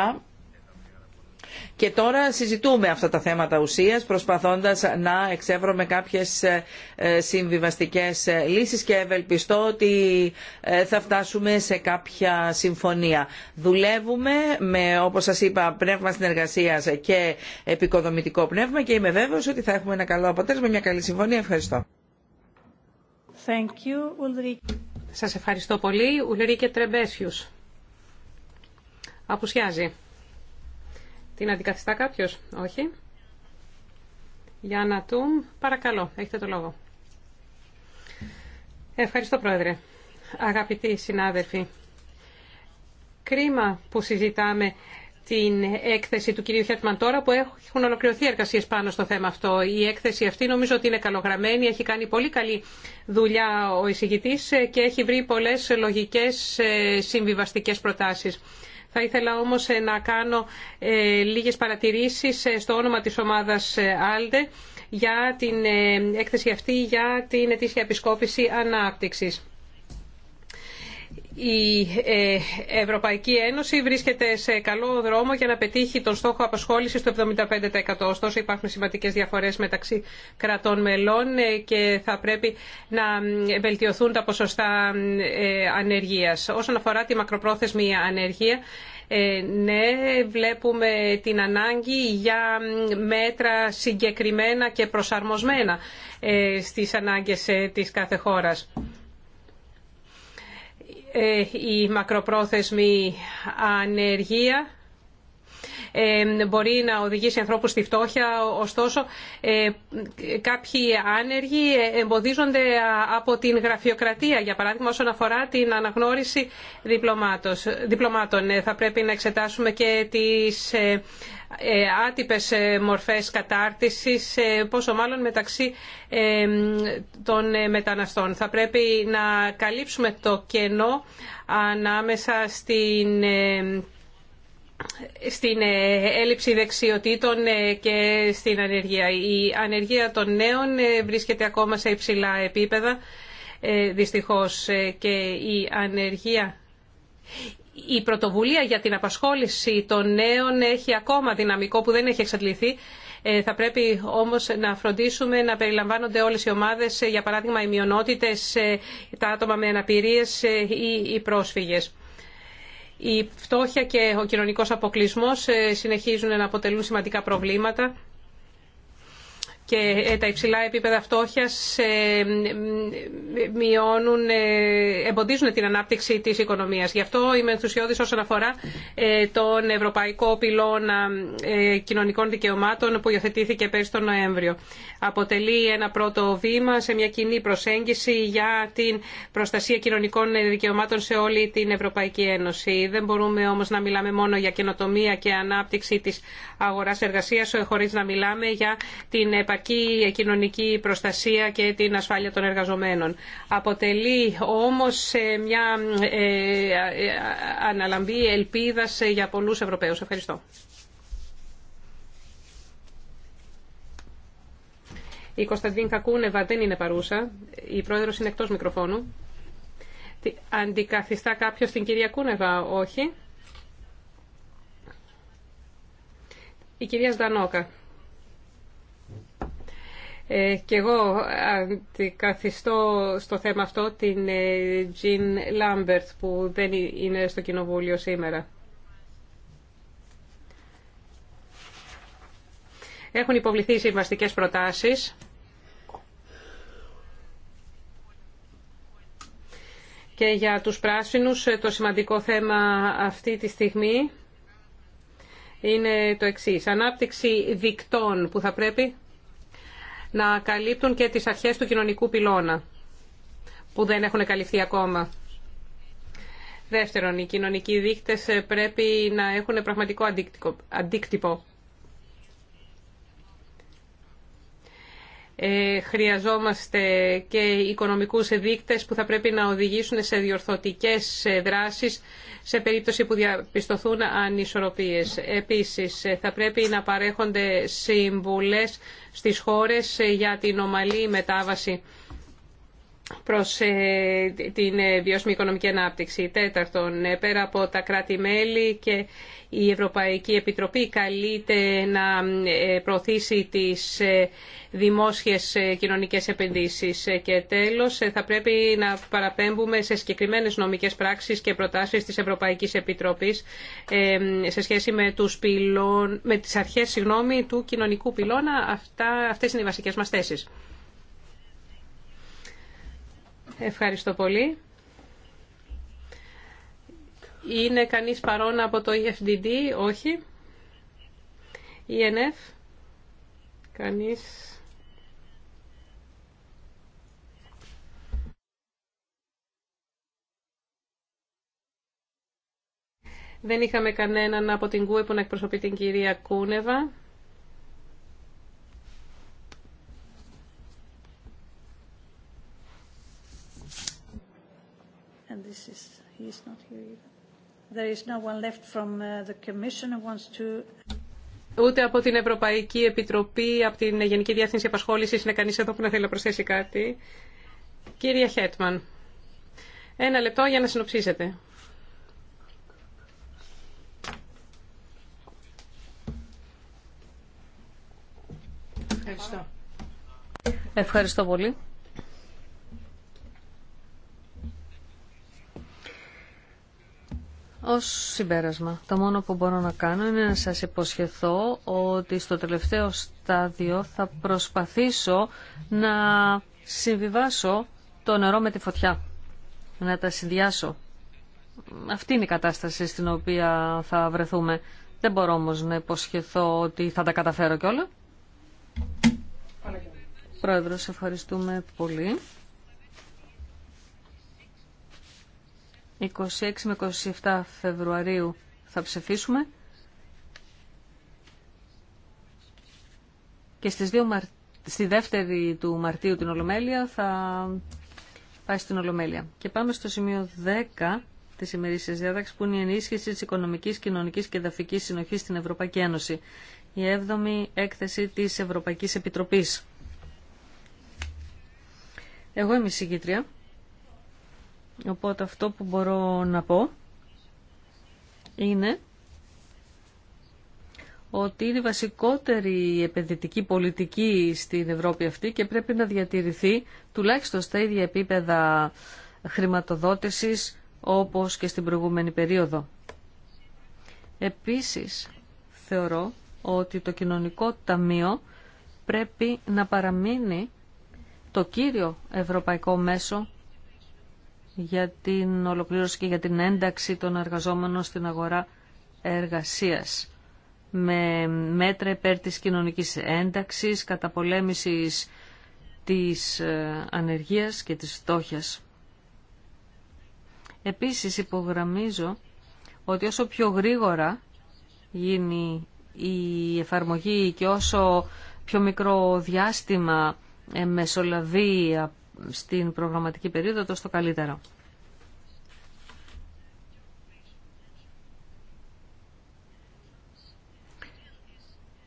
Και τώρα συζητούμε αυτά τα θέματα ουσίας προσπαθώντας να εξεύρουμε κάποιες ε, ε, συμβιβαστικές ε, λύσεις και ευελπιστώ ότι θα φτάσουμε σε κάποια συμφωνία. Δουλεύουμε με όπως σας είπα πνεύμα συνεργασίας και επικοδομητικό πνεύμα και είμαι βέβαιος ότι θα έχουμε ένα καλό αποτέλεσμα, μια καλή συμφωνία. Ευχαριστώ. Thank ευχαριστώ πολύ. Ουλρίκε Τρεμπέσιους. Απουσιάζει. Την αντικαθιστά κάποιος, όχι. Για να τούμ, παρακαλώ, έχετε το λόγο. Ευχαριστώ, Πρόεδρε. Αγαπητοί συνάδελφοι, κρίμα που συζητάμε την έκθεση του κυρίου Χέτμαν τώρα που έχουν ολοκληρωθεί εργασίε πάνω στο θέμα αυτό. Η έκθεση αυτή νομίζω ότι είναι καλογραμμένη, έχει κάνει πολύ καλή δουλειά ο εισηγητής και έχει βρει πολλές λογικές ε, συμβιβαστικές προτάσεις. Θα ήθελα όμως ε, να κάνω ε, λίγες παρατηρήσεις ε, στο όνομα της ομάδας ALDE για την έκθεση αυτή για την ετήσια επισκόπηση ανάπτυξης. Η ε, Ευρωπαϊκή Ένωση βρίσκεται σε καλό δρόμο για να πετύχει τον στόχο απασχόλησης του 75%. Ωστόσο υπάρχουν σημαντικές διαφορές μεταξύ κρατών μελών ε, και θα πρέπει να βελτιωθούν τα ποσοστά ε, ανεργίας. Όσον αφορά τη μακροπρόθεσμη ανεργία, ναι, βλέπουμε την ανάγκη για μέτρα συγκεκριμένα και προσαρμοσμένα ε, στις ανάγκες της κάθε χώρας. Ε, η μακροπρόθεσμη ανεργία μπορεί να οδηγήσει ανθρώπους στη φτώχεια, ωστόσο ε, κάποιοι άνεργοι ε, εμποδίζονται από την γραφειοκρατία, για παράδειγμα όσον αφορά την αναγνώριση διπλωμάτων. Ε, θα πρέπει να εξετάσουμε και τις άτυπες μορφές κατάρτισης, πόσο μάλλον μεταξύ των μεταναστών. Θα πρέπει να καλύψουμε το κενό ανάμεσα στην στην ε, έλλειψη δεξιοτήτων ε, και στην ανεργία. Η ανεργία των νέων ε, βρίσκεται ακόμα σε υψηλά επίπεδα, δυστυχώς, και η ανεργία... Η πρωτοβουλία για την απασχόληση των νέων έχει ακόμα δυναμικό που δεν έχει εξαντληθεί. Θα πρέπει όμως να φροντίσουμε να περιλαμβάνονται όλες οι ομάδες, για παράδειγμα οι μειονότητες, τα άτομα με αναπηρίες ή οι πρόσφυγες. Η φτώχεια και ο κοινωνικός αποκλεισμός ε, συνεχίζουν να αποτελούν σημαντικά προβλήματα και ε, τα υψηλά επίπεδα φτώχειας ε, ε, εμποδίζουν την ανάπτυξη της οικονομίας. Γι' αυτό είμαι ενθουσιώδης όσον αφορά τον Ευρωπαϊκό Πυλώνα Κοινωνικών Δικαιωμάτων που υιοθετήθηκε πέρυσι τον Νοέμβριο. Αποτελεί ένα πρώτο βήμα σε μια κοινή προσέγγιση για την προστασία κοινωνικών δικαιωμάτων σε όλη την Ευρωπαϊκή Ένωση. Δεν μπορούμε όμως να μιλάμε μόνο για καινοτομία και ανάπτυξη της αγοράς εργασία χωρίς να μιλάμε για την επαρκή κοινωνική προστασία και την ασφάλεια των εργαζομένων. Αποτελεί όμως ε, μια ε, αναλαμπή ελπίδα για πολλού Ευρωπαίους. Ευχαριστώ. Η Κωνσταντίν Κακούνεβα δεν είναι παρούσα. Η Πρόεδρο είναι εκτό μικροφώνου. Αντικαθιστά κάποιος την κυρία Κούνεβα, όχι. Η κυρία Σδανόκα. Ε, και εγώ αντικαθιστώ στο θέμα αυτό την ε, Jean Lambert που δεν είναι στο κοινοβούλιο σήμερα. Έχουν υποβληθεί συμβαστικές προτάσεις. Και για τους πράσινους ε, το σημαντικό θέμα αυτή τη στιγμή είναι το εξής. Ανάπτυξη δικτών που θα πρέπει να καλύπτουν και τις αρχές του κοινωνικού πυλώνα που δεν έχουν καλυφθεί ακόμα. Δεύτερον, οι κοινωνικοί δείκτες πρέπει να έχουν πραγματικό αντίκτυπο. Ε, χρειαζόμαστε και οικονομικούς δείκτες που θα πρέπει να οδηγήσουν σε διορθωτικές ε, δράσεις σε περίπτωση που διαπιστωθούν ανισορροπίες. Επίσης, ε, θα πρέπει να παρέχονται συμβουλές στις χώρες για την ομαλή μετάβαση προς ε, την ε, βιώσιμη οικονομική ανάπτυξη. Τέταρτον, ε, πέρα από τα κράτη-μέλη και η Ευρωπαϊκή Επιτροπή καλείται να προωθήσει τις δημόσιες κοινωνικές επενδύσεις. Και τέλος, θα πρέπει να παραπέμπουμε σε συγκεκριμένες νομικές πράξεις και προτάσεις της Ευρωπαϊκής Επιτροπής σε σχέση με, τους πυλών, με τις αρχές του κοινωνικού πυλώνα. Αυτά, αυτές είναι οι βασικές μας θέσεις. Ευχαριστώ πολύ. Είναι κανείς παρόν από το EFDD, όχι. ENF, κανείς. Δεν είχαμε κανέναν από την ΚΟΕ e που να εκπροσωπεί την κυρία Κούνεβα. There is no one left from uh, the Commission who wants to... Ούτε από την Ευρωπαϊκή Επιτροπή, από την Γενική Διεύθυνση Απασχόλησης είναι κανείς εδώ που να θέλει να προσθέσει κάτι. Κύριε Χέτμαν, ένα λεπτό για να συνοψίσετε. Ευχαριστώ. Ευχαριστώ πολύ. Ως συμπέρασμα, το μόνο που μπορώ να κάνω είναι να σας υποσχεθώ ότι στο τελευταίο στάδιο θα προσπαθήσω να συμβιβάσω το νερό με τη φωτιά, να τα συνδυάσω. Αυτή είναι η κατάσταση στην οποία θα βρεθούμε. Δεν μπορώ όμως να υποσχεθώ ότι θα τα καταφέρω κιόλα. Πρόεδρος, ευχαριστούμε πολύ. 26 με 27 Φεβρουαρίου θα ψηφίσουμε και στις 2 Μαρ... στη δεύτερη του Μαρτίου την Ολομέλεια θα πάει στην Ολομέλεια. Και πάμε στο σημείο 10 της ημερήσιας διάταξης που είναι η ενίσχυση της οικονομικής, κοινωνικής και δαφικής συνοχής στην Ευρωπαϊκή Ένωση. Η 7η έκθεση της Ευρωπαϊκής Επιτροπής. Εγώ είμαι η συγκήτρια. Οπότε αυτό που μπορώ να πω είναι ότι είναι η βασικότερη επενδυτική πολιτική στην Ευρώπη αυτή και πρέπει να διατηρηθεί τουλάχιστον στα ίδια επίπεδα χρηματοδότησης όπως και στην προηγούμενη περίοδο. Επίσης, θεωρώ ότι το κοινωνικό ταμείο πρέπει να παραμείνει το κύριο ευρωπαϊκό μέσο για την ολοκλήρωση και για την ένταξη των εργαζόμενων στην αγορά εργασίας με μέτρα υπέρ της κοινωνικής ένταξης, καταπολέμησης της ε, ανεργίας και της φτώχειας. Επίσης υπογραμμίζω ότι όσο πιο γρήγορα γίνει η εφαρμογή και όσο πιο μικρό διάστημα ε, μεσολαβεί στην προγραμματική περίοδο, τόσο το καλύτερο.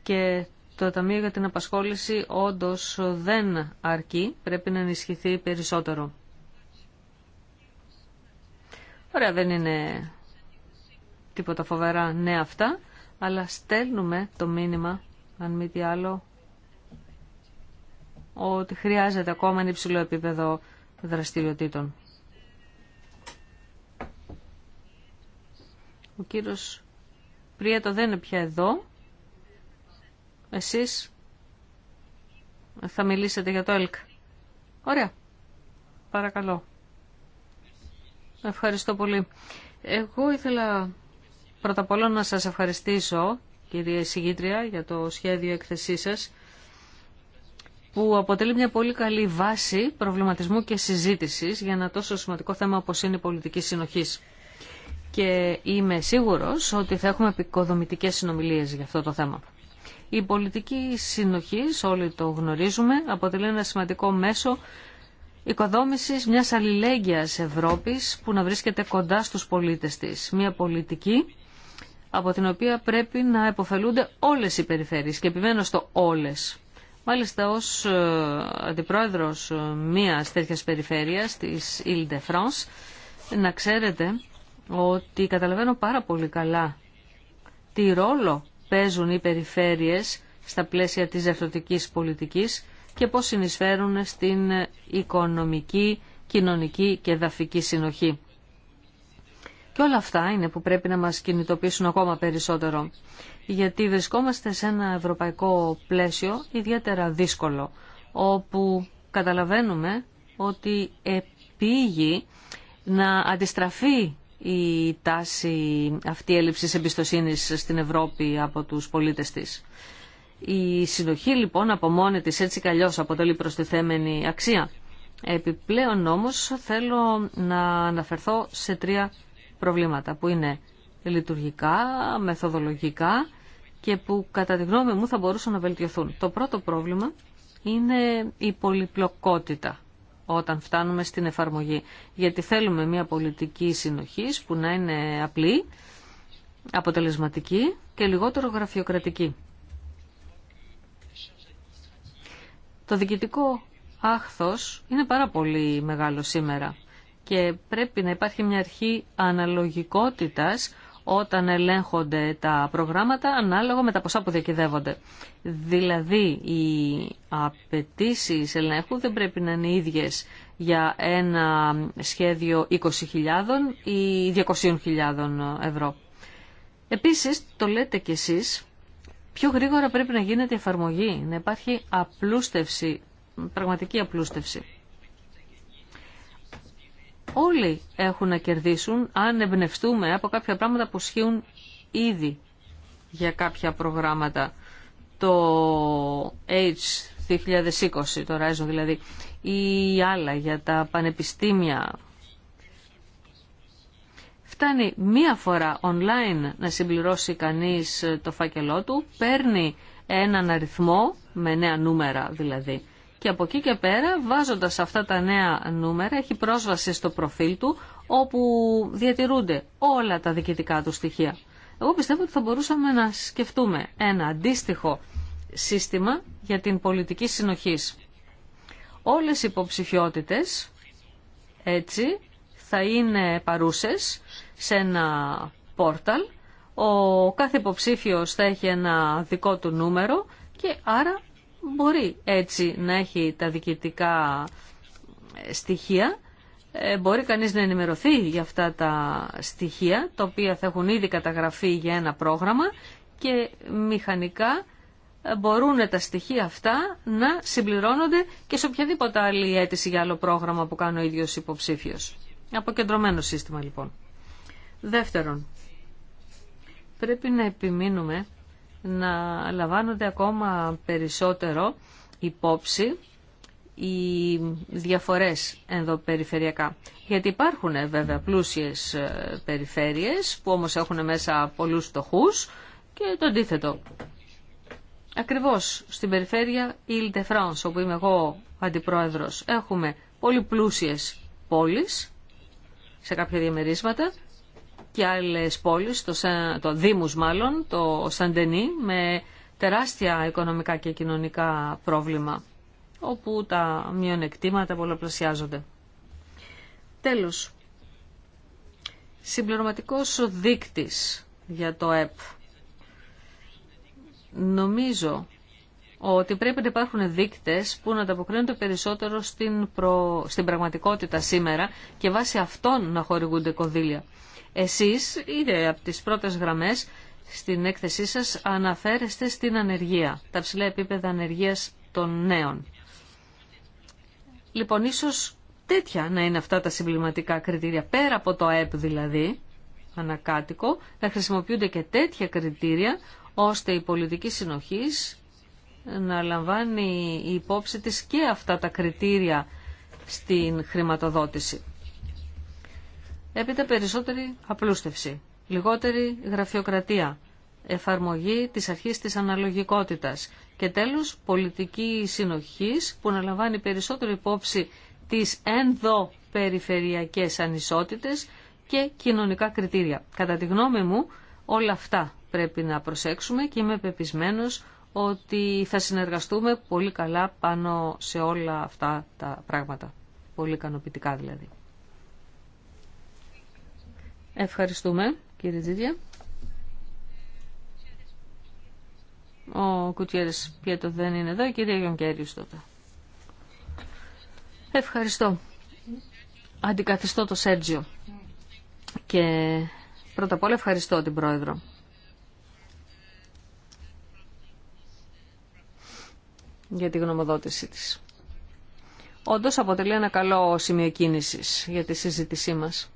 Και το Ταμείο για την Απασχόληση όντως δεν αρκεί, πρέπει να ενισχυθεί περισσότερο. Ωραία, δεν είναι τίποτα φοβερά Ναι, αυτά, αλλά στέλνουμε το μήνυμα, αν μη τι άλλο, ότι χρειάζεται ακόμα ένα υψηλό επίπεδο δραστηριοτήτων. Ο κύριος Πρίατο δεν είναι πια εδώ. Εσείς θα μιλήσετε για το ΕΛΚ. Ωραία. Παρακαλώ. Ευχαριστώ πολύ. Εγώ ήθελα πρώτα απ' όλα να σας ευχαριστήσω, κυρία Συγήτρια, για το σχέδιο εκθεσής σας που αποτελεί μια πολύ καλή βάση προβληματισμού και συζήτησης για ένα τόσο σημαντικό θέμα όπως είναι η πολιτική συνοχή. Και είμαι σίγουρος ότι θα έχουμε επικοδομητικές συνομιλίες για αυτό το θέμα. Η πολιτική συνοχή, όλοι το γνωρίζουμε, αποτελεί ένα σημαντικό μέσο οικοδόμησης μιας αλληλέγγυας Ευρώπης που να βρίσκεται κοντά στους πολίτες της. Μια πολιτική από την οποία πρέπει να επωφελούνται όλες οι περιφέρειες και επιμένω στο όλες. Μάλιστα ως ε, αντιπρόεδρος ε, μιας τέτοιας περιφέρειας της Ile de France να ξέρετε ότι καταλαβαίνω πάρα πολύ καλά τι ρόλο παίζουν οι περιφέρειες στα πλαίσια της διαφορετικής πολιτικής και πώς συνεισφέρουν στην οικονομική, κοινωνική και δαφική συνοχή. Και όλα αυτά είναι που πρέπει να μας κινητοποιήσουν ακόμα περισσότερο γιατί βρισκόμαστε σε ένα ευρωπαϊκό πλαίσιο ιδιαίτερα δύσκολο, όπου καταλαβαίνουμε ότι επίγει να αντιστραφεί η τάση αυτή έλλειψης εμπιστοσύνης στην Ευρώπη από τους πολίτες της. Η συνοχή λοιπόν από μόνη της έτσι καλλιώς αποτελεί προστιθέμενη αξία. Επιπλέον όμως θέλω να αναφερθώ σε τρία προβλήματα που είναι λειτουργικά, μεθοδολογικά και που κατά τη γνώμη μου θα μπορούσαν να βελτιωθούν. Το πρώτο πρόβλημα είναι η πολυπλοκότητα όταν φτάνουμε στην εφαρμογή. Γιατί θέλουμε μια πολιτική συνοχής που να είναι απλή, αποτελεσματική και λιγότερο γραφειοκρατική. Το διοικητικό άχθος είναι πάρα πολύ μεγάλο σήμερα και πρέπει να υπάρχει μια αρχή αναλογικότητας όταν ελέγχονται τα προγράμματα ανάλογα με τα ποσά που διακυδεύονται. Δηλαδή οι απαιτήσει ελέγχου δεν πρέπει να είναι ίδιες για ένα σχέδιο 20.000 ή 200.000 ευρώ. Επίσης, το λέτε κι εσείς, πιο γρήγορα πρέπει να γίνεται η εφαρμογή, να υπάρχει απλούστευση, πραγματική απλούστευση. Όλοι έχουν να κερδίσουν αν εμπνευστούμε από κάποια πράγματα που ισχύουν ήδη για κάποια προγράμματα. Το H2020, το Horizon δηλαδή, ή άλλα για τα πανεπιστήμια. Φτάνει μία φορά online να συμπληρώσει κανείς το φάκελό του, παίρνει έναν αριθμό με νέα νούμερα δηλαδή και από εκεί και πέρα βάζοντας αυτά τα νέα νούμερα έχει πρόσβαση στο προφίλ του όπου διατηρούνται όλα τα διοικητικά του στοιχεία. Εγώ πιστεύω ότι θα μπορούσαμε να σκεφτούμε ένα αντίστοιχο σύστημα για την πολιτική συνοχής. Όλες οι υποψηφιότητες έτσι θα είναι παρούσες σε ένα πόρταλ. Ο κάθε υποψήφιος θα έχει ένα δικό του νούμερο και άρα μπορεί έτσι να έχει τα διοικητικά ε, στοιχεία. Ε, μπορεί κανείς να ενημερωθεί για αυτά τα στοιχεία, τα οποία θα έχουν ήδη καταγραφεί για ένα πρόγραμμα και μηχανικά ε, μπορούν τα στοιχεία αυτά να συμπληρώνονται και σε οποιαδήποτε άλλη αίτηση για άλλο πρόγραμμα που κάνει ο ίδιος υποψήφιος. Αποκεντρωμένο σύστημα λοιπόν. Δεύτερον, πρέπει να επιμείνουμε να λαμβάνονται ακόμα περισσότερο υπόψη οι διαφορές ενδοπεριφερειακά. Γιατί υπάρχουν ε, βέβαια πλούσιες ε, περιφέρειες που όμως έχουν μέσα πολλούς φτωχού και το αντίθετο. Ακριβώς στην περιφέρεια Ile de France, όπου είμαι εγώ αντιπρόεδρος, έχουμε πολύ πλούσιες πόλεις σε κάποια διαμερίσματα και άλλες πόλεις, το, το Δήμους μάλλον, το Σαντενή με τεράστια οικονομικά και κοινωνικά πρόβλημα, όπου τα μειονεκτήματα πολλαπλασιάζονται. Τέλος, συμπληρωματικός δείκτης για το ΕΠ. Νομίζω ότι πρέπει να υπάρχουν δείκτες που να ανταποκρίνονται περισσότερο στην, προ... στην πραγματικότητα σήμερα και βάσει αυτών να χορηγούνται κονδύλια. Εσείς, ήδη από τις πρώτες γραμμές, στην έκθεσή σας αναφέρεστε στην ανεργία, τα ψηλά επίπεδα ανεργίας των νέων. Λοιπόν, ίσως τέτοια να είναι αυτά τα συμπληματικά κριτήρια, πέρα από το ΑΕΠ δηλαδή, ανακάτοικο, να χρησιμοποιούνται και τέτοια κριτήρια, ώστε η πολιτική συνοχής να λαμβάνει υπόψη της και αυτά τα κριτήρια στην χρηματοδότηση. Έπειτα περισσότερη απλούστευση, λιγότερη γραφειοκρατία, εφαρμογή της αρχής της αναλογικότητας και τέλος πολιτική συνοχής που αναλαμβάνει περισσότερο υπόψη τις ενδοπεριφερειακές ανισότητες και κοινωνικά κριτήρια. Κατά τη γνώμη μου όλα αυτά πρέπει να προσέξουμε και είμαι πεπισμένος ότι θα συνεργαστούμε πολύ καλά πάνω σε όλα αυτά τα πράγματα. Πολύ ικανοποιητικά δηλαδή. Ευχαριστούμε, κύριε Ζήτια. Ο Κουτιέρης Πιέτο δεν είναι εδώ, η κυρία Γιονκέριος τότε. Ευχαριστώ. Αντικαθιστώ το Σέρτζιο. Και πρώτα απ' όλα ευχαριστώ την Πρόεδρο. για τη γνωμοδότησή της. Όντως αποτελεί ένα καλό σημείο κίνησης για τη συζήτησή μας.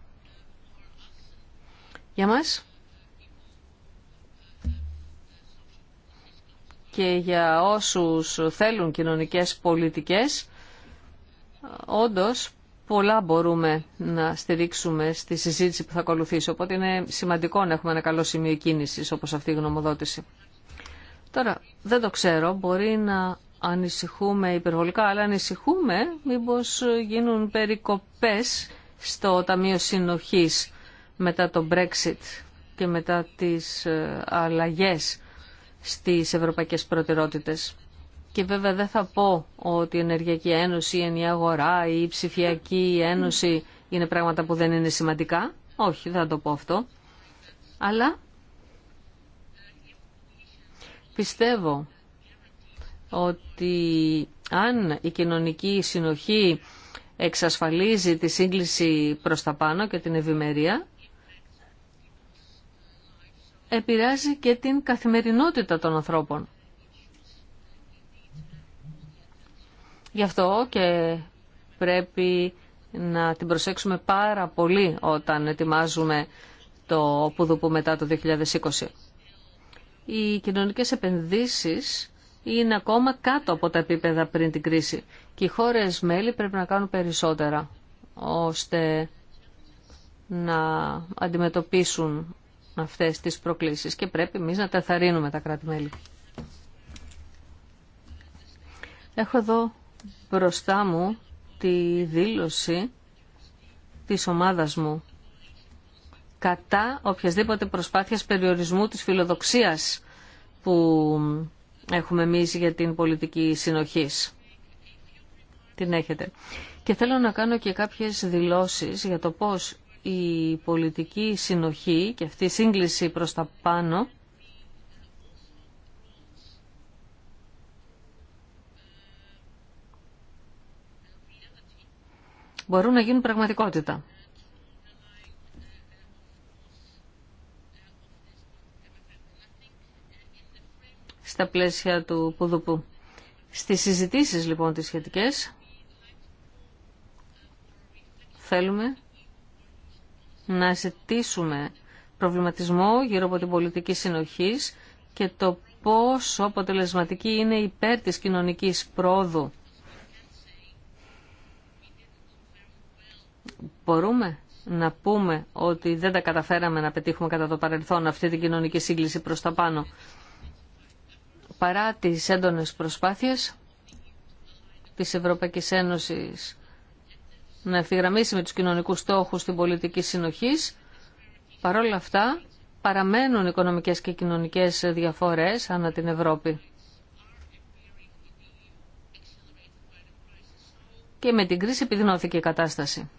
Για μας και για όσους θέλουν κοινωνικές πολιτικές, όντως πολλά μπορούμε να στηρίξουμε στη συζήτηση που θα ακολουθήσει. Οπότε είναι σημαντικό να έχουμε ένα καλό σημείο κίνησης όπως αυτή η γνωμοδότηση. Τώρα, δεν το ξέρω, μπορεί να ανησυχούμε υπερβολικά, αλλά ανησυχούμε μήπως γίνουν περικοπές στο Ταμείο Συνοχής μετά το Brexit και μετά τις ε, αλλαγές στις ευρωπαϊκές προτεραιότητες. Και βέβαια δεν θα πω ότι η Ενεργειακή Ένωση, η Ενιαία Αγορά, η Ψηφιακή Ένωση είναι πράγματα που δεν είναι σημαντικά. Όχι, δεν θα το πω αυτό. Αλλά πιστεύω ότι αν η κοινωνική συνοχή εξασφαλίζει τη σύγκληση προς τα πάνω και την ευημερία, επηρεάζει και την καθημερινότητα των ανθρώπων. Γι' αυτό και πρέπει να την προσέξουμε πάρα πολύ όταν ετοιμάζουμε το πουδουπού μετά το 2020. Οι κοινωνικές επενδύσεις είναι ακόμα κάτω από τα επίπεδα πριν την κρίση και οι χώρες μέλη πρέπει να κάνουν περισσότερα ώστε να αντιμετωπίσουν αυτές τις προκλήσεις και πρέπει εμεί να τα θαρρύνουμε τα κράτη-μέλη. Έχω εδώ μπροστά μου τη δήλωση της ομάδας μου κατά οποιασδήποτε προσπάθειας περιορισμού της φιλοδοξίας που έχουμε εμείς για την πολιτική συνοχής. Την έχετε. Και θέλω να κάνω και κάποιες δηλώσεις για το πώς η πολιτική συνοχή και αυτή η σύγκληση προς τα πάνω μπορούν να γίνουν πραγματικότητα. Στα πλαίσια του Πουδουπού. Στις συζητήσεις λοιπόν τις σχετικές θέλουμε να ζητήσουμε προβληματισμό γύρω από την πολιτική συνοχής και το πόσο αποτελεσματική είναι υπέρ της κοινωνικής πρόοδου. Μπορούμε να πούμε ότι δεν τα καταφέραμε να πετύχουμε κατά το παρελθόν αυτή την κοινωνική σύγκληση προς τα πάνω. Παρά τις έντονες προσπάθειες της Ευρωπαϊκής Ένωσης να ευθυγραμμίσει με τους κοινωνικούς στόχους την πολιτική συνοχής. παρόλα αυτά παραμένουν οικονομικές και κοινωνικές διαφορές ανά την Ευρώπη. Και με την κρίση επιδεινώθηκε η κατάσταση.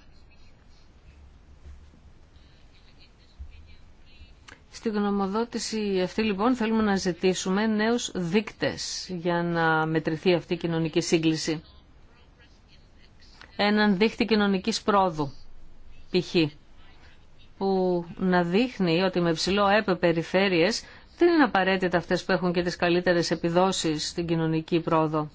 Στη γνωμοδότηση αυτή λοιπόν θέλουμε να ζητήσουμε νέους δείκτες για να μετρηθεί αυτή η κοινωνική σύγκληση έναν δείχτη κοινωνικής πρόοδου, π.χ. που να δείχνει ότι με ψηλό ΕΠΕ περιφέρειες δεν είναι απαραίτητα αυτές που έχουν και τις καλύτερες επιδόσεις στην κοινωνική πρόοδο.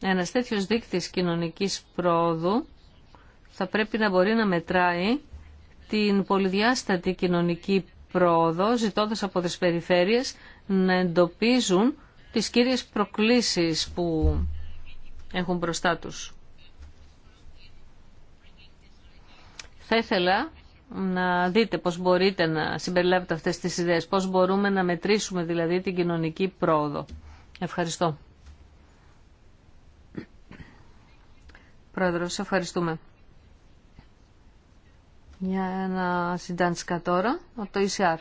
Ένα τέτοιο δείκτης κοινωνικής πρόοδου θα πρέπει να μπορεί να μετράει την πολυδιάστατη κοινωνική πρόοδο, ζητώντα από τις περιφέρειες να εντοπίζουν τις κύριες προκλήσεις που έχουν μπροστά τους. Θα ήθελα να δείτε πώς μπορείτε να συμπεριλάβετε αυτές τις ιδέες, πώς μπορούμε να μετρήσουμε δηλαδή την κοινωνική πρόοδο. Ευχαριστώ. Πρόεδρος, ευχαριστούμε. Για ένα συντάντσικα τώρα, από το ECR.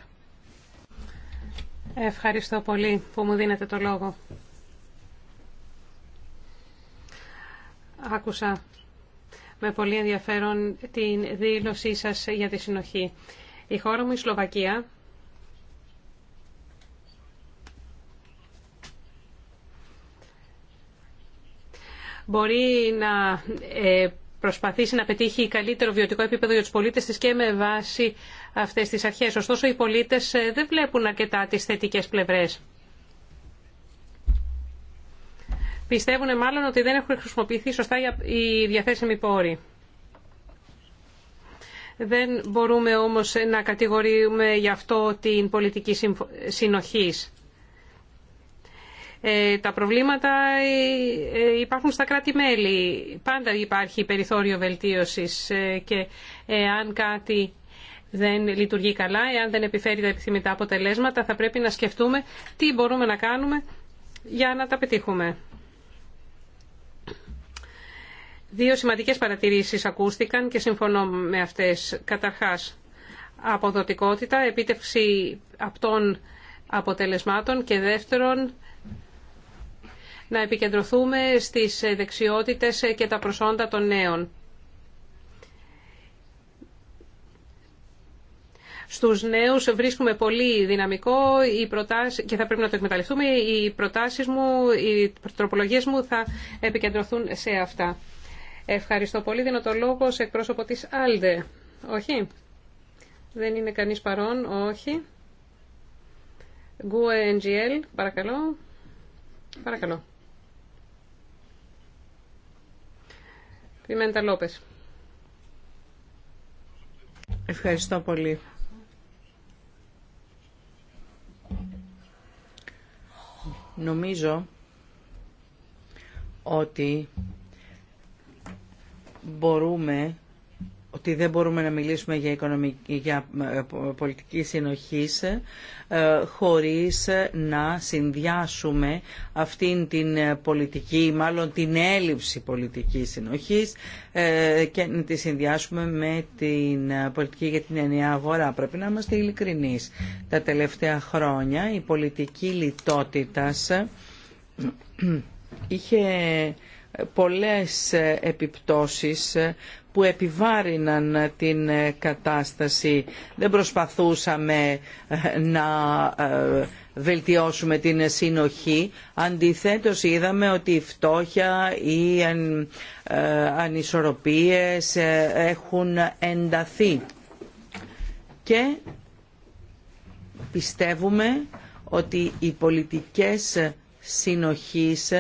Ευχαριστώ πολύ που μου δίνετε το λόγο. Άκουσα με πολύ ενδιαφέρον την δήλωσή σας για τη συνοχή. Η χώρα μου, η Σλοβακία, μπορεί να ε, προσπαθήσει να πετύχει καλύτερο βιωτικό επίπεδο για τους πολίτες της και με βάση αυτές τις αρχές. Ωστόσο, οι πολίτες ε, δεν βλέπουν αρκετά τις θετικές πλευρές. Πιστεύουν μάλλον ότι δεν έχουν χρησιμοποιηθεί σωστά οι διαθέσιμοι πόροι. Δεν μπορούμε όμως να κατηγορούμε γι' αυτό την πολιτική συνοχής. Ε, τα προβλήματα ε, υπάρχουν στα κράτη-μέλη. Πάντα υπάρχει περιθώριο βελτίωσης και αν κάτι δεν λειτουργεί καλά, εάν δεν επιφέρει τα επιθυμητά αποτελέσματα, θα πρέπει να σκεφτούμε τι μπορούμε να κάνουμε για να τα πετύχουμε. Δύο σημαντικές παρατηρήσεις ακούστηκαν και συμφωνώ με αυτές. Καταρχάς, αποδοτικότητα, επίτευξη αυτών αποτελεσμάτων και δεύτερον, να επικεντρωθούμε στις δεξιότητες και τα προσόντα των νέων. Στου νέου βρίσκουμε πολύ δυναμικό και θα πρέπει να το εκμεταλλευτούμε. Οι προτάσει μου, οι τροπολογίε μου θα επικεντρωθούν σε αυτά. Ευχαριστώ πολύ. Δίνω το λόγο σε εκπρόσωπο της Άλντε. Όχι. Δεν είναι κανείς παρόν. Όχι. Γκουε NGL. Παρακαλώ. Παρακαλώ. Πιμέντα Λόπες. Ευχαριστώ πολύ. Νομίζω ότι μπορούμε ότι δεν μπορούμε να μιλήσουμε για, οικονομική, για ε, πολιτική συνοχής ε, χωρίς να συνδυάσουμε αυτήν την πολιτική, μάλλον την έλλειψη πολιτικής συνοχής ε, και να τη συνδυάσουμε με την πολιτική για την ενιαία αγορά. Πρέπει να είμαστε ειλικρινεί. Τα τελευταία χρόνια η πολιτική λιτότητας <clears throat> είχε πολλές ε, επιπτώσεις ε, που επιβάρυναν ε, την κατάσταση. Δεν προσπαθούσαμε να βελτιώσουμε την συνοχή. Αντιθέτως είδαμε ότι η φτώχεια, οι ανισορροπίες έχουν ενταθεί. Και πιστεύουμε ότι οι πολιτικές συνοχής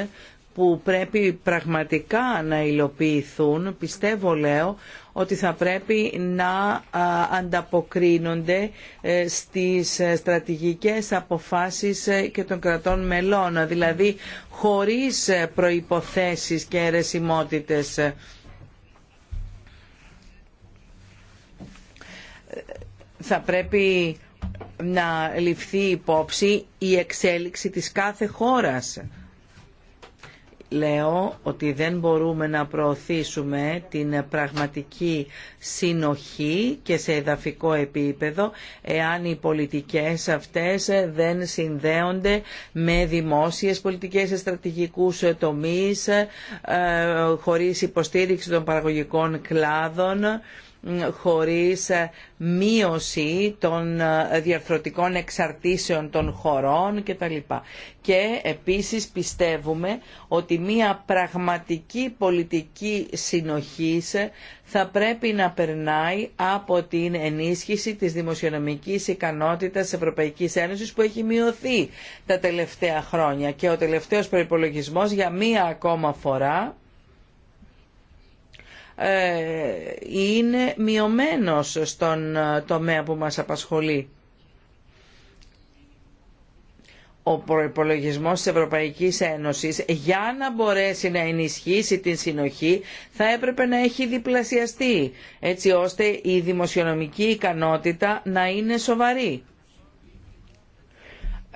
που πρέπει πραγματικά να υλοποιηθούν, πιστεύω λέω ότι θα πρέπει να ανταποκρίνονται ε, στις ε, στρατηγικές αποφάσεις ε, και των κρατών μελών, δηλαδή χωρίς προϋποθέσεις και αιρεσιμότητες. Θα πρέπει να ληφθεί υπόψη η εξέλιξη της κάθε χώρας λέω ότι δεν μπορούμε να προωθήσουμε την πραγματική συνοχή και σε εδαφικό επίπεδο εάν οι πολιτικές αυτές δεν συνδέονται με δημόσιες πολιτικές σε στρατηγικούς τομείς ε, χωρίς υποστήριξη των παραγωγικών κλάδων χωρίς ε, μείωση των ε, διαρθρωτικών εξαρτήσεων των χωρών κτλ. Και επίσης πιστεύουμε ότι μια πραγματική πολιτική συνοχή θα πρέπει να περνάει από την ενίσχυση της δημοσιονομικής ικανότητας της Ευρωπαϊκής Ένωσης που έχει μειωθεί τα τελευταία χρόνια και ο τελευταίος προϋπολογισμός για μία ακόμα φορά ε, είναι μειωμένος στον ε, τομέα που μας απασχολεί. Ο προπολογισμό της Ευρωπαϊκής Ένωσης για να μπορέσει να ενισχύσει την συνοχή θα έπρεπε να έχει διπλασιαστεί έτσι ώστε η δημοσιονομική ικανότητα να είναι σοβαρή.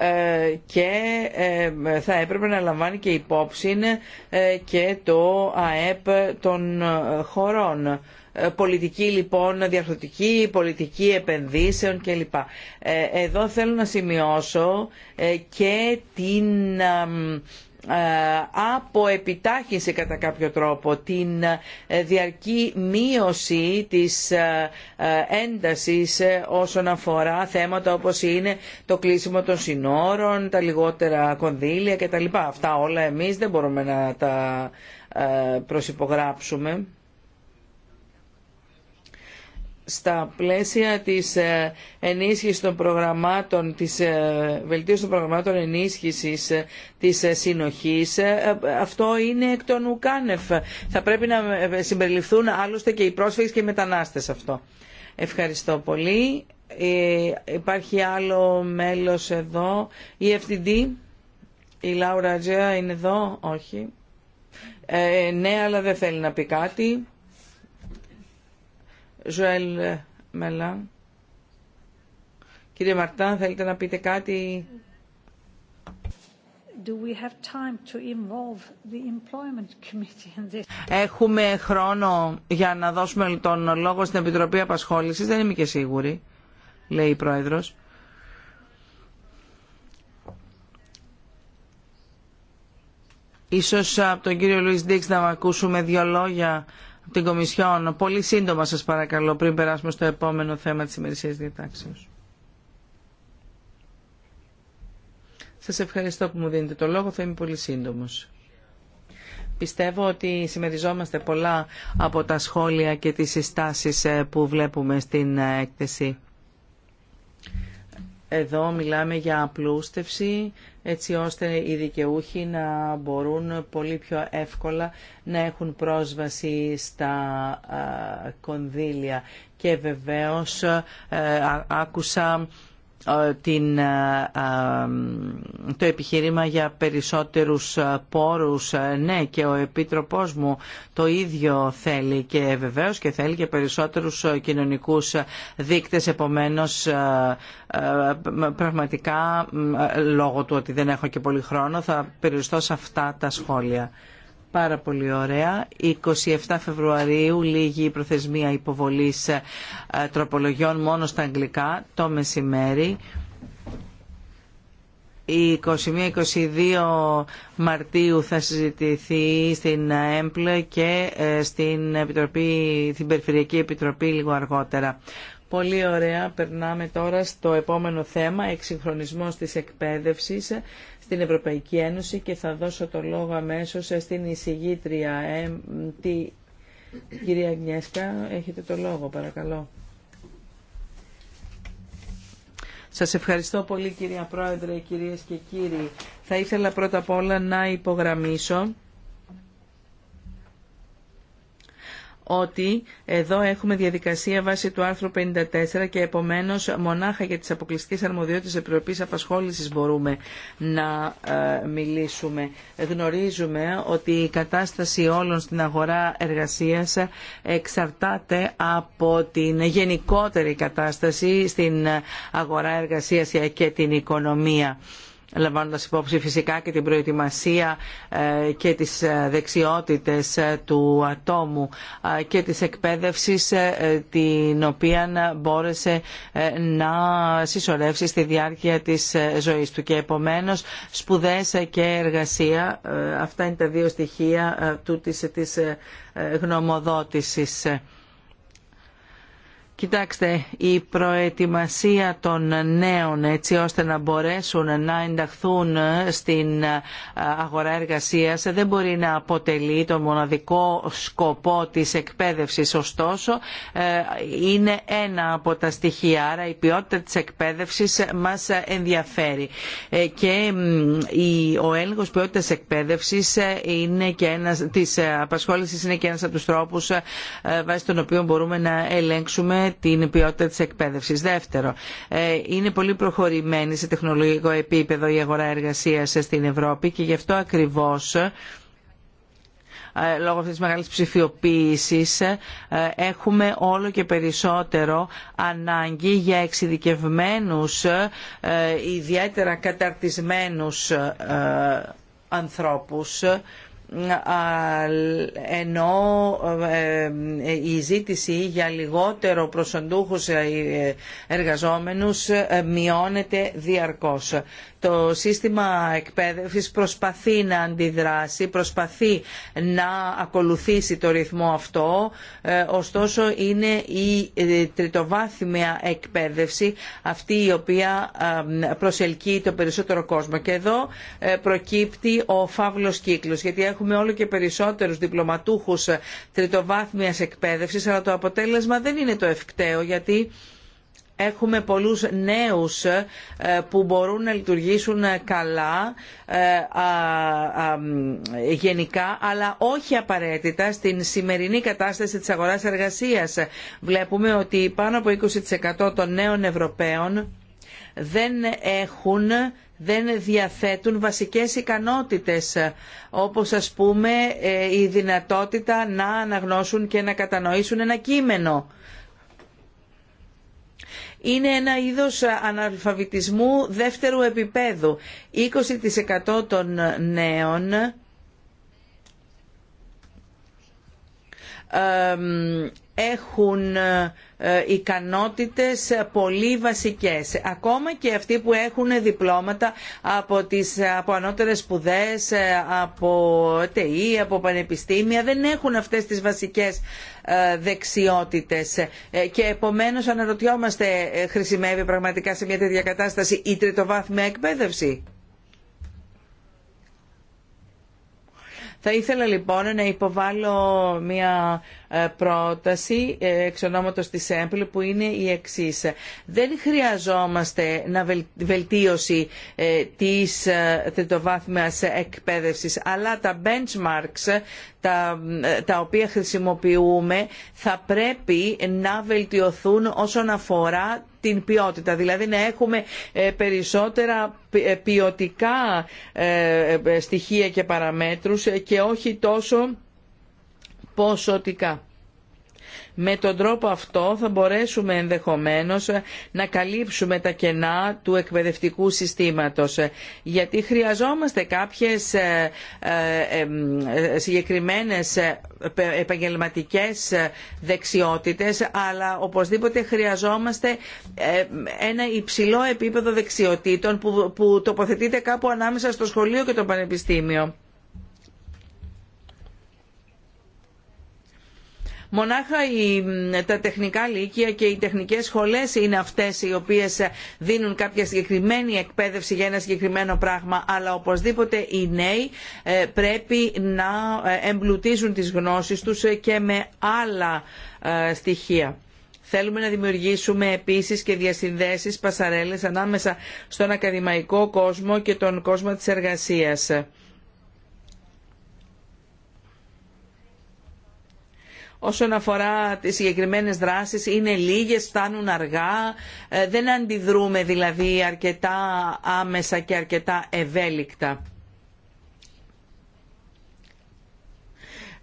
Ε, και ε, θα έπρεπε να λαμβάνει και υπόψη ε, και το ΑΕΠ των χωρών. Ε, πολιτική λοιπόν διαρθρωτική, πολιτική επενδύσεων κλπ. Ε, εδώ θέλω να σημειώσω ε, και την από επιτάχυνση κατά κάποιο τρόπο την διαρκή μείωση της έντασης όσον αφορά θέματα όπως είναι το κλείσιμο των συνόρων, τα λιγότερα κονδύλια κτλ. Αυτά όλα εμείς δεν μπορούμε να τα προσυπογράψουμε στα πλαίσια της ε, ενίσχυσης των προγραμμάτων, της ε, βελτίωσης των προγραμμάτων ενίσχυσης ε, της συνοχής, αυτό είναι εκ των ουκάνευ. Θα πρέπει να συμπεριληφθούν άλλωστε και οι πρόσφυγες και οι μετανάστες αυτό. Ευχαριστώ πολύ. Υπάρχει άλλο μέλος εδώ. Η FTD, η Λάουρα είναι εδώ, όχι. ναι, αλλά δεν θέλει να πει κάτι. Ζωέλ Μελάν. Κύριε Μαρτάν, θέλετε να πείτε κάτι. Έχουμε χρόνο για να δώσουμε τον λόγο στην Επιτροπή Απασχόλησης. Δεν είμαι και σίγουρη, λέει η Πρόεδρος. Ίσως από τον κύριο Λουίς Ντίξ να ακούσουμε δύο λόγια την Κομισιόν. Πολύ σύντομα σας παρακαλώ πριν περάσουμε στο επόμενο θέμα της ημερησίας διατάξεως. Σας ευχαριστώ που μου δίνετε το λόγο, θα είμαι πολύ σύντομος. Πιστεύω ότι συμμεριζόμαστε πολλά από τα σχόλια και τις συστάσεις ε, που βλέπουμε στην ε, έκθεση. Εδώ μιλάμε για απλούστευση, έτσι ώστε οι δικαιούχοι να μπορούν πολύ πιο εύκολα να έχουν πρόσβαση στα ε, κονδύλια. Και βεβαίως ε, άκουσα ε, την, ε, ε, το επιχείρημα για περισσότερους πόρους. Ναι και ο Επίτροπός μου το ίδιο θέλει και βεβαίως και θέλει και περισσότερους κοινωνικούς δείκτες. Επομένως πραγματικά λόγω του ότι δεν έχω και πολύ χρόνο θα περιοριστώ σε αυτά τα σχόλια. Πάρα πολύ ωραία. 27 Φεβρουαρίου λίγη η προθεσμία υποβολής ε, τροπολογιών μόνο στα αγγλικά το μεσημέρι. Η 21-22 Μαρτίου θα συζητηθεί στην ΕΜΠΛΕ και ε, στην, Επιτροπή, στην Περιφερειακή Επιτροπή λίγο αργότερα. Πολύ ωραία. Περνάμε τώρα στο επόμενο θέμα, εξυγχρονισμός της εκπαίδευσης στην Ευρωπαϊκή Ένωση και θα δώσω το λόγο αμέσως στην εισηγήτρια ε, τη κυρία Γνιέσκα. Έχετε το λόγο παρακαλώ. Σας ευχαριστώ πολύ κυρία Πρόεδρε, κυρίες και κύριοι. Θα ήθελα πρώτα απ' όλα να υπογραμμίσω ότι εδώ έχουμε διαδικασία βάσει του άρθρου 54 και επομένως μονάχα για τις αποκλειστικές αρμοδιότητες επιρροπής απασχόλησης μπορούμε να ε, μιλήσουμε. Γνωρίζουμε ότι η κατάσταση όλων στην αγορά εργασίας εξαρτάται από την γενικότερη κατάσταση στην αγορά εργασίας και την οικονομία λαμβάνοντας υπόψη φυσικά και την προετοιμασία ε, και τις ε, δεξιότητες ε, του ατόμου και της εκπαίδευσης την οποία μπόρεσε να συσσωρεύσει στη διάρκεια της ζωής του. Και επομένως σπουδές και εργασία, αυτά είναι τα δύο στοιχεία του της γνωμοδότησης. Κοιτάξτε, η προετοιμασία των νέων έτσι ώστε να μπορέσουν να ενταχθούν στην αγορά εργασίας δεν μπορεί να αποτελεί το μοναδικό σκοπό της εκπαίδευσης. Ωστόσο, ε, είναι ένα από τα στοιχεία, άρα η ποιότητα της εκπαίδευσης μας ενδιαφέρει. Ε, και ο έλεγχος ποιότητας εκπαίδευσης είναι και ένας, της απασχόλησης είναι και ένας από τους τρόπους ε, βάσει των οποίων μπορούμε να ελέγξουμε την ποιότητα της εκπαίδευσης. Δεύτερο, ε, είναι πολύ προχωρημένη σε τεχνολογικό επίπεδο η αγορά εργασίας στην Ευρώπη και γι' αυτό ακριβώς ε, λόγω αυτής της μεγάλης ψηφιοποίησης ε, έχουμε όλο και περισσότερο ανάγκη για εξειδικευμένους, ιδιαίτερα καταρτισμένους ανθρώπους ενώ ε, η ζήτηση για λιγότερο προσοντούχους ε, ε, εργαζόμενους μειώνεται διαρκώς. Το σύστημα εκπαίδευσης προσπαθεί να αντιδράσει, προσπαθεί να ακολουθήσει το ρυθμό αυτό, ωστόσο είναι η τριτοβάθμια εκπαίδευση αυτή η οποία προσελκύει το περισσότερο κόσμο. Και εδώ προκύπτει ο φαύλος κύκλος, γιατί έχουμε όλο και περισσότερους διπλωματούχους τριτοβάθμιας εκπαίδευσης, αλλά το αποτέλεσμα δεν είναι το ευκταίο, γιατί έχουμε πολλούς νέους ε, που μπορούν να λειτουργήσουν ε, καλά ε, γενικά αλλά όχι απαραίτητα στην σημερινή κατάσταση της αγοράς εργασίας. Βλέπουμε ότι πάνω από 20% των νέων Ευρωπαίων δεν έχουν δεν διαθέτουν βασικές ικανότητες όπως ας πούμε ε, η δυνατότητα να αναγνώσουν και να κατανοήσουν ένα κείμενο. Είναι ένα είδος αναλφαβητισμού δεύτερου επίπεδου. 20% των νέων έχουν ε, ικανότητες πολύ βασικές. Ακόμα και αυτοί που έχουν διπλώματα από, τις, από ανώτερες σπουδές, ε, από ΤΕΙ, από πανεπιστήμια, δεν έχουν αυτές τις βασικές ε, δεξιότητες. Και επομένως αναρωτιόμαστε, χρησιμεύει πραγματικά σε μια τέτοια κατάσταση η τριτοβάθμια εκπαίδευση. Θα ήθελα λοιπόν να υποβάλω μια ε, πρόταση ε, εξ ονόματος της ΕΜΠΛ που είναι η εξής. Δεν χρειαζόμαστε να βελτίωση ε, της τριτοβάθμιας εκπαίδευσης, αλλά τα benchmarks τα, τα οποία χρησιμοποιούμε θα πρέπει να βελτιωθούν όσον αφορά την ποιότητα. Δηλαδή να έχουμε ε, περισσότερα ε, ποιοτικά ε, στοιχεία και παραμέτρους και όχι τόσο ποσοτικά. Με τον τρόπο αυτό θα μπορέσουμε ενδεχομένως να καλύψουμε τα κενά του εκπαιδευτικού συστήματος. Γιατί χρειαζόμαστε κάποιες ε, ε, ε, συγκεκριμένες επαγγελματικές δεξιότητες, αλλά οπωσδήποτε χρειαζόμαστε ένα υψηλό επίπεδο δεξιοτήτων που τοποθετείται κάπου ανάμεσα στο σχολείο και το πανεπιστήμιο. Μονάχα τα τεχνικά λύκεια και οι τεχνικές σχολές είναι αυτές οι οποίες δίνουν κάποια συγκεκριμένη εκπαίδευση για ένα συγκεκριμένο πράγμα, αλλά οπωσδήποτε οι νέοι ε, πρέπει να ε, εμπλουτίζουν τις γνώσεις τους ε, και με άλλα στοιχεία. Θέλουμε να δημιουργήσουμε επίσης και διασυνδέσεις πασαρέλες ανάμεσα στον ακαδημαϊκό κόσμο και τον κόσμο της εργασίας όσον αφορά τις συγκεκριμένες δράσεις είναι λίγες, φτάνουν αργά, ε, δεν αντιδρούμε δηλαδή αρκετά άμεσα και αρκετά ευέλικτα.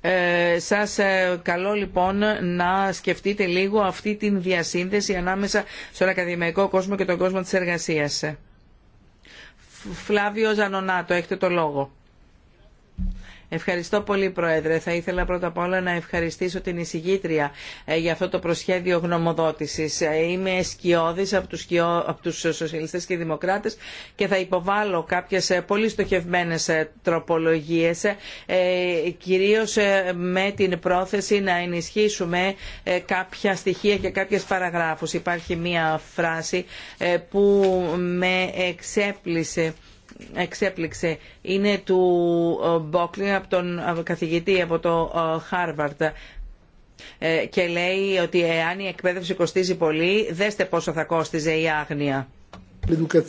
Ε, σας ε, καλώ λοιπόν να σκεφτείτε λίγο αυτή την διασύνδεση ανάμεσα στον ακαδημαϊκό κόσμο και τον κόσμο της εργασίας. Φλάβιο Ζανονάτο, έχετε το λόγο. Ευχαριστώ πολύ, Πρόεδρε. Θα ήθελα πρώτα απ' όλα να ευχαριστήσω την εισηγήτρια ε, για αυτό το προσχέδιο γνωμοδότησης. Ε, είμαι σκιώδης από τους, σκιώ... τους σοσιαλιστές και δημοκράτες και θα υποβάλω κάποιες ε, πολύ στοχευμένες τροπολογίες, κυρίως με την πρόθεση να ενισχύσουμε κάποια στοιχεία και κάποιες παραγράφους. Υπάρχει μία φράση που με εξέπλησε εξέπληξε είναι του ε, Μπόκλι από τον ε, καθηγητή από το ε, Χάρβαρτ και λέει ότι εάν η εκπαίδευση κοστίζει πολύ δέστε πόσο θα κόστιζε η άγνοια. E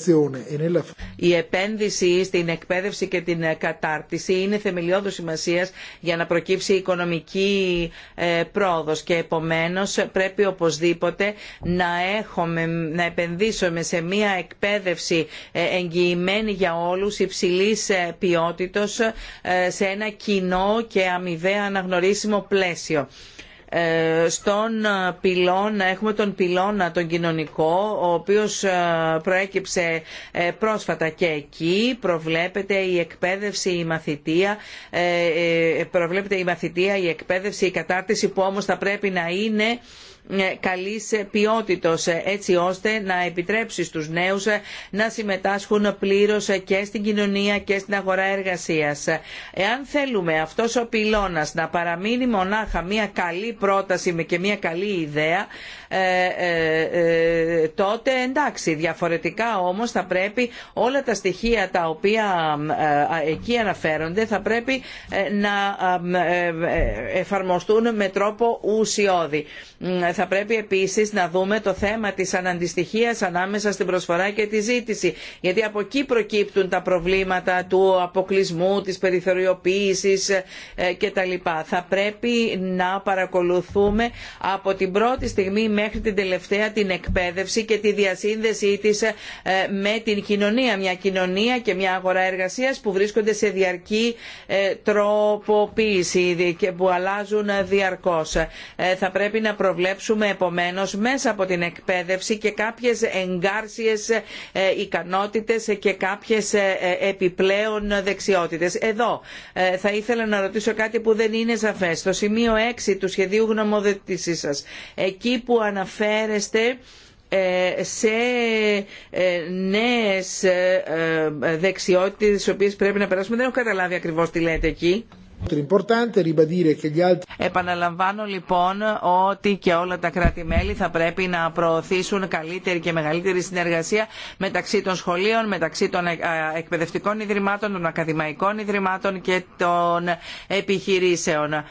Η επένδυση στην εκπαίδευση και την ε, κατάρτιση είναι θεμελιώδου σημασία για να προκύψει οικονομική ε, πρόοδο και επομένω πρέπει οπωσδήποτε να, να επενδύσουμε σε μια εκπαίδευση ε, εγγυημένη για όλου, υψηλή ποιότητα, σε ένα κοινό και αμοιβαία αναγνωρίσιμο πλαίσιο ε, στον πυλώνα, έχουμε τον πυλώνα τον κοινωνικό, ο οποίος ε, προέκυψε ε, πρόσφατα και εκεί προβλέπεται η εκπαίδευση, η μαθητεία, προβλέπεται η μαθητεία, η εκπαίδευση, η κατάρτιση που όμως θα πρέπει να είναι ε, καλής ε, ποιότητος ε, έτσι ώστε να επιτρέψει στους νέους να συμμετάσχουν πλήρως και στην κοινωνία και στην αγορά εργασίας. Εάν θέλουμε αυτός ο πυλώνας να παραμείνει μονάχα μια καλή πρόταση και μια καλή ιδέα τότε εντάξει διαφορετικά όμως θα πρέπει όλα τα στοιχεία τα οποία εκεί αναφέρονται θα πρέπει να εφαρμοστούν με τρόπο ουσιώδη θα πρέπει επίση να δούμε το θέμα της αναντιστοιχία ανάμεσα στην προσφορά και τη ζήτηση γιατί από εκεί προκύπτουν τα προβλήματα του αποκλεισμού της περιθωριοποίησης ε, κτλ. θα πρέπει να παρακολουθούμε από την πρώτη στιγμή μέχρι την τελευταία την εκπαίδευση και τη διασύνδεσή της ε, με την κοινωνία μια κοινωνία και μια αγορά εργασίας που βρίσκονται σε διαρκή ε, τροποποίηση και που αλλάζουν διαρκώς. θα πρέπει να προβλέψουμε Ευχαριστούμε επομένως μέσα από την εκπαίδευση και κάποιες εγκάρσιες ε, ικανότητες και κάποιες ε, ε, επιπλέον δεξιότητες. Εδώ θα ήθελα να ρωτήσω κάτι που δεν είναι σαφές. Στο σημείο 6 του σχεδίου γνωμοδοτήσής σας, εκεί που αναφέρεστε σε νέες δεξιότητες τις οποίες πρέπει να περάσουμε. Δεν έχω καταλάβει ακριβώς τι λέτε εκεί. Επαναλαμβάνω λοιπόν ότι και όλα τα κράτη-μέλη θα πρέπει να προωθήσουν καλύτερη και μεγαλύτερη συνεργασία μεταξύ των σχολείων, μεταξύ των ε, εκπαιδευτικών ιδρυμάτων, των ακαδημαϊκών ιδρυμάτων και των επιχειρήσεων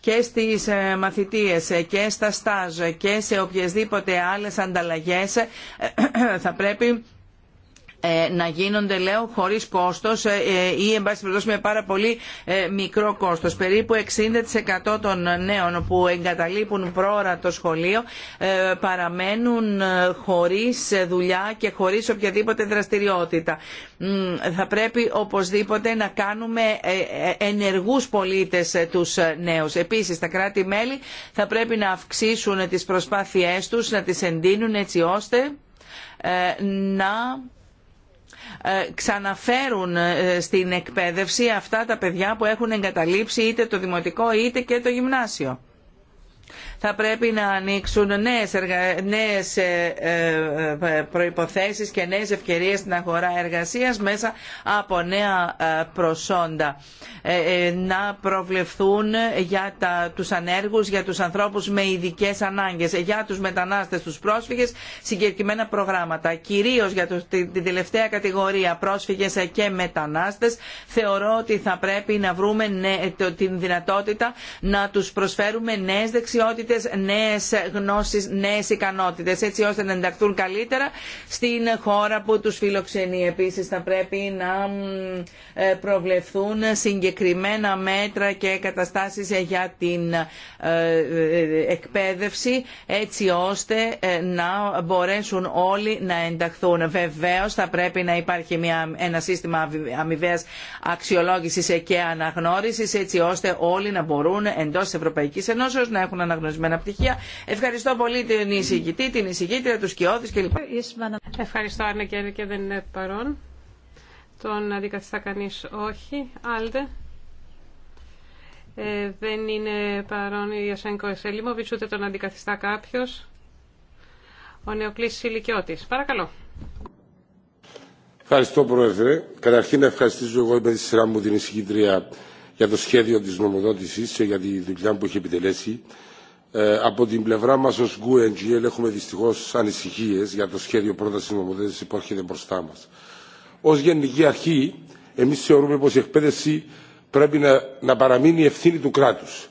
και στις ε, μαθητείες και στα στάζ και σε οποιασδήποτε άλλες ανταλλαγές ε, <clears throat> θα πρέπει ε, να γίνονται λέω χωρίς κόστος ε, ε, ή εν πάση με πάρα πολύ μικρό κόστος. Περίπου 60% των νέων που εγκαταλείπουν πρόωρα το σχολείο παραμένουν χωρίς δουλειά και χωρίς οποιαδήποτε δραστηριότητα. Θα πρέπει οπωσδήποτε να κάνουμε ενεργούς πολίτες τους νέους. Επίση, τα κράτη-μέλη θα πρέπει να αυξήσουν τι προσπάθειε τους, να τι εντείνουν έτσι ώστε να ε, ξαναφέρουν ε, στην εκπαίδευση αυτά τα παιδιά που έχουν εγκαταλείψει είτε το δημοτικό είτε και το γυμνάσιο θα πρέπει να ανοίξουν νέες, εργα... Ε, ε, ε, προϋποθέσεις και νέες ευκαιρίες στην αγορά εργασίας μέσα από νέα προσόντα. Να προβλεφθούν για τα... τους ανέργους, για τους ανθρώπους με ειδικέ ανάγκες, για τους μετανάστες, τους πρόσφυγες, συγκεκριμένα προγράμματα. Κυρίως για την τελευταία κατηγορία πρόσφυγες και μετανάστες θεωρώ ότι θα πρέπει να βρούμε την δυνατότητα να τους προσφέρουμε νέες δεξιότητες πολίτες νέες γνώσεις, νέες ικανότητες έτσι ώστε να ενταχθούν καλύτερα στην χώρα που τους φιλοξενεί. Επίσης θα πρέπει να ε, προβλεφθούν συγκεκριμένα μέτρα και καταστάσεις για την ε, ε, εκπαίδευση έτσι ώστε να μπορέσουν όλοι να ενταχθούν. Βεβαίως θα πρέπει να υπάρχει μια, ένα σύστημα αμοιβαίας αξιολόγησης και αναγνώρισης έτσι ώστε όλοι να μπορούν εντός της Ευρωπαϊκής να έχουν αναγνωρισμένο ορισμένα πτυχία. Ευχαριστώ πολύ την εισηγητή, την εισηγήτρια, του κοιόδη κλπ. Ευχαριστώ, Άννα και δεν είναι παρόν. Τον αντικαθιστά κανεί όχι. Άλτε. Ε, δεν είναι παρόν η Ιωσένκο Εσελίμοβιτ, ούτε τον αντικαθιστά κάποιο, Ο Νεοκλής Ηλικιώτη. Παρακαλώ. Ευχαριστώ, Πρόεδρε. Καταρχήν, να ευχαριστήσω εγώ με τη σειρά μου την εισηγήτρια για το σχέδιο της νομοδότησης και για τη δουλειά που έχει επιτελέσει. Ε, από την πλευρά μας ως GUNGL έχουμε δυστυχώς ανησυχίες για το σχέδιο πρόταση νομοθέτηση που έρχεται μπροστά μας. Ως γενική αρχή εμείς θεωρούμε πως η εκπαίδευση πρέπει να, να παραμείνει ευθύνη του κράτους.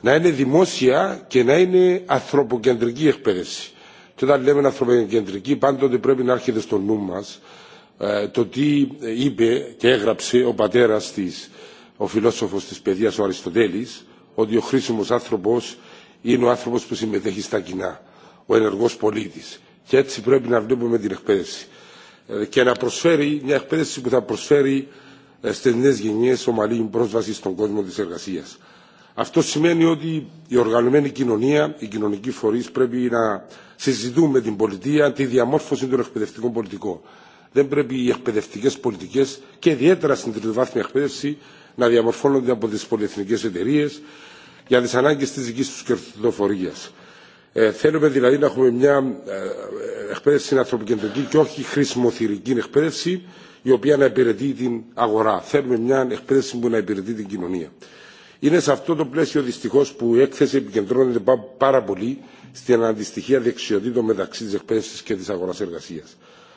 Να είναι δημόσια και να είναι ανθρωποκεντρική εκπαίδευση. Και όταν λέμε ανθρωποκεντρική πάντοτε πρέπει να έρχεται στο νου μας ε, το τι είπε και έγραψε ο πατέρας της, ο φιλόσοφος της παιδείας ο Αριστοτέλης, ότι ο χρήσιμος άνθρωπος είναι ο άνθρωπο που συμμετέχει στα κοινά, ο ενεργό πολίτη. Και έτσι πρέπει να βλέπουμε την εκπαίδευση. Ε, και να προσφέρει μια εκπαίδευση που θα προσφέρει ε, στι νέε γενιέ ομαλή πρόσβαση στον κόσμο τη εργασία. Αυτό σημαίνει ότι η οργανωμένη κοινωνία, οι κοινωνικοί φορεί πρέπει να συζητούν με την πολιτεία τη διαμόρφωση των εκπαιδευτικών πολιτικών. Δεν πρέπει οι εκπαιδευτικέ πολιτικέ και ιδιαίτερα στην τριτοβάθμια εκπαίδευση να διαμορφώνονται από τι πολυεθνικέ εταιρείε για τις ανάγκες της δικής τους κερδοφορίας. Ε, θέλουμε δηλαδή να έχουμε μια ε, εκπαίδευση ανθρωποκεντρική και όχι χρησιμοθυρική εκπαίδευση η οποία να υπηρετεί την αγορά. Θέλουμε μια εκπαίδευση που να υπηρετεί την κοινωνία. Είναι σε αυτό το πλαίσιο δυστυχώ που η έκθεση επικεντρώνεται πάρα πολύ στην αντιστοιχεία δεξιοτήτων μεταξύ τη εκπαίδευση και τη αγορά εργασία.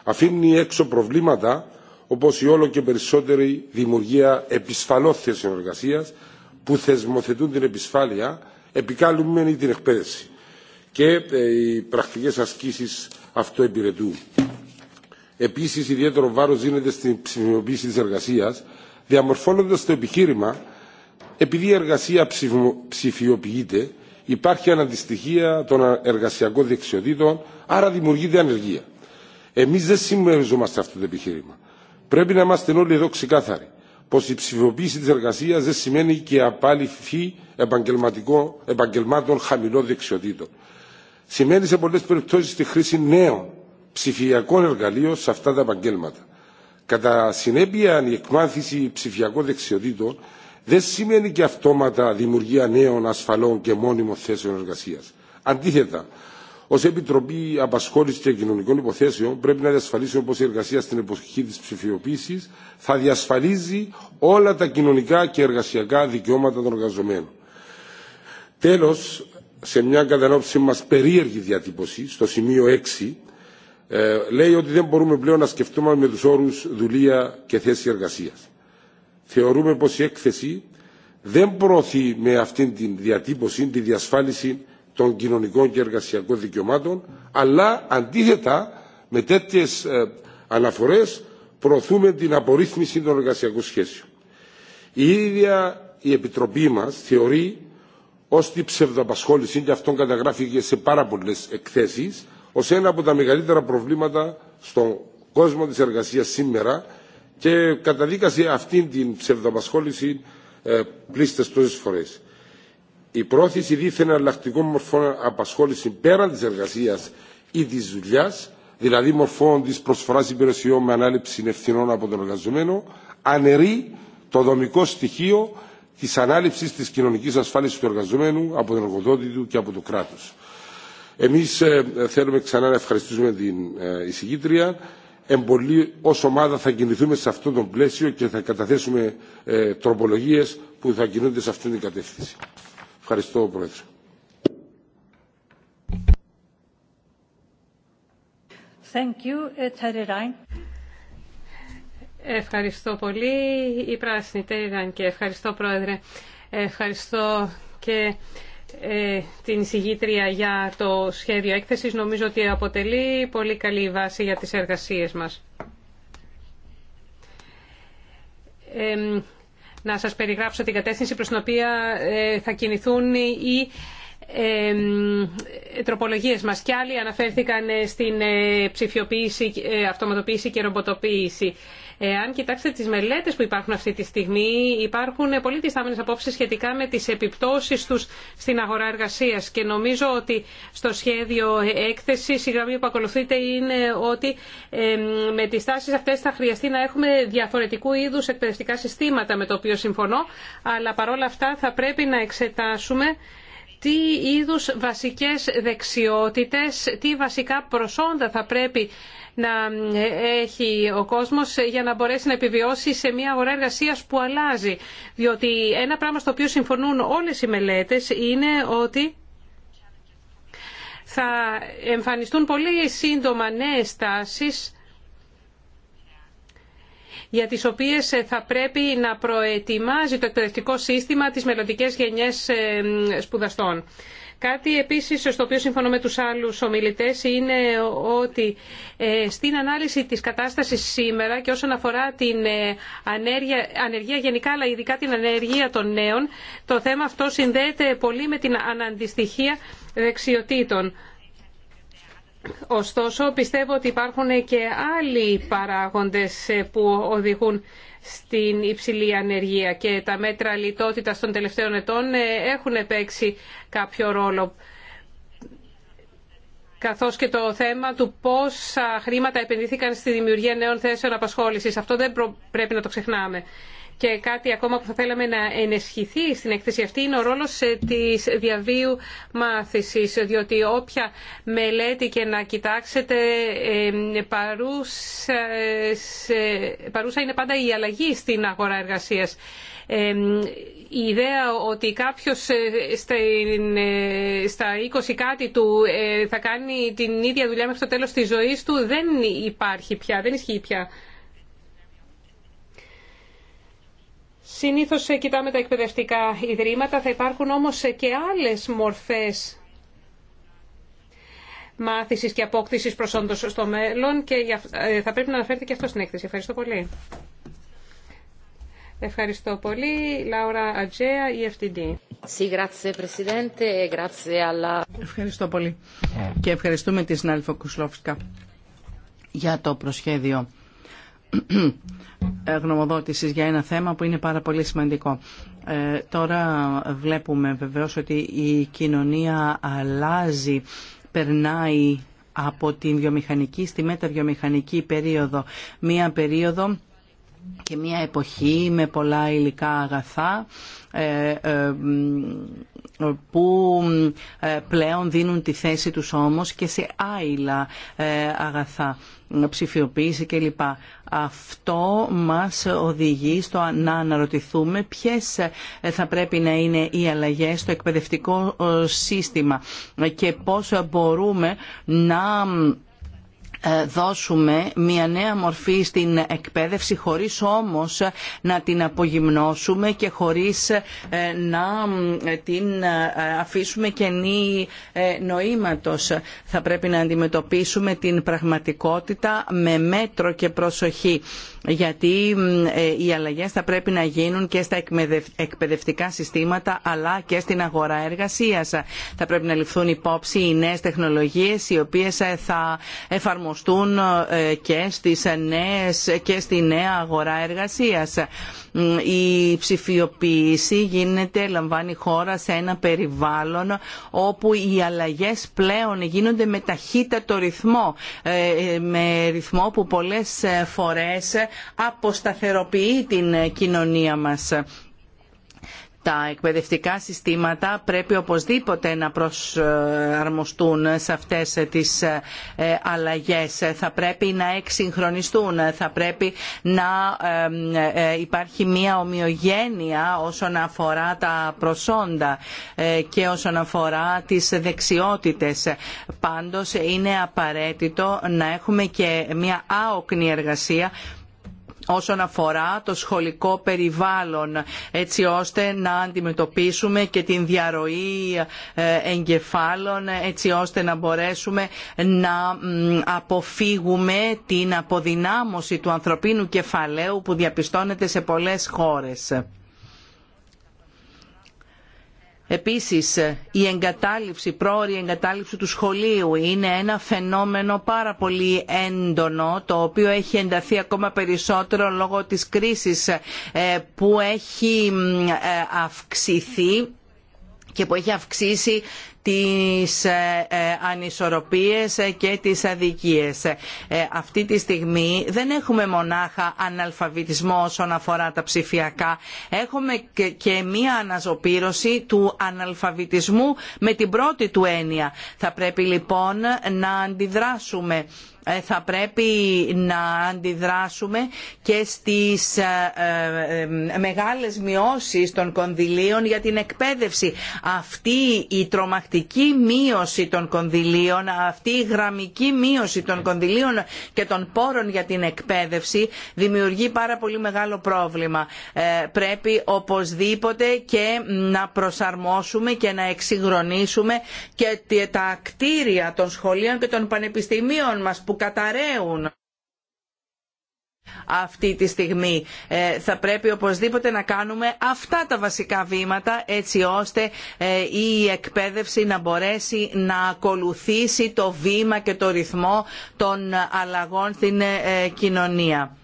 Αφήνει έξω προβλήματα όπω η όλο και περισσότερη δημιουργία επισφαλών εργασία, που θεσμοθετούν την επισφάλεια επικαλούμενη την εκπαίδευση και ε, οι πρακτικές ασκήσεις επιρετούν. Επίσης, ιδιαίτερο βάρος δίνεται στην ψηφιοποίηση της εργασίας, διαμορφώνοντας το επιχείρημα επειδή η εργασία ψηφιοποιείται, υπάρχει αναντιστοιχεία των εργασιακών δεξιοτήτων, άρα δημιουργείται ανεργία. Εμείς δεν συμμεριζόμαστε αυτό το επιχείρημα. Πρέπει να είμαστε όλοι εδώ ξεκάθαροι πω η ψηφιοποίηση τη εργασία δεν σημαίνει και απάλληφη επαγγελμάτων χαμηλών δεξιοτήτων. Σημαίνει σε πολλέ περιπτώσει τη χρήση νέων ψηφιακών εργαλείων σε αυτά τα επαγγέλματα. Κατά συνέπεια, η εκμάθηση ψηφιακών δεξιοτήτων δεν σημαίνει και αυτόματα δημιουργία νέων ασφαλών και μόνιμων θέσεων εργασία. Αντίθετα, Ω Επιτροπή Απασχόληση και Κοινωνικών Υποθέσεων, πρέπει να διασφαλίσουμε όπω η εργασία στην εποχή τη ψηφιοποίηση θα διασφαλίζει όλα τα κοινωνικά και εργασιακά δικαιώματα των εργαζομένων. Τέλο, σε μια κατανόψη μα περίεργη διατύπωση, στο σημείο 6, ε, λέει ότι δεν μπορούμε πλέον να σκεφτούμε με του όρου, δουλεία και θέση εργασία. Θεωρούμε πω η έκθεση δεν προωθεί με αυτήν την διατύπωση τη διασφάλιση των κοινωνικών και εργασιακών δικαιωμάτων, αλλά αντίθετα με τέτοιε ε, αναφορές προωθούμε την απορρίθμιση των εργασιακών σχέσεων. Η ίδια η Επιτροπή μας θεωρεί ως την ψευδοπασχόληση και αυτόν καταγράφηκε σε πάρα πολλέ εκθέσεις ως ένα από τα μεγαλύτερα προβλήματα στον κόσμο της εργασίας σήμερα και καταδίκασε αυτήν την ψευδοπασχόληση ε, πλήστες τόσες φορές. Η πρόθεση δίθεν εναλλακτικών μορφών απασχόληση πέραν τη εργασία ή τη δουλειά, δηλαδή μορφών τη προσφορά υπηρεσιών με ανάληψη ευθυνών από τον εργαζομένο, αναιρεί το δομικό στοιχείο τη ανάληψη τη κοινωνική ασφάλιση του εργαζομένου από τον εργοδότη του και από το κράτο. Εμεί ε, θέλουμε ξανά να ευχαριστήσουμε την ε, εισηγήτρια. Εμπολή ω ομάδα θα κινηθούμε σε αυτό το πλαίσιο και θα καταθέσουμε ε, τροπολογίε που θα κινούνται σε αυτήν την κατεύθυνση. Ευχαριστώ, Πρόεδρε. Thank ε, Ευχαριστώ πολύ, η Πράσινη Τέιραν και ευχαριστώ, Πρόεδρε. Ευχαριστώ και ε, την συγγήτρια για το σχέδιο έκθεσης. Νομίζω ότι αποτελεί πολύ καλή βάση για τις εργασίες μας να σας περιγράψω την κατεύθυνση προς την οποία ε, θα κινηθούν οι ε, τροπολογίες μας. Κι άλλοι αναφέρθηκαν ε, στην ψηφιοποίηση, αυτοματοποίηση και ρομποτοποίηση. Εάν κοιτάξετε τις μελέτες που υπάρχουν αυτή τη στιγμή, υπάρχουν πολύ διστάμενε απόψεις σχετικά με τις επιπτώσεις τους στην αγορά εργασίας και νομίζω ότι στο σχέδιο έκθεση η γραμμή που ακολουθείτε είναι ότι με τις τάσει αυτές θα χρειαστεί να έχουμε διαφορετικού είδους εκπαιδευτικά συστήματα με το οποίο συμφωνώ, αλλά παρόλα αυτά θα πρέπει να εξετάσουμε τι είδους βασικές δεξιότητες, τι βασικά προσόντα θα πρέπει να ε, έχει ο κόσμος για να μπορέσει να επιβιώσει σε μια αγορά εργασίας που αλλάζει. Διότι ένα πράγμα στο οποίο συμφωνούν όλες οι μελέτες είναι ότι θα εμφανιστούν πολύ σύντομα νέες τάσεις για τις οποίες θα πρέπει να προετοιμάζει το εκπαιδευτικό σύστημα τις μελλοντικές γενιές ε, σπουδαστών. Κάτι επίσης στο οποίο συμφωνώ με τους άλλους ομιλητές είναι ότι ε, στην ανάλυση της κατάστασης σήμερα και όσον αφορά την ε, ανεργία γενικά αλλά ειδικά την ανεργία των νέων το θέμα αυτό συνδέεται πολύ με την αναντιστοιχία δεξιοτήτων. Ωστόσο πιστεύω ότι υπάρχουν και άλλοι παράγοντες ε, που οδηγούν στην υψηλή ανεργία και τα μέτρα λιτότητας των τελευταίων ετών ε, έχουν παίξει κάποιο ρόλο καθώς και το θέμα του πόσα χρήματα επενδύθηκαν στη δημιουργία νέων θέσεων απασχόλησης. Αυτό δεν πρέπει να το ξεχνάμε. Και κάτι ακόμα που θα θέλαμε να ενισχυθεί στην έκθεση αυτή είναι ο ρόλος ε, της διαβίου μάθησης, διότι όποια μελέτη και να κοιτάξετε ε, παρούσα, παρούσα είναι πάντα η αλλαγή στην αγορά εργασίας. Ε, η ιδέα ότι κάποιος στα 20 κάτι του θα κάνει την ίδια δουλειά μέχρι το τέλος της ζωής του δεν υπάρχει πια, δεν ισχύει πια. Συνήθως ε, κοιτάμε τα εκπαιδευτικά ιδρύματα, θα υπάρχουν όμως ε, και άλλες μορφές μάθησης και απόκτησης προσόντος στο μέλλον και ε, θα πρέπει να αναφέρεται και αυτό στην έκθεση. Ευχαριστώ πολύ. Ευχαριστώ πολύ. Λάουρα Ατζέα, EFTD. E Ευχαριστώ πολύ. Και ευχαριστούμε τη συνάδελφο Κουσλόφσκα για το προσχέδιο ε, γνωμοδότησης για ένα θέμα που είναι πάρα πολύ σημαντικό. Ε, τώρα βλέπουμε βεβαίως ότι η κοινωνία αλλάζει, περνάει από την βιομηχανική στη μεταβιομηχανική περίοδο. Μία περίοδο και μία εποχή με πολλά υλικά αγαθά ε, ε, που ε, πλέον δίνουν τη θέση τους όμως και σε άειλα αγαθά ψηφιοποίηση κλπ. Αυτό μας οδηγεί στο να αναρωτηθούμε ποιες θα πρέπει να είναι οι αλλαγές στο εκπαιδευτικό σύστημα και πώς μπορούμε να ε, δώσουμε μια νέα μορφή στην εκπαίδευση χωρίς όμως να την απογυμνώσουμε και χωρίς ε, να ε, την αφήσουμε καινή νοήματος. Θα πρέπει να αντιμετωπίσουμε την πραγματικότητα με μέτρο και προσοχή γιατί ε, οι αλλαγές θα πρέπει να γίνουν και στα εκπαιδευτικά συστήματα αλλά και στην αγορά εργασίας. Θα πρέπει να ληφθούν υπόψη οι νέες τεχνολογίες οι οποίες ε, θα εφαρμοστούν ε, και στις νέες και στη νέα αγορά εργασίας η ψηφιοποίηση γίνεται, λαμβάνει χώρα σε ένα περιβάλλον όπου οι αλλαγές πλέον γίνονται με ταχύτατο ρυθμό, ε, ε, με ρυθμό που πολλές ε, φορές αποσταθεροποιεί την κοινωνία μας τα εκπαιδευτικά συστήματα πρέπει οπωσδήποτε να προσαρμοστούν σε αυτές τις ε, αλλαγές. Θα πρέπει να εξυγχρονιστούν, θα πρέπει να ε, υπάρχει μια ομοιογένεια όσον αφορά τα προσόντα ε, και όσον αφορά τις δεξιότητες. Πάντως είναι απαραίτητο να έχουμε και μια άοκνη εργασία όσον αφορά το σχολικό περιβάλλον έτσι ώστε να αντιμετωπίσουμε και την διαρροή ε, εγκεφάλων έτσι ώστε να μπορέσουμε να αποφύγουμε την αποδυνάμωση του ανθρωπίνου κεφαλαίου που διαπιστώνεται σε πολλές χώρες. Επίσης, η εγκατάλειψη, πρόορη εγκατάλειψη του σχολείου είναι ένα φαινόμενο πάρα πολύ έντονο, το οποίο έχει ενταθεί ακόμα περισσότερο λόγω της κρίσης ε, που έχει ε, αυξηθεί και που έχει αυξήσει τις ε, ε, ανισορροπίες και τις αδικίες. Ε, αυτή τη στιγμή δεν έχουμε μονάχα αναλφαβητισμό όσον αφορά τα ψηφιακά. Έχουμε και μία αναζωπήρωση του αναλφαβητισμού με την πρώτη του έννοια. Θα πρέπει λοιπόν να αντιδράσουμε θα πρέπει να αντιδράσουμε και στις μεγάλες μειώσεις των κονδυλίων για την εκπαίδευση. Αυτή η τρομακτική τακτική μείωση των κονδυλίων, αυτή η γραμμική μείωση των κονδυλίων και των πόρων για την εκπαίδευση δημιουργεί πάρα πολύ μεγάλο πρόβλημα. Ε, πρέπει οπωσδήποτε και να προσαρμόσουμε και να εξυγχρονίσουμε και τα κτίρια των σχολείων και των πανεπιστημίων μας που καταραίουν αυτή τη στιγμή. Ε, θα πρέπει οπωσδήποτε να κάνουμε αυτά τα βασικά βήματα έτσι ώστε ε, η εκπαίδευση να μπορέσει να ακολουθήσει το βήμα και το ρυθμό των αλλαγών στην ε, κοινωνία.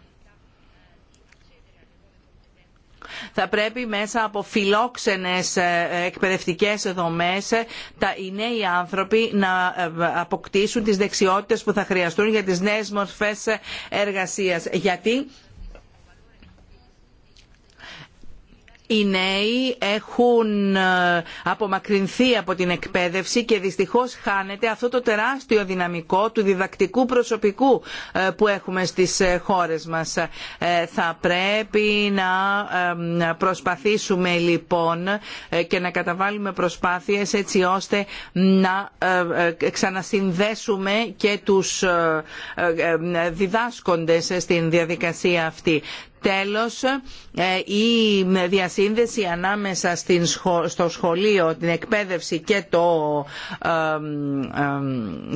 Θα πρέπει μέσα από φιλόξενες ε, εκπαιδευτικές δομές ε, τα, οι νέοι άνθρωποι να ε, αποκτήσουν τις δεξιότητες που θα χρειαστούν για τις νέες μορφές εργασίας. Γιατί οι νέοι έχουν ε, απομακρυνθεί από την εκπαίδευση και δυστυχώς χάνεται αυτό το τεράστιο δυναμικό του διδακτικού προσωπικού ε, που έχουμε στις ε, χώρες μας. Θα πρέπει να προσπαθήσουμε λοιπόν και να καταβάλουμε προσπάθειες έτσι ώστε να ξανασυνδέσουμε και τους διδάσκοντες στην διαδικασία αυτή. Τέλος, ε, η διασύνδεση ανάμεσα στο σχολείο, την εκπαίδευση και, το,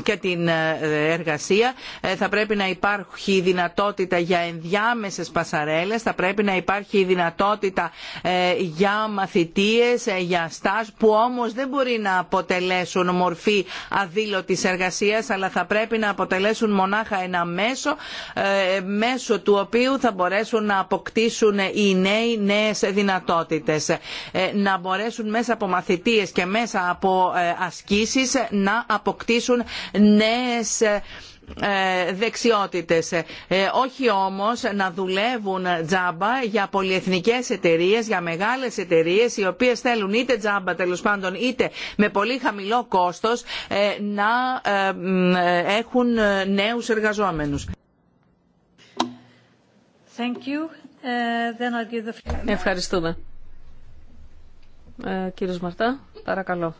και την ε, εργασία ε, θα πρέπει να υπάρχει δυνατότητα για ενδιάμεσες πασαρέλες, θα πρέπει να υπάρχει δυνατότητα για μαθητείες, για στάζ που όμως δεν μπορεί να αποτελέσουν μορφή αδήλωτης εργασίας αλλά θα πρέπει να αποτελέσουν μονάχα ένα μέσο μέσω του οποίου θα μπορέσουν να αποκτήσουν οι νέοι νέες δυνατότητες. Ε, να μπορέσουν μέσα από μαθητείες και μέσα από ε, ασκήσεις να αποκτήσουν νέες ε, δεξιότητες. Όχι όμως να δουλεύουν τζάμπα για πολυεθνικές εταιρείες, για μεγάλες εταιρείες οι οποίες θέλουν είτε τζάμπα τέλος πάντων είτε με πολύ χαμηλό κόστος να έχουν νέους εργαζόμενους. Uh, Ευχαριστούμε. Ε, κύριος Μαρτά, παρακαλώ.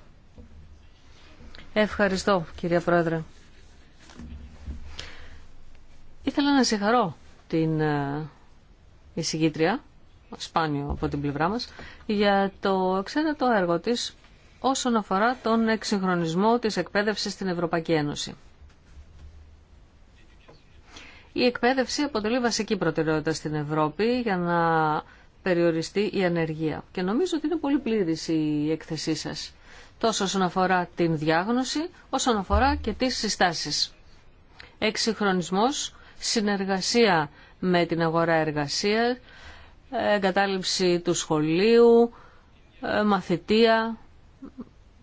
Ευχαριστώ, κυρία Πρόεδρε. Ήθελα να συγχαρώ την ε, εισηγήτρια, σπάνιο από την πλευρά μας, για το εξαίρετο έργο της όσον αφορά τον εξυγχρονισμό της εκπαίδευσης στην Ευρωπαϊκή Ένωση. Η εκπαίδευση αποτελεί βασική προτεραιότητα στην Ευρώπη για να περιοριστεί η ανεργία. Και νομίζω ότι είναι πολύ πλήρης η έκθεσή σας, τόσο όσον αφορά την διάγνωση, όσον αφορά και τις συστάσεις. Εξυγχρονισμό, συνεργασία με την αγορά εργασία, εγκατάλειψη του σχολείου, ε, μαθητεία,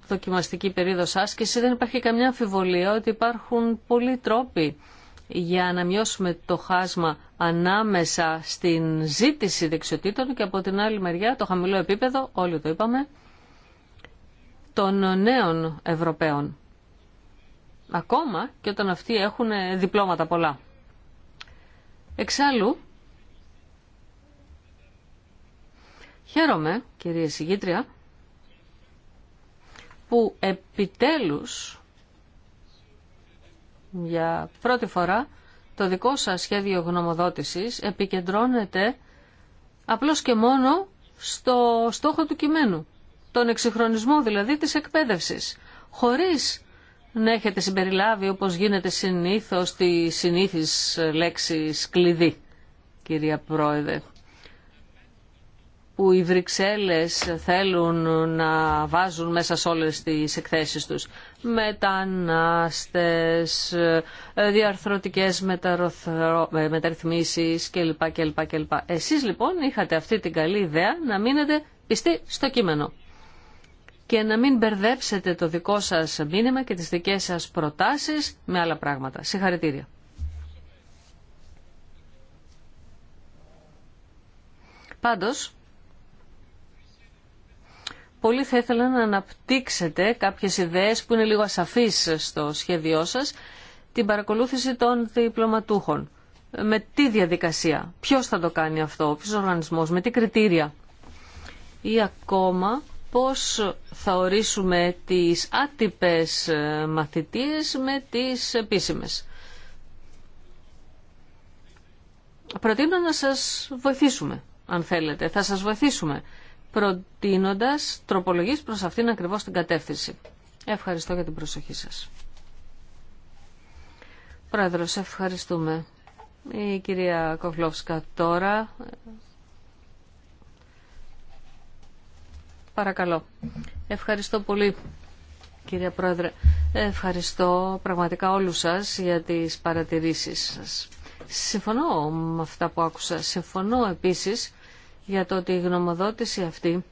δοκιμαστική περίοδος άσκηση. Δεν υπάρχει καμιά αμφιβολία ότι υπάρχουν πολλοί τρόποι για να μειώσουμε το χάσμα ανάμεσα στην ζήτηση δεξιοτήτων και από την άλλη μεριά το χαμηλό επίπεδο, όλοι το είπαμε, των νέων Ευρωπαίων. Ακόμα και όταν αυτοί έχουν διπλώματα πολλά. Εξάλλου, χαίρομαι, κυρία Συγήτρια, που επιτέλους για πρώτη φορά το δικό σας σχέδιο γνωμοδότησης επικεντρώνεται απλώς και μόνο στο στόχο του κειμένου, τον εξυγχρονισμό δηλαδή της εκπαίδευσης, χωρίς να έχετε συμπεριλάβει όπως γίνεται συνήθως τη συνήθις λέξη κλειδί, κυρία Πρόεδρε που οι Βρυξέλλες θέλουν να βάζουν μέσα σε όλες τις εκθέσεις τους. Μετανάστες, διαρθρωτικές μεταρρυθμίσεις κλπ. κλπ, κλπ. Εσείς λοιπόν είχατε αυτή την καλή ιδέα να μείνετε πιστοί στο κείμενο και να μην μπερδέψετε το δικό σας μήνυμα και τις δικές σας προτάσεις με άλλα πράγματα. Συγχαρητήρια. Πάντως, πολύ θα ήθελα να αναπτύξετε κάποιες ιδέες που είναι λίγο ασαφείς στο σχέδιό σας, την παρακολούθηση των διπλωματούχων. Με τι διαδικασία, ποιος θα το κάνει αυτό, ποιος οργανισμός, με τι κριτήρια ή ακόμα πώς θα ορίσουμε τις άτυπες ε, μαθητείες με τις επίσημες. Προτείνω να σας βοηθήσουμε, αν θέλετε. Θα σας βοηθήσουμε προτείνοντας τροπολογίες προς αυτήν ακριβώς την κατεύθυνση. Ευχαριστώ για την προσοχή σας. Πρόεδρος, ευχαριστούμε. Η κυρία Κοβλόφσκα τώρα. Παρακαλώ. Ευχαριστώ πολύ, κυρία Πρόεδρε. Ευχαριστώ πραγματικά όλους σας για τις παρατηρήσεις σας. Συμφωνώ με αυτά που άκουσα. Συμφωνώ επίσης για το ότι η γνωμοδότηση αυτή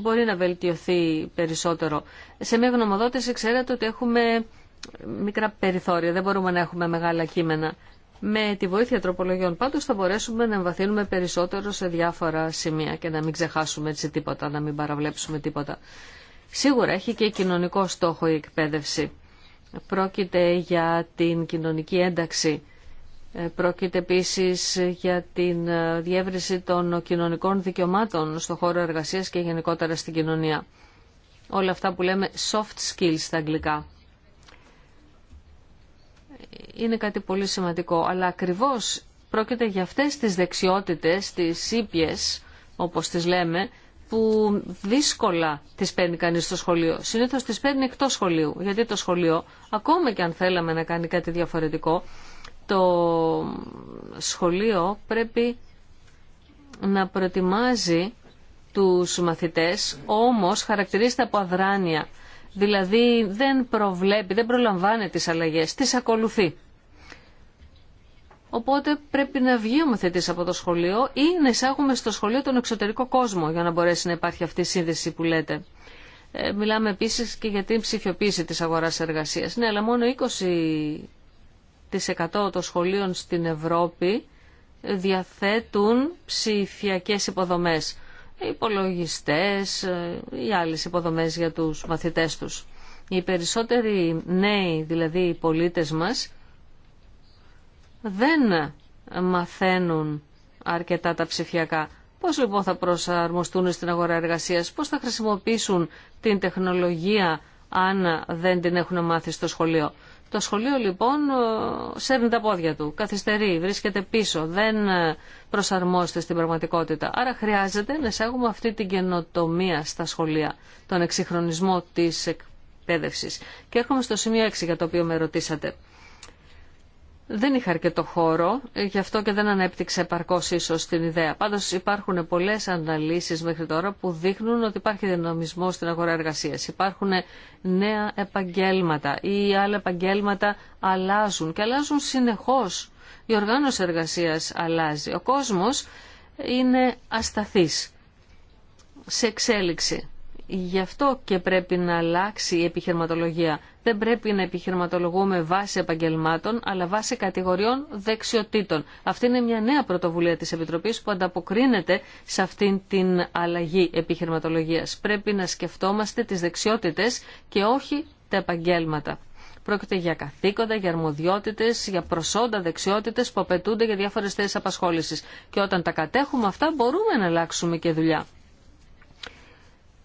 μπορεί να βελτιωθεί περισσότερο. Σε μια γνωμοδότηση ξέρετε ότι έχουμε μικρά περιθώρια, δεν μπορούμε να έχουμε μεγάλα κείμενα. Με τη βοήθεια τροπολογιών πάντως θα μπορέσουμε να εμβαθύνουμε περισσότερο σε διάφορα σημεία και να μην ξεχάσουμε έτσι τίποτα, να μην παραβλέψουμε τίποτα. Σίγουρα έχει και κοινωνικό στόχο η εκπαίδευση. Πρόκειται για την κοινωνική ένταξη ε, πρόκειται επίσης για την ε, διεύρυνση των κοινωνικών δικαιωμάτων στον χώρο εργασίας και γενικότερα στην κοινωνία. Όλα αυτά που λέμε soft skills στα αγγλικά. Είναι κάτι πολύ σημαντικό, αλλά ακριβώς πρόκειται για αυτές τις δεξιότητες, τις ήπιες, όπως τις λέμε, που δύσκολα τις παίρνει κανείς στο σχολείο. Συνήθως τις παίρνει εκτός σχολείου, γιατί το σχολείο, ακόμα και αν θέλαμε να κάνει κάτι διαφορετικό, το σχολείο πρέπει να προετοιμάζει τους μαθητές, όμως χαρακτηρίζεται από αδράνεια. Δηλαδή δεν προβλέπει, δεν προλαμβάνει τις αλλαγές, τις ακολουθεί. Οπότε πρέπει να βγει ο μαθητής από το σχολείο ή να εισάγουμε στο σχολείο τον εξωτερικό κόσμο για να μπορέσει να υπάρχει αυτή η σύνδεση που λέτε. Ε, μιλάμε επίσης και για την ψηφιοποίηση της αγοράς εργασίας. Ναι, αλλά μόνο 20 100 των σχολείων στην Ευρώπη διαθέτουν ψηφιακές υποδομές, υπολογιστές ή άλλες υποδομές για τους μαθητές τους. Οι περισσότεροι νέοι, δηλαδή οι πολίτες μας, δεν μαθαίνουν αρκετά τα ψηφιακά. Πώς λοιπόν θα προσαρμοστούν στην αγορά εργασίας, πώς θα χρησιμοποιήσουν την τεχνολογία αν δεν την έχουν μάθει στο σχολείο. Το σχολείο λοιπόν ε, σέρνει τα πόδια του, καθυστερεί, βρίσκεται πίσω, δεν ε, προσαρμόζεται στην πραγματικότητα. Άρα χρειάζεται να εισάγουμε αυτή την καινοτομία στα σχολεία, τον εξυγχρονισμό της εκπαίδευσης. Και έρχομαι στο σημείο 6 για το οποίο με ρωτήσατε. Δεν είχα αρκετό χώρο, ε, γι' αυτό και δεν ανέπτυξε επαρκώ ίσω την ιδέα. Πάντω υπάρχουν πολλέ αναλύσει μέχρι τώρα που δείχνουν ότι υπάρχει δυναμισμό στην αγορά εργασία. Υπάρχουν νέα επαγγέλματα ή άλλα επαγγέλματα αλλάζουν και αλλάζουν συνεχώ. Η οργάνωση εργασία αλλάζει. Ο κόσμο είναι ασταθή, σε εξέλιξη. Γι' αυτό και πρέπει να αλλάξει η επιχειρηματολογία δεν πρέπει να επιχειρηματολογούμε βάση επαγγελμάτων, αλλά βάση κατηγοριών δεξιοτήτων. Αυτή είναι μια νέα πρωτοβουλία της Επιτροπής που ανταποκρίνεται σε αυτήν την αλλαγή επιχειρηματολογίας. Πρέπει να σκεφτόμαστε τις δεξιότητες και όχι τα επαγγέλματα. Πρόκειται για καθήκοντα, για αρμοδιότητε, για προσόντα, δεξιότητε που απαιτούνται για διάφορε θέσει απασχόληση. Και όταν τα κατέχουμε αυτά, μπορούμε να αλλάξουμε και δουλειά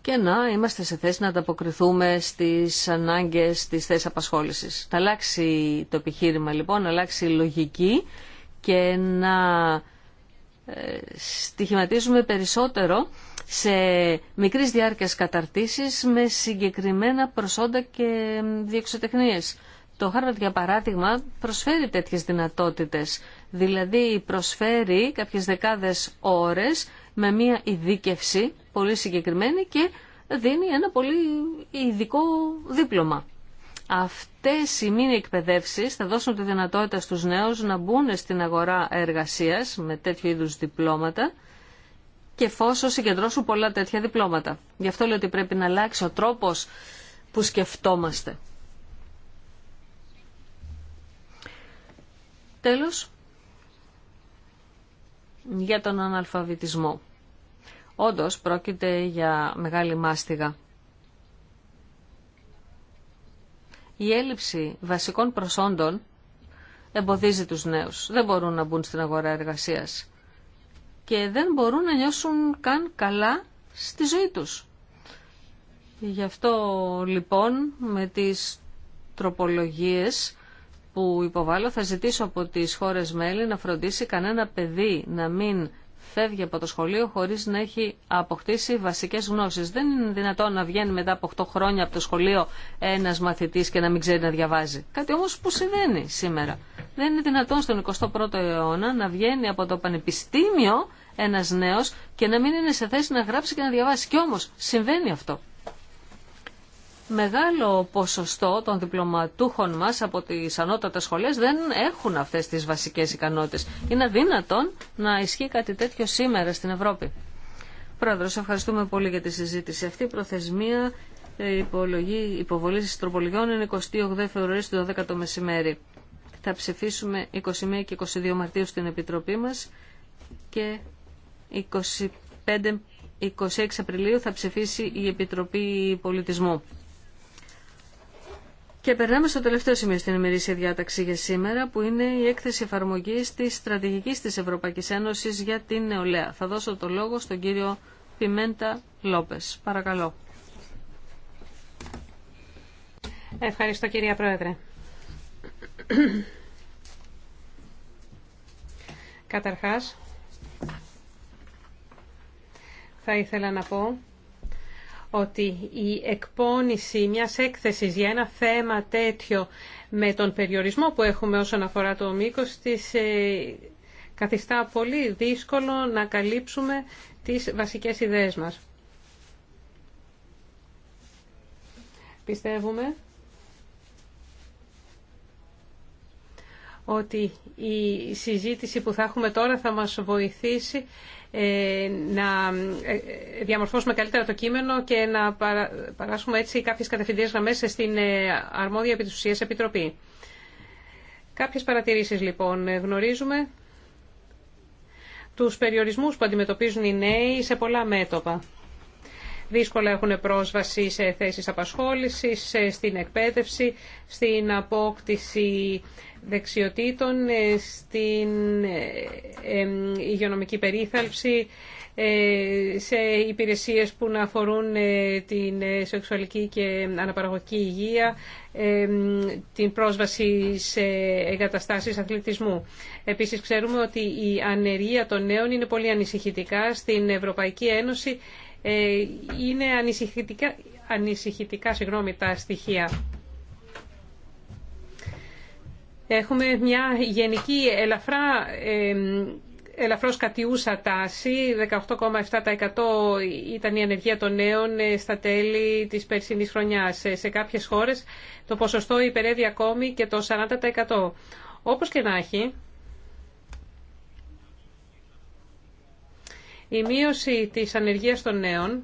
και να είμαστε σε θέση να ανταποκριθούμε στις ανάγκες της θέσης απασχόλησης. Να αλλάξει το επιχείρημα λοιπόν, να αλλάξει η λογική και να ε, στοιχηματίζουμε περισσότερο σε μικρές διάρκεια καταρτήσεις με συγκεκριμένα προσόντα και διεξοτεχνίες. Το Harvard για παράδειγμα προσφέρει τέτοιες δυνατότητες, δηλαδή προσφέρει κάποιες δεκάδες ώρες με μία ειδίκευση πολύ συγκεκριμένη και δίνει ένα πολύ ειδικό δίπλωμα. Αυτές οι μήνυ εκπαιδεύσεις θα δώσουν τη δυνατότητα στους νέους να μπουν στην αγορά εργασίας με τέτοιου είδους διπλώματα και εφόσον συγκεντρώσουν πολλά τέτοια διπλώματα. Γι' αυτό λέω ότι πρέπει να αλλάξει ο τρόπος που σκεφτόμαστε. Τέλος, για τον αναλφαβητισμό. Όντως πρόκειται για μεγάλη μάστιγα. Η έλλειψη βασικών προσόντων εμποδίζει τους νέους. Δεν μπορούν να μπουν στην αγορά εργασίας και δεν μπορούν να νιώσουν καν καλά στη ζωή τους. Γι' αυτό λοιπόν με τις τροπολογίες που υποβάλλω θα ζητήσω από τις χώρες μέλη να φροντίσει κανένα παιδί να μην φεύγει από το σχολείο χωρίς να έχει αποκτήσει βασικές γνώσεις. Δεν είναι δυνατόν να βγαίνει μετά από 8 χρόνια από το σχολείο ένας μαθητής και να μην ξέρει να διαβάζει. Κάτι όμως που συμβαίνει σήμερα. Δεν είναι δυνατόν στον 21ο αιώνα να βγαίνει από το πανεπιστήμιο ένας νέος και να μην είναι σε θέση να γράψει και να διαβάσει. Κι όμως συμβαίνει αυτό μεγάλο ποσοστό των διπλωματούχων μας από τις ανώτατες σχολές δεν έχουν αυτές τις βασικές ικανότητες. Είναι δυνατόν να ισχύει κάτι τέτοιο σήμερα στην Ευρώπη. Πρόεδρος, ευχαριστούμε πολύ για τη συζήτηση. Αυτή η προθεσμία ε, υπολογή, υποβολής τροπολογιών είναι 28 Φεβρουαρίου στο 12 το μεσημέρι. Θα ψηφίσουμε 21 και 22 Μαρτίου στην Επιτροπή μας και 25 26 Απριλίου θα ψηφίσει η Επιτροπή Πολιτισμού. Και περνάμε στο τελευταίο σημείο στην ημερήσια διάταξη για σήμερα, που είναι η έκθεση εφαρμογή τη στρατηγική τη Ευρωπαϊκή Ένωση για την νεολαία. Θα δώσω το λόγο στον κύριο Πιμέντα Λόπε. Παρακαλώ. Ευχαριστώ κυρία Πρόεδρε. Καταρχάς, θα ήθελα να πω ότι η εκπόνηση μιας έκθεσης για ένα θέμα τέτοιο με τον περιορισμό που έχουμε όσον αφορά το μήκος της ε, καθιστά πολύ δύσκολο να καλύψουμε τις βασικές ιδέες μας. Πιστεύουμε ότι η συζήτηση που θα έχουμε τώρα θα μας βοηθήσει ε, να ε, ε, διαμορφώσουμε καλύτερα το κείμενο και να παράσουμε έτσι κάποιες κατευθυντήρες γραμμές στην αρμόδια επί επιτροπή. Κάποιες παρατηρήσεις λοιπόν γνωρίζουμε τους περιορισμούς που αντιμετωπίζουν οι νέοι σε πολλά μέτωπα δύσκολα έχουν πρόσβαση σε θέσεις απασχόλησης, στην εκπαίδευση, στην απόκτηση δεξιοτήτων, ε, στην ε, υγειονομική περίθαλψη, ε, σε υπηρεσίες που να αφορούν την σεξουαλική και αναπαραγωγική υγεία, την πρόσβαση σε εγκαταστάσεις αθλητισμού. Επίσης ξέρουμε ότι η ανεργία των νέων είναι πολύ ανησυχητικά. Στην Ευρωπαϊκή Ένωση ε, είναι ανησυχητικά, ανησυχητικά συγγνώμη, τα στοιχεία. Έχουμε μια γενική ελαφρά, ε, ελαφρώς κατιούσα τάση, 18,7% ήταν η ανεργία των νέων ε, στα τέλη της περσινής χρονιάς. Ε, σε κάποιες χώρες το ποσοστό υπερεύει ακόμη και το 40%. Όπως και να έχει, Η μείωση της ανεργίας των νέων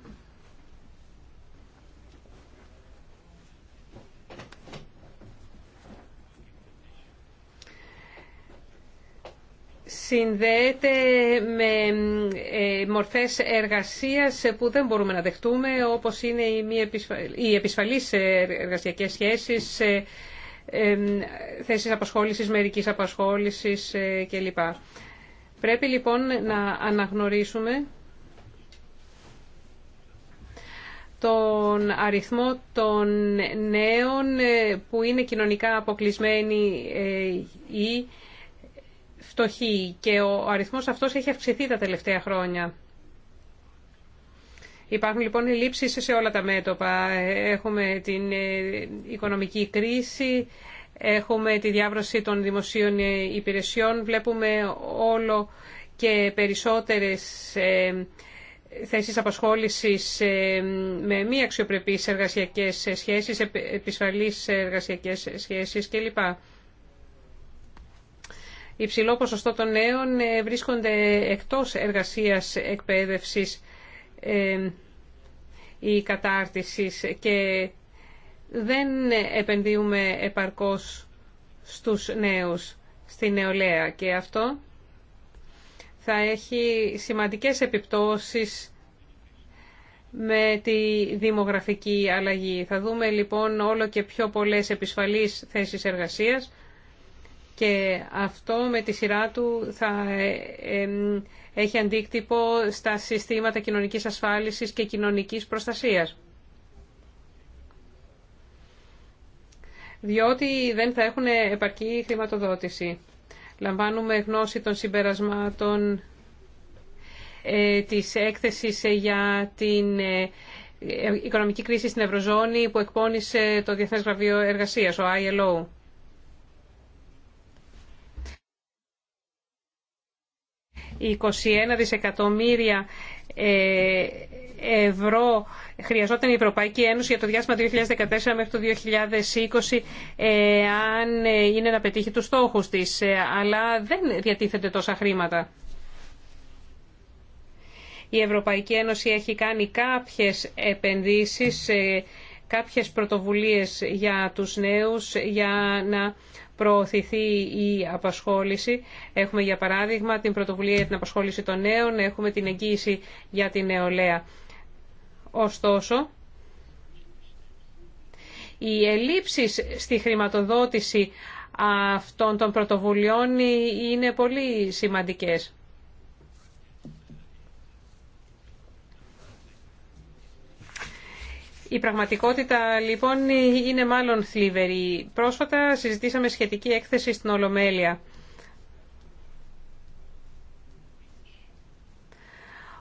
συνδέεται με ε, μορφές εργασίας που δεν μπορούμε να δεχτούμε, όπως είναι οι επισφαλείς εργασιακές σχέσεις, ε, ε, θέσεις απασχόλησης, μερικής απασχόλησης κλπ. Πρέπει λοιπόν να αναγνωρίσουμε τον αριθμό των νέων που είναι κοινωνικά αποκλεισμένοι ε, ή φτωχοί και ο αριθμός αυτός έχει αυξηθεί τα τελευταία χρόνια. Υπάρχουν λοιπόν λήψεις σε όλα τα μέτωπα. Έχουμε την ε, οικονομική κρίση, Έχουμε τη διάβρωση των δημοσίων υπηρεσιών. Βλέπουμε όλο και περισσότερες ε, θέσεις απασχόλησης ε, με μη αξιοπρεπείς εργασιακές σχέσεις, επισφαλείς εργασιακές σχέσεις κλπ. Υψηλό ποσοστό των νέων ε, βρίσκονται εκτός εργασίας εκπαίδευσης ή κατάρτισης και δεν επενδύουμε επαρκώς στους νέους, στη νεολαία και αυτό θα έχει σημαντικές επιπτώσεις με τη δημογραφική αλλαγή. Θα δούμε λοιπόν όλο και πιο πολλές επισφαλείς θέσεις εργασίας και αυτό με τη σειρά του θα ε, έχει αντίκτυπο στα συστήματα κοινωνικής ασφάλισης και κοινωνικής προστασίας. διότι δεν θα έχουν επαρκή χρηματοδότηση. Λαμβάνουμε γνώση των συμπερασμάτων ε, της έκθεσης ε, για την ε, οικονομική κρίση στην Ευρωζώνη που εκπώνησε το Διεθνές Γραφείο Εργασίας, ο ILO. Οι 21 δισεκατομμύρια ευρώ χρειαζόταν η Ευρωπαϊκή Ένωση για το διάστημα 2014 μέχρι το 2020 αν ε, είναι να πετύχει τους στόχους της. Ε, αλλά δεν διατίθεται τόσα χρήματα. Η Ευρωπαϊκή Ένωση έχει κάνει κάποιες επενδύσεις, ε, κάποιες πρωτοβουλίες για τους νέους για να προωθηθεί η απασχόληση. Έχουμε για παράδειγμα την πρωτοβουλία για την απασχόληση των νέων, έχουμε την εγγύηση για την νεολαία. Ωστόσο, οι ελλείψεις στη χρηματοδότηση αυτών των πρωτοβουλειών είναι πολύ σημαντικές. Η πραγματικότητα λοιπόν είναι μάλλον θλιβερή. Πρόσφατα συζητήσαμε σχετική έκθεση στην Ολομέλεια.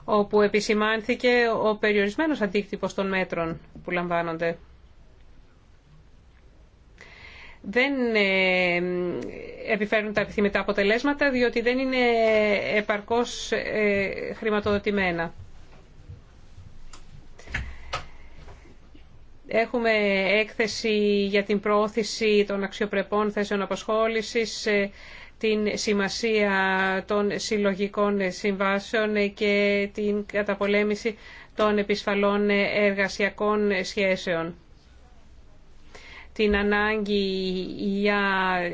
όπου επισημάνθηκε ο περιορισμένος αντίκτυπος των μέτρων που λαμβάνονται. Δεν ε, επιφέρουν τα επιθυμητά αποτελέσματα διότι δεν είναι επαρκώς ε, χρηματοδοτημένα. Έχουμε έκθεση για την προώθηση των αξιοπρεπών θέσεων απασχόλησης, ε, την σημασία των συλλογικών συμβάσεων και την καταπολέμηση των επισφαλών εργασιακών σχέσεων. Την ανάγκη για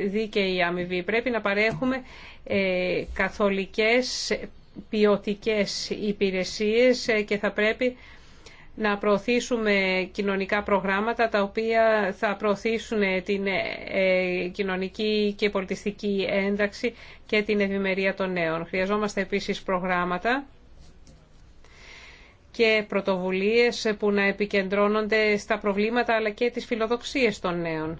δίκαιη αμοιβή. Πρέπει να παρέχουμε ε, καθολικές ποιοτικές υπηρεσίες και θα πρέπει να προωθήσουμε κοινωνικά προγράμματα τα οποία θα προωθήσουν την ε, ε, κοινωνική και πολιτιστική ένταξη και την ευημερία των νέων. Χρειαζόμαστε επίσης προγράμματα και πρωτοβουλίες που να επικεντρώνονται στα προβλήματα αλλά και τις φιλοδοξίες των νέων.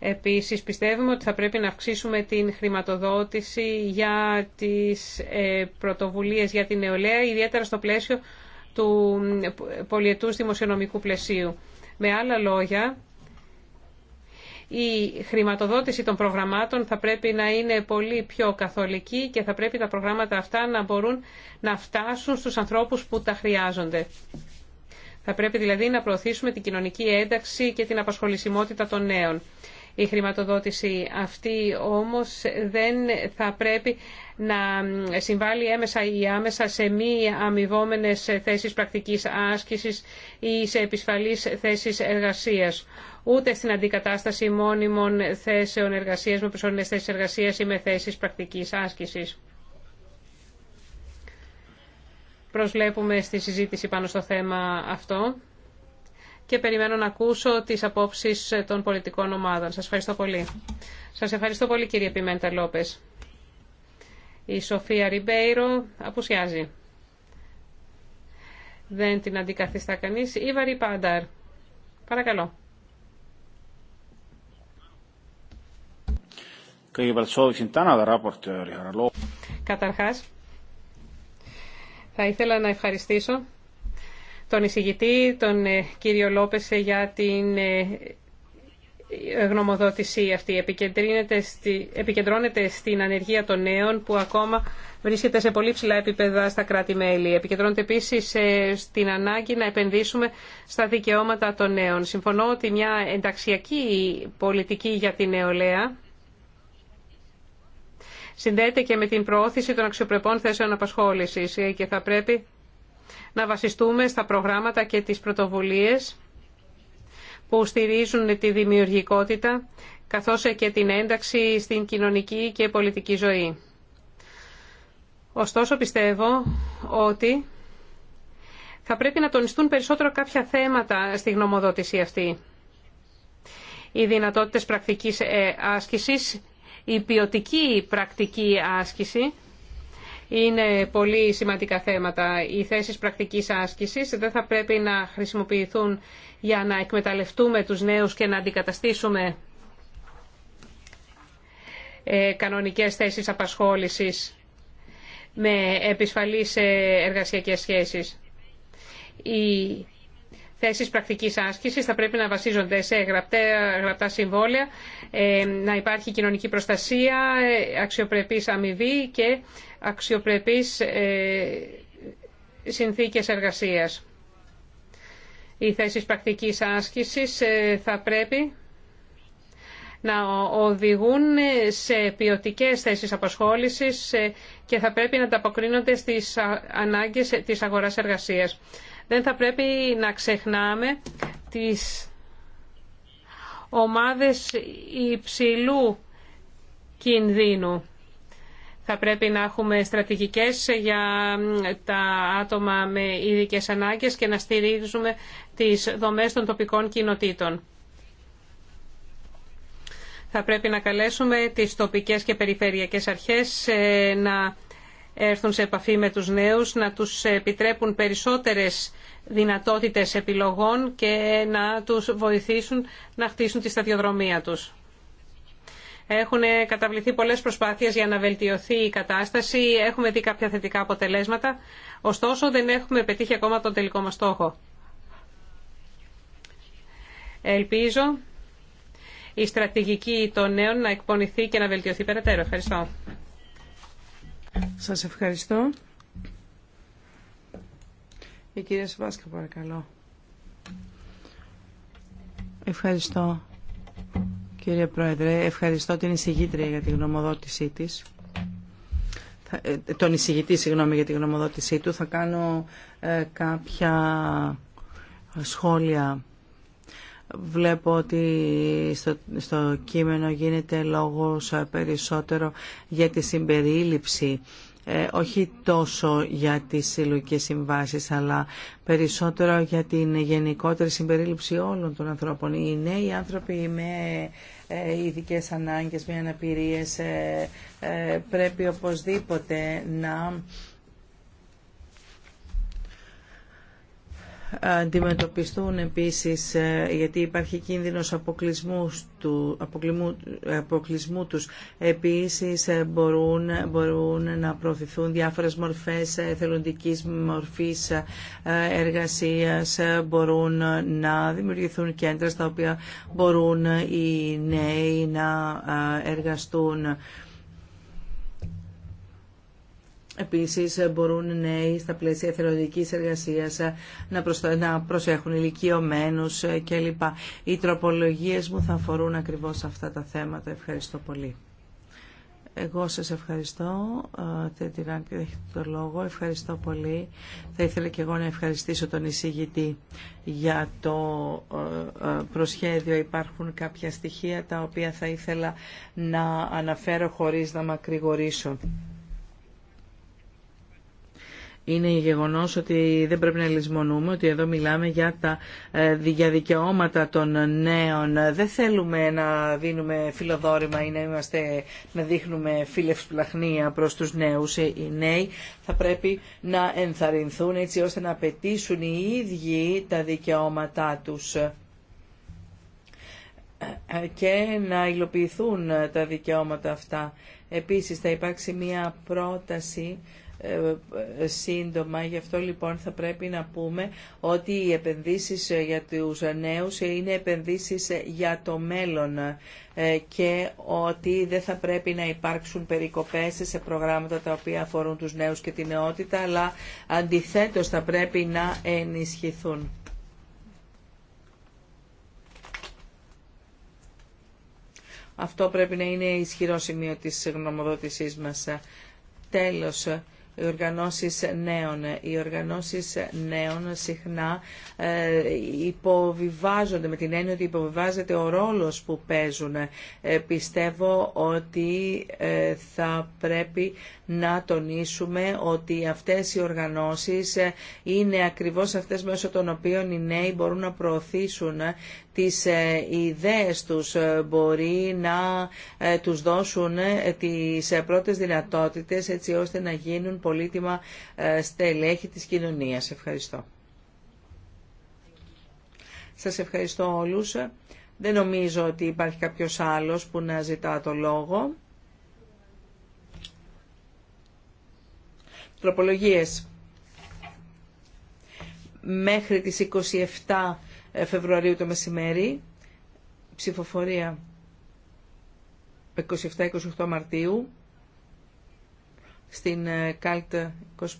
Επίσης πιστεύουμε ότι θα πρέπει να αυξήσουμε την χρηματοδότηση για τις ε, πρωτοβουλίες για την νεολαία, ιδιαίτερα στο πλαίσιο του ε, πολιετούς δημοσιονομικού πλαισίου. Με άλλα λόγια, η χρηματοδότηση των προγραμμάτων θα πρέπει να είναι πολύ πιο καθολική και θα πρέπει τα προγράμματα αυτά να μπορούν να φτάσουν στους ανθρώπους που τα χρειάζονται. Θα πρέπει δηλαδή να προωθήσουμε την κοινωνική ένταξη και την απασχολησιμότητα των νέων η χρηματοδότηση αυτή όμως δεν θα πρέπει να συμβάλλει έμεσα ή άμεσα σε μη αμοιβόμενε θέσεις πρακτικής άσκησης ή σε επισφαλείς θέσεις εργασίας ούτε στην αντικατάσταση μόνιμων θέσεων εργασίας με προσωρινές θέσεις εργασίας ή με θέσεις πρακτικής άσκησης. Προσβλέπουμε στη συζήτηση πάνω στο θέμα αυτό και περιμένω να ακούσω τις απόψεις των πολιτικών ομάδων. Σας ευχαριστώ πολύ. Σας ευχαριστώ πολύ κύριε Πιμέντα Λόπες. Η Σοφία Ριμπέιρο απουσιάζει. Δεν την αντικαθιστά κανείς. Ήβα Πάνταρ. Παρακαλώ. Καταρχάς, θα ήθελα να ευχαριστήσω τον εισηγητή, τον ε, κύριο Λόπεσε για την ε, ε, γνωμοδότηση αυτή. Στη, επικεντρώνεται στην ανεργία των νέων που ακόμα βρίσκεται σε πολύ ψηλά επίπεδα στα κράτη-μέλη. Επικεντρώνεται επίσης στην ανάγκη να επενδύσουμε στα δικαιώματα των νέων. Συμφωνώ ότι μια ενταξιακή πολιτική για την νεολαία συνδέεται και με την προώθηση των αξιοπρεπών θέσεων απασχόλησης και θα πρέπει να βασιστούμε στα προγράμματα και τις πρωτοβουλίες που στηρίζουν τη δημιουργικότητα καθώς και την ένταξη στην κοινωνική και πολιτική ζωή. Ωστόσο πιστεύω ότι θα πρέπει να τονιστούν περισσότερο κάποια θέματα στη γνωμοδότηση αυτή. Οι δυνατότητες πρακτικής ε, άσκησης, η ποιοτική πρακτική άσκηση, είναι πολύ σημαντικά θέματα. Οι θέσεις πρακτικής άσκησης δεν θα πρέπει να χρησιμοποιηθούν για να εκμεταλλευτούμε τους νέους και να αντικαταστήσουμε ε, κανονικές θέσεις απασχόλησης με επισφαλείς ε, εργασιακές σχέσεις. Οι θέσεις πρακτικής άσκησης θα πρέπει να βασίζονται σε γραπτά συμβόλαια, ε, να υπάρχει κοινωνική προστασία, αξιοπρεπής αμοιβή και αξιοπρεπείς ε, συνθήκες εργασίας. Οι θέσεις πρακτικής άσκησης ε, θα πρέπει να οδηγούν σε ποιοτικέ θέσεις απασχόλησης ε, και θα πρέπει να ανταποκρίνονται στις ανάγκες της αγοράς εργασίας. Δεν θα πρέπει να ξεχνάμε τις ομάδες υψηλού κινδύνου θα πρέπει να έχουμε στρατηγικές για τα άτομα με ειδικές ανάγκες και να στηρίζουμε τις δομές των τοπικών κοινοτήτων. Θα πρέπει να καλέσουμε τις τοπικές και περιφερειακές αρχές ε, να έρθουν σε επαφή με τους νέους, να τους επιτρέπουν περισσότερες δυνατότητες επιλογών και να τους βοηθήσουν να χτίσουν τη σταδιοδρομία τους. Έχουν καταβληθεί πολλές προσπάθειες για να βελτιωθεί η κατάσταση. Έχουμε δει κάποια θετικά αποτελέσματα. Ωστόσο, δεν έχουμε πετύχει ακόμα τον τελικό μα στόχο. Ελπίζω η στρατηγική των νέων να εκπονηθεί και να βελτιωθεί περαιτέρω. Ευχαριστώ. Σας ευχαριστώ. Η κυρία Σεβάσκα, παρακαλώ. Ευχαριστώ. Κύριε Πρόεδρε, ευχαριστώ την εισηγήτρια για τη γνωμοδότησή της. Ε, τον εισηγητή, συγγνώμη, για τη γνωμοδότησή του. Θα κάνω ε, κάποια σχόλια. Βλέπω ότι στο, στο κείμενο γίνεται λόγος ε, περισσότερο για τη συμπερίληψη όχι τόσο για τις συλλογικέ συμβάσεις αλλά περισσότερο για την γενικότερη συμπερίληψη όλων των ανθρώπων. Οι νέοι άνθρωποι με ε, ειδικέ ανάγκες, με αναπηρίες. Ε, ε, πρέπει οπωσδήποτε να αντιμετωπιστούν επίσης ε, γιατί υπάρχει κίνδυνος αποκλεισμού, του, ε, τους. Επίσης ε, μπορούν, μπορούν να προωθηθούν διάφορες μορφές εθελοντικής μορφής εργασίας, μπορούν να δημιουργηθούν κέντρα στα οποία μπορούν οι νέοι να εργαστούν. Επίσης μπορούν νέοι στα πλαίσια εθελοντικής εργασίας να, προσέχουν ηλικιωμένους κλπ. Οι τροπολογίες μου θα αφορούν ακριβώς αυτά τα θέματα. Ευχαριστώ πολύ. Εγώ σας ευχαριστώ, και ε, έχετε το λόγο. Ευχαριστώ πολύ. Θα ήθελα και εγώ να ευχαριστήσω τον εισηγητή για το ε, ε, προσχέδιο. Υπάρχουν κάποια στοιχεία τα οποία θα ήθελα να αναφέρω χωρίς να μακρηγορήσω είναι η γεγονός ότι δεν πρέπει να λησμονούμε ότι εδώ μιλάμε για τα ε, για δικαιώματα των νέων. Δεν θέλουμε να δίνουμε φιλοδόρημα ή να, είμαστε, να δείχνουμε φιλευσπλαχνία προς τους νέους. Ε, οι νέοι θα πρέπει να ενθαρρυνθούν έτσι ώστε να απαιτήσουν οι ίδιοι τα δικαιώματά τους ε, και να υλοποιηθούν τα δικαιώματα αυτά. Επίσης θα υπάρξει μία πρόταση ε, ε, σύντομα. Γι' αυτό λοιπόν θα πρέπει να πούμε ότι οι επενδύσεις ε, για τους νέους είναι επενδύσεις για το μέλλον και ότι δεν θα πρέπει να υπάρξουν περικοπές σε προγράμματα τα οποία αφορούν τους νέους και τη νεότητα, αλλά αντιθέτως θα πρέπει να ενισχυθούν. Αυτό πρέπει να είναι ισχυρό σημείο της γνωμοδότησής μας. Τέλος οι οργανώσεις νέων. Οι οργανώσεις νέων συχνά ε, υποβιβάζονται με την έννοια ότι υποβιβάζεται ο ρόλος που παίζουν. Ε, πιστεύω ότι ε, θα πρέπει να τονίσουμε ότι αυτές οι οργανώσεις είναι ακριβώς αυτές μέσω των οποίων οι νέοι μπορούν να προωθήσουν τις ε, ιδέες τους, ε, μπορεί να ε, τους δώσουν τις πρώτες δυνατότητες έτσι ώστε να γίνουν πολύτιμα στελέχη της κοινωνίας. Ευχαριστώ. Σας ευχαριστώ όλους. Δεν νομίζω ότι υπάρχει κάποιος άλλος που να ζητά το λόγο. τροπολογίες μέχρι τις 27 Φεβρουαρίου το μεσημέρι, ψηφοφορία 27-28 Μαρτίου, στην ε, ΚΑΛΤ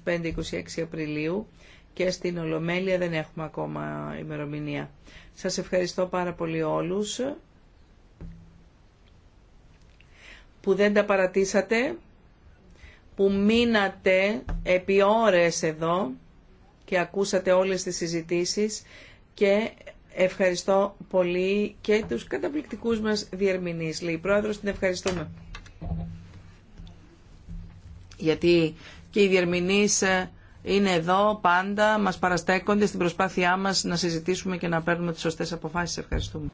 25-26 Απριλίου και στην Ολομέλεια δεν έχουμε ακόμα ημερομηνία. Σας ευχαριστώ πάρα πολύ όλους που δεν τα παρατήσατε που μείνατε επί ώρες εδώ και ακούσατε όλες τις συζητήσεις και ευχαριστώ πολύ και τους καταπληκτικούς μας διερμηνείς. Λέει Πρόεδρος, την ευχαριστούμε. Γιατί και οι διερμηνείς ε, είναι εδώ πάντα, μας παραστέκονται στην προσπάθειά μας να συζητήσουμε και να παίρνουμε τις σωστές αποφάσεις. Ευχαριστούμε.